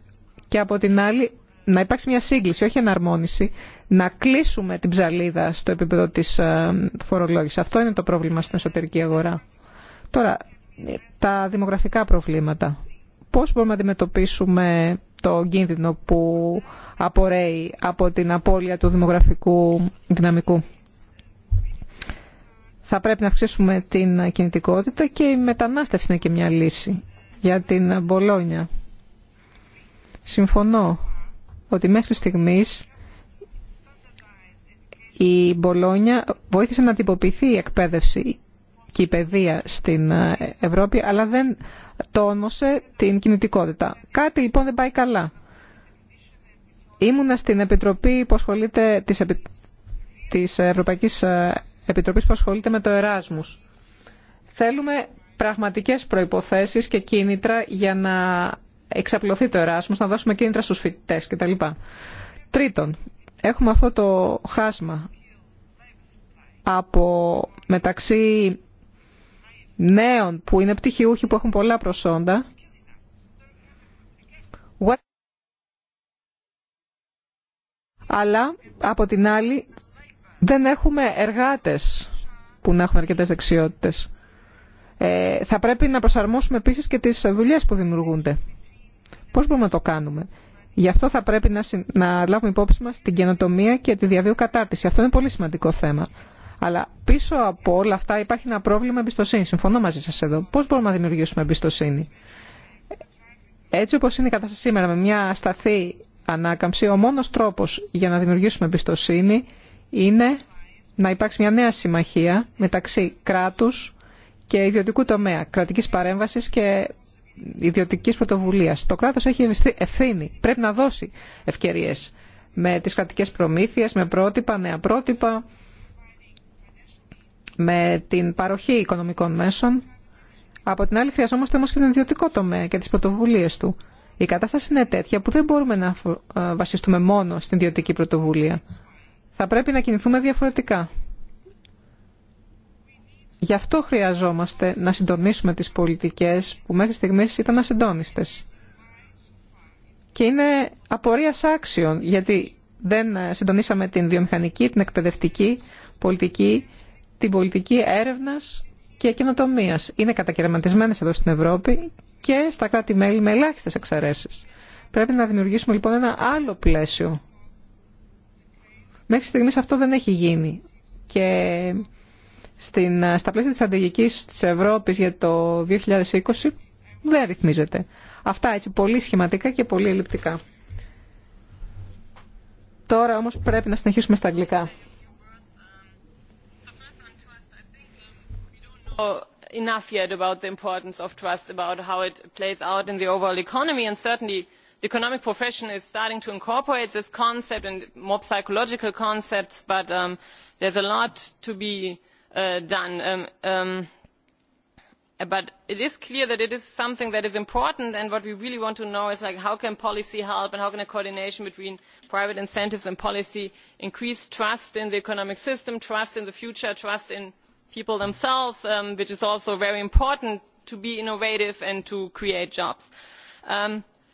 Speaker 2: και από την άλλη να υπάρξει μια σύγκληση, όχι εναρμόνιση, να κλείσουμε την ψαλίδα στο επίπεδο της ε, φορολόγησης. Αυτό είναι το πρόβλημα στην εσωτερική αγορά. Τώρα, τα δημογραφικά προβλήματα. Πώς μπορούμε να αντιμετωπίσουμε το κίνδυνο που απορρέει από την απώλεια του δημογραφικού δυναμικού θα πρέπει να αυξήσουμε την κινητικότητα και η μετανάστευση είναι και μια λύση για την Μπολόνια. Συμφωνώ ότι μέχρι στιγμής η Μπολόνια βοήθησε να τυποποιηθεί η εκπαίδευση και η παιδεία στην Ευρώπη, αλλά δεν τόνωσε την κινητικότητα. Κάτι λοιπόν δεν πάει καλά. Ήμουνα στην Επιτροπή που ασχολείται της της Ευρωπαϊκής ε, Επιτροπής που ασχολείται με το Εράσμους. Θέλουμε πραγματικές προϋποθέσεις και κίνητρα για να εξαπλωθεί το Εράσμους, να δώσουμε κίνητρα στους φοιτητές κτλ. Τρίτον, έχουμε αυτό το χάσμα από μεταξύ νέων που είναι πτυχιούχοι που έχουν πολλά προσόντα αλλά από την άλλη δεν έχουμε εργάτες που να έχουν αρκετές δεξιότητες. Ε, θα πρέπει να προσαρμόσουμε επίσης και τις δουλειές που δημιουργούνται. Πώς μπορούμε να το κάνουμε. Γι' αυτό θα πρέπει να, να λάβουμε υπόψη μας την καινοτομία και τη διαβίου κατάρτιση. Αυτό είναι πολύ σημαντικό θέμα. Αλλά πίσω από όλα αυτά υπάρχει ένα πρόβλημα εμπιστοσύνη. Συμφωνώ μαζί σας εδώ. Πώς μπορούμε να δημιουργήσουμε εμπιστοσύνη. Έτσι όπως είναι η κατάσταση σήμερα με μια σταθή ανάκαμψη, ο μόνος τρόπος για να δημιουργήσουμε εμπιστοσύνη είναι να υπάρξει μια νέα συμμαχία μεταξύ κράτους και ιδιωτικού τομέα, κρατικής παρέμβασης και ιδιωτικής πρωτοβουλίας. Το κράτος έχει ευθύνη, πρέπει να δώσει ευκαιρίες με τις κρατικές προμήθειες, με πρότυπα, νέα πρότυπα, με την παροχή οικονομικών μέσων. Από την άλλη χρειαζόμαστε όμως και τον ιδιωτικό τομέα και τις πρωτοβουλίες του. Η κατάσταση είναι τέτοια που δεν μπορούμε να βασιστούμε μόνο στην ιδιωτική πρωτοβουλία. Θα πρέπει να κινηθούμε διαφορετικά. Γι' αυτό χρειαζόμαστε να συντονίσουμε τις πολιτικές που μέχρι στιγμής ήταν ασυντόνιστες. Και είναι απορία άξιων, γιατί δεν συντονίσαμε την βιομηχανική, την εκπαιδευτική πολιτική, την πολιτική έρευνας και καινοτομία. Είναι κατακαιρματισμένες εδώ στην Ευρώπη και στα κράτη-μέλη με ελάχιστε εξαρέσεις. Πρέπει να δημιουργήσουμε λοιπόν ένα άλλο πλαίσιο Μέχρι στιγμής αυτό δεν έχει γίνει. Και στην, στα πλαίσια της στρατηγικής της Ευρώπης για το 2020 δεν ρυθμίζεται. Αυτά έτσι πολύ σχηματικά και πολύ ελλειπτικά. Τώρα όμως πρέπει να συνεχίσουμε στα αγγλικά.
Speaker 4: enough yet about the importance of trust, about how it plays out in the overall economy, and certainly the economic profession is starting to incorporate this concept and more psychological concepts but there's a lot to be done but it is clear that it is something that is important and what we really want to know is how can policy help and how can a coordination between private incentives and policy increase trust in the economic system trust in the future trust in people themselves which is also very important to be innovative and to create jobs.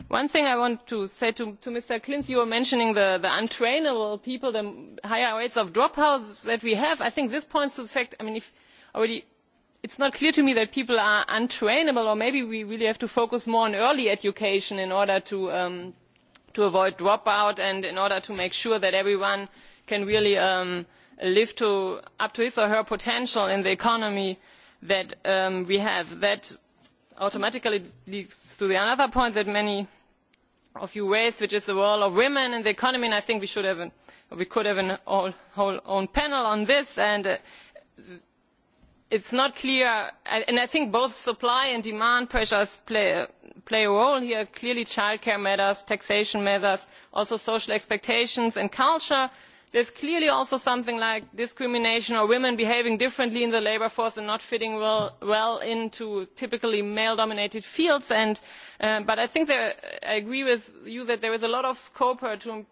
Speaker 4: One thing I want to say to Mr. Klinz, you were mentioning the untrainable people, the higher rates of dropouts that we have. I think this points to the fact, I mean, if not clear to me that people are untrainable, or maybe we really have to focus more on early education in order to avoid dropout and in order to make sure that everyone can really live up to his or her potential in the economy that we have. That automatically leads to another point that many of you raised, which is the role of women in the economy. And I think we should have, we could have an whole own panel on this. And it's not clear, and I think both supply and demand pressures play play a role here. Clearly, childcare matters, taxation matters, also social expectations and culture There is clearly also something like discrimination or women behaving differently in the labour force and not fitting well into typically male-dominated
Speaker 1: fields. But I think I agree with you that there is a lot of scope to